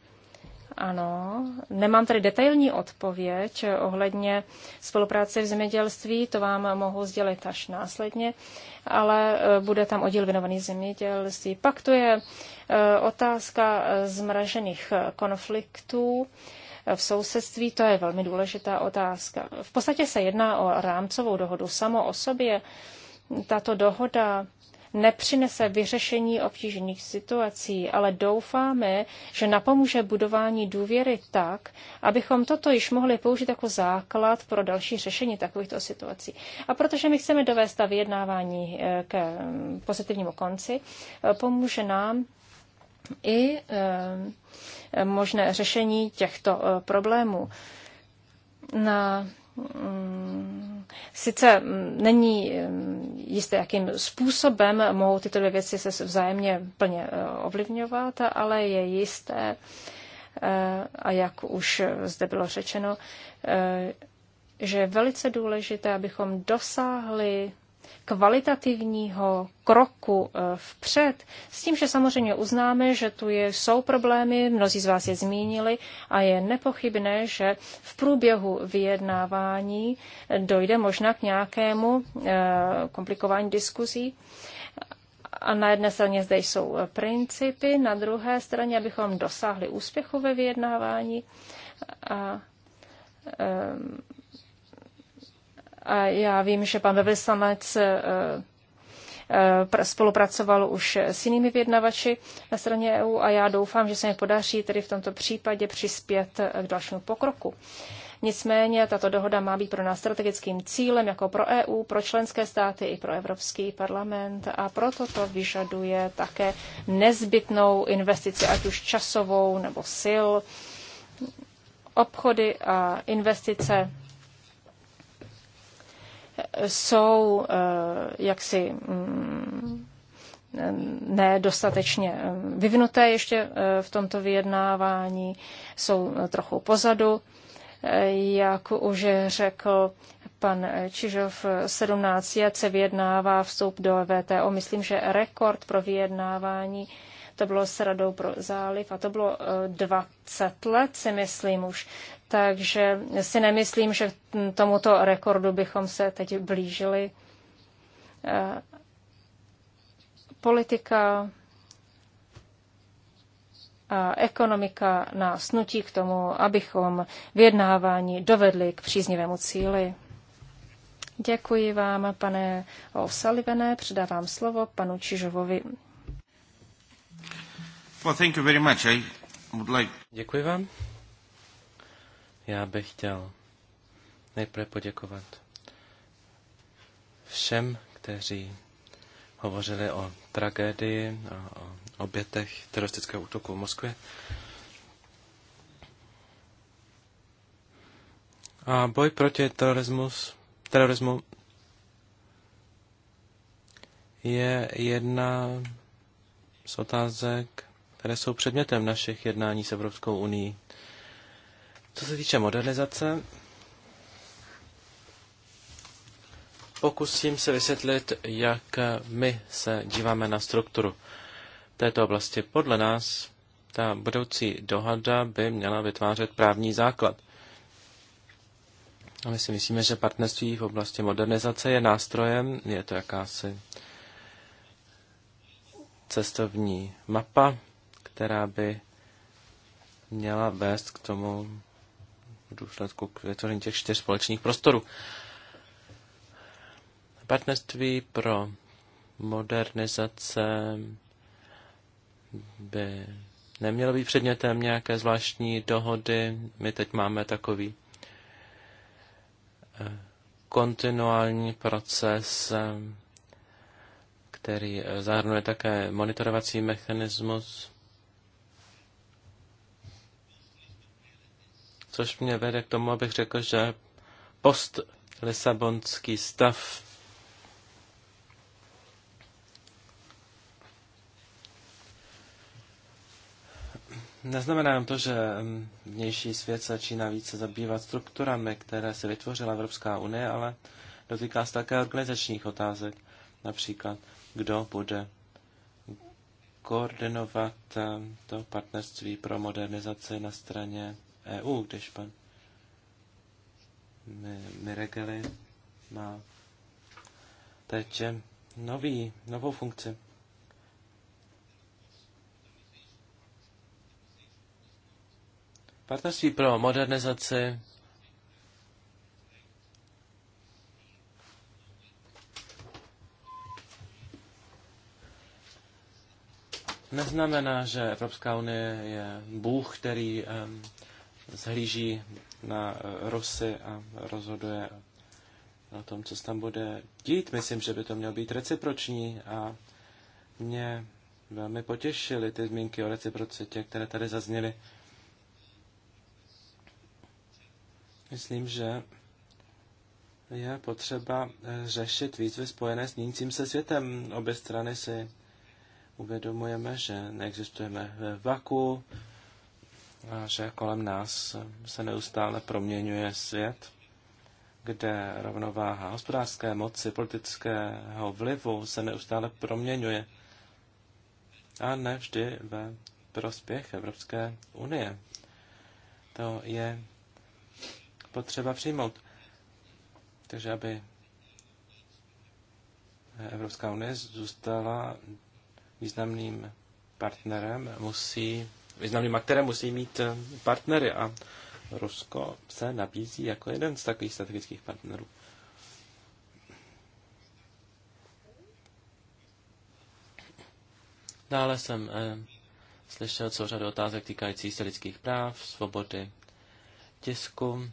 Ano, nemám tady detailní odpověď ohledně spolupráce v zemědělství, to vám mohu sdělit až následně, ale eh, bude tam oddíl věnovaný zemědělství. Pak tu je eh, otázka zmražených konfliktů v sousedství, to je velmi důležitá otázka. V podstatě se jedná o rámcovou dohodu. Samo o sobě tato dohoda nepřinese vyřešení obtížných situací, ale doufáme, že napomůže budování důvěry tak, abychom toto již mohli použít jako základ pro další řešení takovýchto situací. A protože my chceme dovést ta vyjednávání eh, k pozitivnímu konci, eh, pomůže nám i eh, možné řešení těchto eh, problémů. Na mm, Sice mm, není mm, jisté, jakým způsobem mohou tyto dvě věci se vzájemně plně eh, ovlivňovat, ale je jisté, a jak už zde bylo řečeno, že je velice důležité, abychom dosáhli kvalitativního kroku eh, vpřed, s tím, že samozřejmě uznáme, že tu je, jsou problémy, mnozí z vás je zmínili a je nepochybné, že v průběhu vyjednávání eh, dojde možná k nějakému eh, komplikování diskuzí. A na jedné straně zde jsou principy, na druhé straně, abychom dosáhli úspěchu ve vyjednávání. A, um, a já vím, že pan velvyslanec eh, eh, spolupracoval už s jinými vyjednavači na straně EU a já doufám, že se mi podaří tedy v tomto případě přispět eh, k dalšímu pokroku. Nicméně tato dohoda má být pro nás strategickým cílem jako pro EU, pro členské státy i pro Evropský parlament a proto to vyžaduje také nezbytnou investici, ať už časovou nebo sil. Obchody a investice jsou eh, jaksi mm, nedostatečně eh, vyvinuté ještě eh, v tomto vyjednávání, jsou trochu pozadu. Jak už řekl pan Čižov, 17 let se vyjednává vstup do VTO. Myslím, že rekord pro vyjednávání to bylo s Radou pro záliv a to bylo 20 let, si myslím už takže si nemyslím, že tomuto rekordu bychom se teď blížili. Eh, politika a ekonomika nás nutí k tomu, abychom vyjednávání dovedli k příznivému cíli. Děkuji vám, pane Osalivené. Předávám slovo panu Čižovovi. Děkuji vám. Já bych chtěl nejprve poděkovat všem, kteří hovořili o tragédii a o obětech teroristického útoku v Moskvě. A boj proti terorismu, terorismu je jedna z otázek, které jsou předmětem našich jednání s Evropskou unii. Co se týče modernizace, pokusím se vysvětlit, jak my se díváme na strukturu této oblasti. Podle nás ta budoucí dohada by měla vytvářet právní základ. A my si myslíme, že partnerství v oblasti modernizace je nástrojem, je to jakási cestovní mapa, která by měla vést k tomu v důsledku k vytvoření těch čtyř společných prostorů. Partnerství pro modernizace by nemělo být předmětem nějaké zvláštní dohody. My teď máme takový eh, kontinuální proces, eh, který eh, zahrnuje také monitorovací mechanismus což mě vede k tomu, abych řekl, že post-lisabonský stav Neznamená to, že vnější svět začíná více zabývat strukturami, které se vytvořila Evropská unie, ale dotýká se také organizačních otázek. Například, kdo bude koordinovat to partnerství pro modernizaci na straně EU, když pan Miregeli má teď eh, nový, novou funkci. Partnerství pro modernizaci neznamená, že Evropská unie je Bůh, který um, zhlíží na eh, Rusy a rozhoduje o tom, co se tam bude dít. Myslím, že by to mělo být reciproční a mě velmi potěšily ty zmínky o reciprocitě, které tady zazněly. Myslím, že je potřeba eh, řešit výzvy spojené s měnícím se světem. Obě strany si uvědomujeme, že neexistujeme v vaku, že kolem nás se neustále proměňuje svět, kde rovnováha hospodářské moci, politického vlivu se neustále proměňuje a ne vždy ve prospěch Evropské unie. To je potřeba přijmout. Takže aby Evropská unie zůstala významným partnerem, musí významným aktérem musí mít eh, partnery a Rusko se nabízí jako jeden z takových strategických partnerů. Dále jsem eh, slyšel co řadu otázek týkající se lidských práv, svobody tisku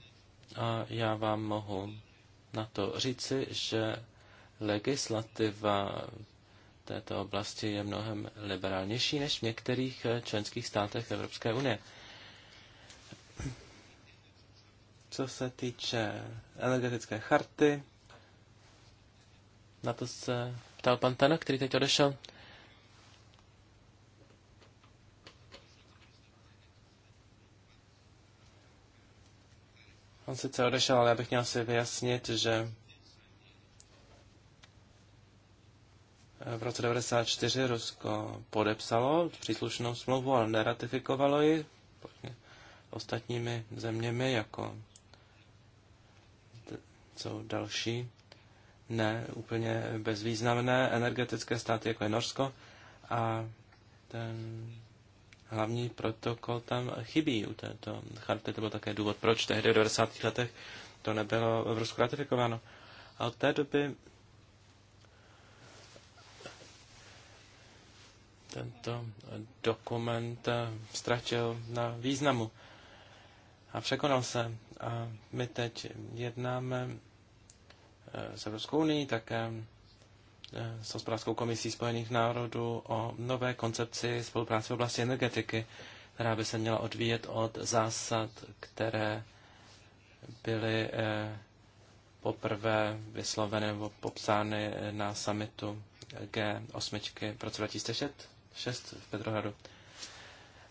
a já vám mohu na to říci, že legislativa této oblasti je mnohem liberálnější než v některých eh, členských státech Evropské unie. Co se týče energetické charty, na to se ptal pan Tano, který teď odešel. On sice odešel, ale já bych měl si vyjasnit, že V roce 1994 Rusko podepsalo příslušnou smlouvu, ale neratifikovalo ji ostatními zeměmi, jako jsou další ne úplně bezvýznamné energetické státy, jako je Norsko. A ten hlavní protokol tam chybí u této charty. To byl také důvod, proč tehdy v 90. letech to nebylo v Rusku ratifikováno. A od té doby tento dokument eh, ztratil na významu a překonal se. A my teď jednáme eh, s Evropskou unii, také eh, s hospodářskou komisí Spojených národů o nové koncepci spolupráce v oblasti energetiky, která by se měla odvíjet od zásad, které byly poprvé vysloveny nebo popsány na summitu G8 v roce 2006 6 v Petrohradu.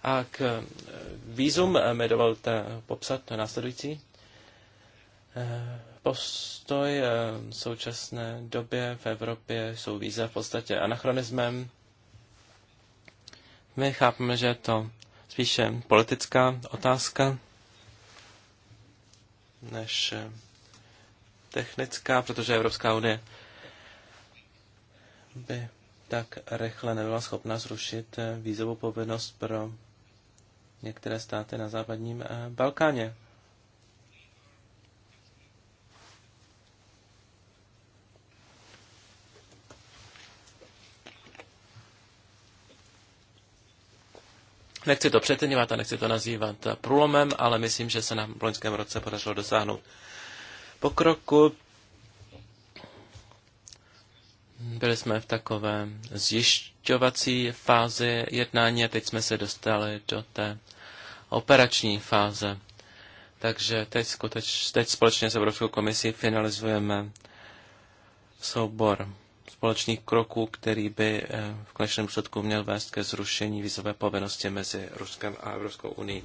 A k eh, výzum eh, mi dovolte popsat následující. Eh, postoj v současné době v Evropě jsou víza v podstatě anachronismem. My chápeme, že je to spíše politická otázka než technická, protože Evropská unie by tak rychle nebyla schopna zrušit eh, vízovou povinnost pro některé státy na západním eh, Balkáně. Nechci to přeceňovat a nechci to nazývat eh, průlomem, ale myslím, že se nám v loňském roce podařilo dosáhnout pokroku. Byli jsme v takové zjišťovací fázi jednání a teď jsme se dostali do té operační fáze. Takže teď, skuteč, teď společně s Evropskou komisí finalizujeme soubor společných kroků, který by eh, v konečném důsledku měl vést ke zrušení vízové povinnosti mezi Ruskem a Evropskou unii.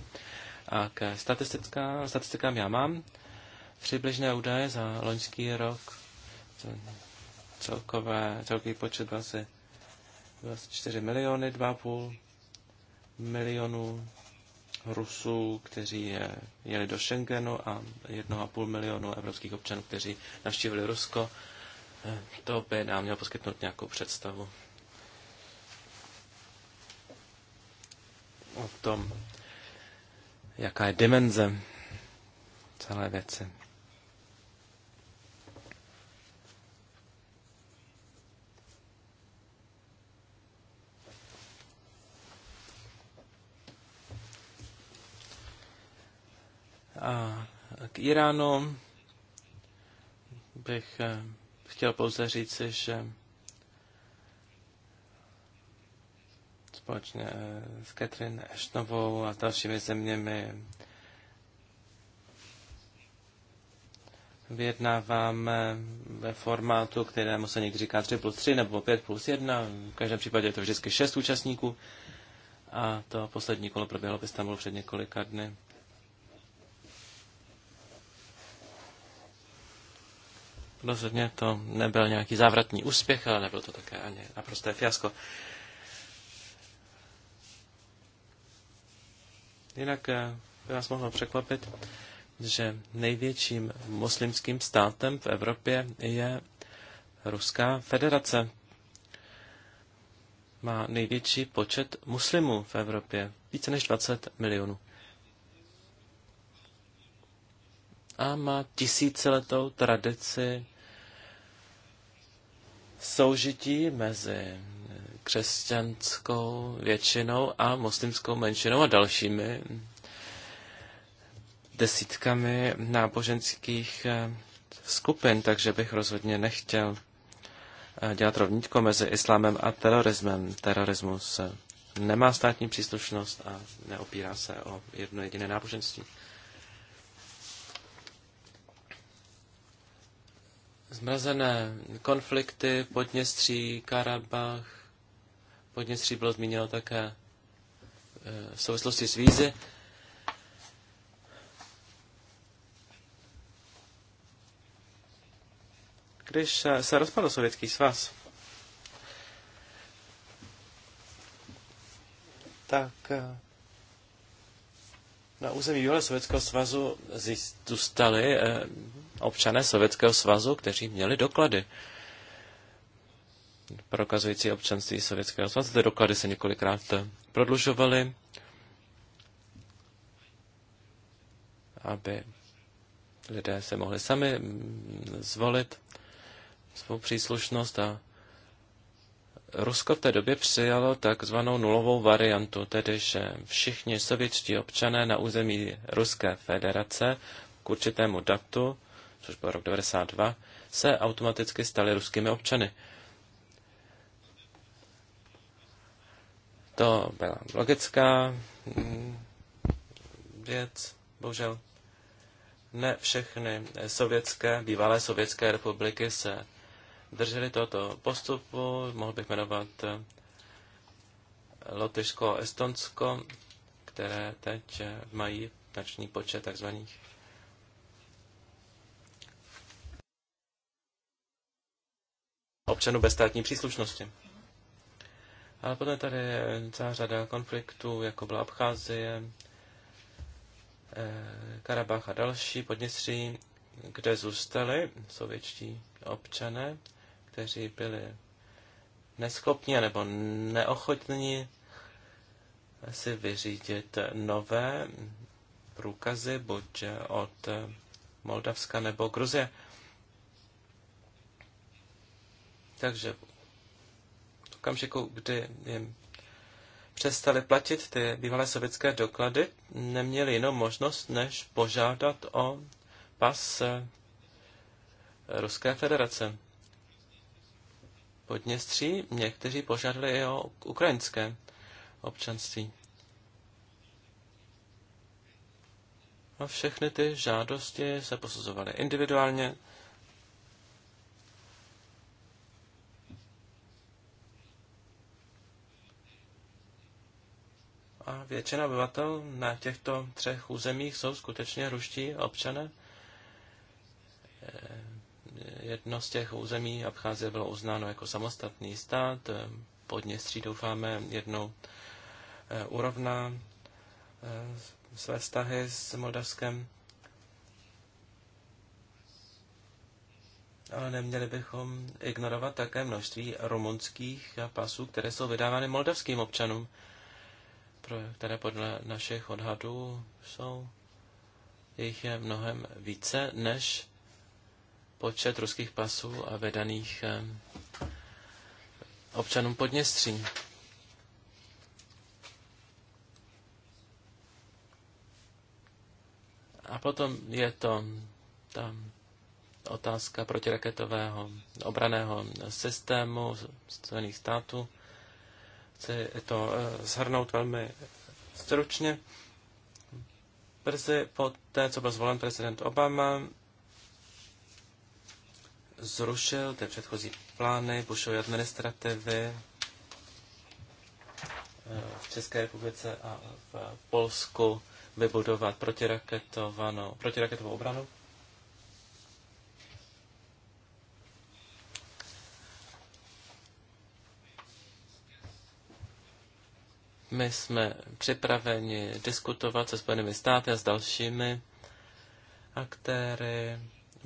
A k statistická statistikám já mám přibližné údaje za loňský rok Celkové, celkový počet byl asi 24 miliony, 2,5 milionů Rusů, kteří jeli do Schengenu a 1,5 milionu evropských občanů, kteří navštívili Rusko. Eh, to by nám mělo poskytnout nějakou představu o tom, jaká je dimenze celé věci. A k Iránu bych eh, chtěl pouze říci, že společně eh, s Katrin Eštnovou a dalšími zeměmi vyjednáváme ve formátu, kterému se někdy říká 3 plus 3 nebo 5 plus 1. V každém případě je to vždycky 6 účastníků. A to poslední kolo proběhlo v Istanbulu před několika dny. Rozhodně to nebyl nějaký závratný úspěch, ale nebyl to také ani naprosté fiasko. Jinak eh, by vás mohlo překvapit, že největším muslimským státem v Evropě je Ruská federace. Má největší počet muslimů v Evropě, více než 20 milionů. a má tisíciletou tradici soužití mezi křesťanskou většinou a muslimskou menšinou a dalšími desítkami náboženských eh, skupin, takže bych rozhodně nechtěl eh, dělat rovnítko mezi islámem a terorismem. Terorismus eh, nemá státní příslušnost a neopírá se o jedno jediné náboženství. zmrazené konflikty Podněstří, Karabach. Podněstří bylo zmíněno také e, v souvislosti s vízy. Když se rozpadl Sovětský svaz, tak e, na území bývalého Sovětského svazu zůstali eh, občané Sovětského svazu, kteří měli doklady prokazující občanství Sovětského svazu. Ty doklady se několikrát eh, prodlužovaly, aby lidé se mohli sami mm, zvolit svou příslušnost a Rusko v té době přijalo takzvanou nulovou variantu, tedy že všichni sovětští občané na území Ruské federace k určitému datu, což byl rok 92, se automaticky stali ruskými občany. To byla logická mm, věc, bohužel. Ne všechny sovětské, bývalé sovětské republiky se drželi tohoto postupu. Mohl bych jmenovat eh, Lotyšsko a Estonsko, které teď eh, mají značný počet takzvaných občanů bez státní příslušnosti. Ale potom tady je eh, celá řada konfliktů, jako byla Abcházie, Karabach a další podněstří, kde zůstali sovětští občané kteří byli neschopní nebo neochotní si vyřídit nové průkazy, buď od Moldavska nebo Gruzie. Takže v okamžiku, kdy jim přestali platit ty bývalé sovětské doklady, neměli jinou možnost, než požádat o pas Ruské federace. Podněstří, někteří požádali i o ukrajinské občanství. A všechny ty žádosti se posuzovaly individuálně. A většina obyvatel na těchto třech územích jsou skutečně ruští občané jedno z těch území Abcházie bylo uznáno jako samostatný stát. Podněstří doufáme jednou eh, urovná eh, své vztahy s Moldavskem. Ale neměli bychom ignorovat také množství rumunských pasů, které jsou vydávány moldavským občanům, které podle našich odhadů jsou jich je mnohem více než počet ruských pasů a vedaných eh, občanům Podněstří. A potom je to ta otázka protiraketového obraného systému Spojených států. Chci to zhrnout eh, velmi stručně. Brzy po té, co byl zvolen prezident Obama, zrušil ty předchozí plány Bushovy administrativy eh, v České republice a v Polsku vybudovat protiraketovanou, protiraketovou obranu. My jsme připraveni diskutovat se Spojenými státy a s dalšími aktéry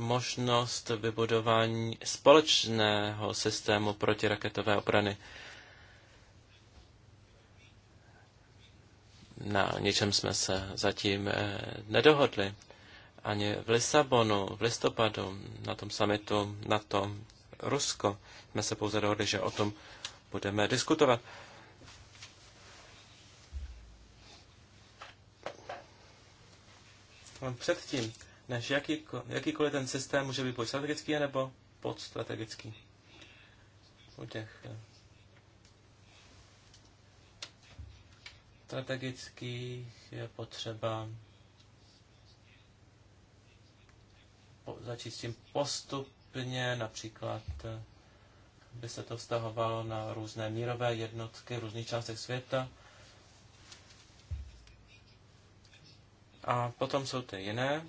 možnost vybudování společného systému protiraketové obrany. Na ničem jsme se zatím eh, nedohodli. Ani v Lisabonu, v listopadu, na tom samitu tom Rusko, jsme se pouze dohodli, že o tom budeme diskutovat. předtím než jaký, jakýkoliv ten systém může být buď strategický, nebo podstrategický. U těch eh, strategických je potřeba začít s tím postupně, například eh, by se to vztahovalo na různé mírové jednotky v různých částech světa. A potom jsou ty jiné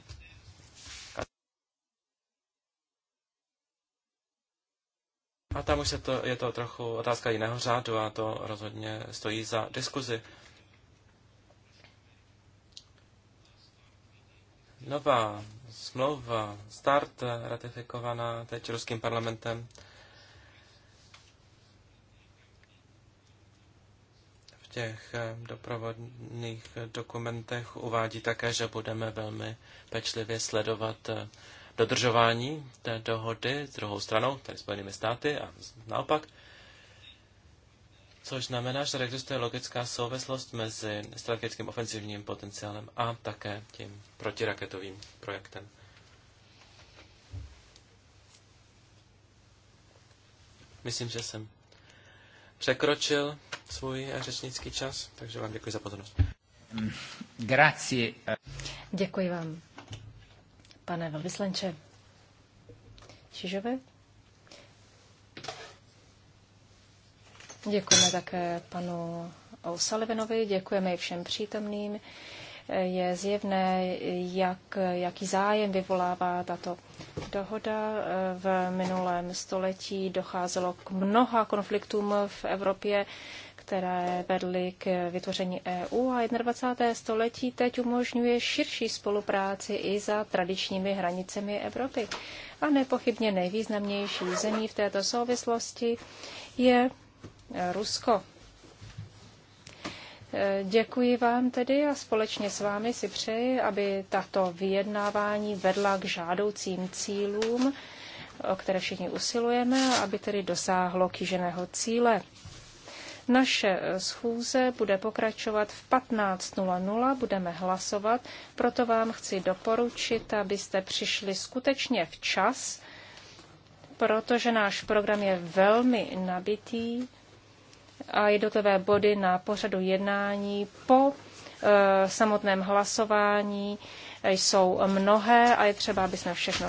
A tam už se to, je to trochu otázka jiného řádu a to rozhodně stojí za diskuzi. Nová smlouva START ratifikovaná teď ruským parlamentem v těch eh, doprovodných dokumentech uvádí také, že budeme velmi pečlivě sledovat eh, dodržování té dohody s druhou stranou, tedy Spojenými státy a naopak. Což znamená, že tady existuje logická souvislost mezi strategickým ofenzivním potenciálem a také tím protiraketovým projektem. Myslím, že jsem překročil svůj řečnický čas, takže vám děkuji za pozornost. Grazie. Děkuji vám pane velvyslanče Čižovi. Děkujeme také panu Osalivinovi, děkujeme i všem přítomným. Je zjevné, jak, jaký zájem vyvolává tato dohoda. V minulém století docházelo k mnoha konfliktům v Evropě které vedly k vytvoření EU a 21. století teď umožňuje širší spolupráci i za tradičními hranicemi Evropy. A nepochybně nejvýznamnější zemí v této souvislosti je e, Rusko. E, děkuji vám tedy a společně s vámi si přeji, aby tato vyjednávání vedla k žádoucím cílům, o které všichni usilujeme, aby tedy dosáhlo kýženého cíle. Naše eh, schůze bude pokračovat v 15.00, budeme hlasovat, proto vám chci doporučit, abyste přišli skutečně včas, protože náš program je velmi nabitý a jednotlivé body na pořadu jednání po eh, samotném hlasování eh, jsou mnohé a je třeba, aby jsme všechno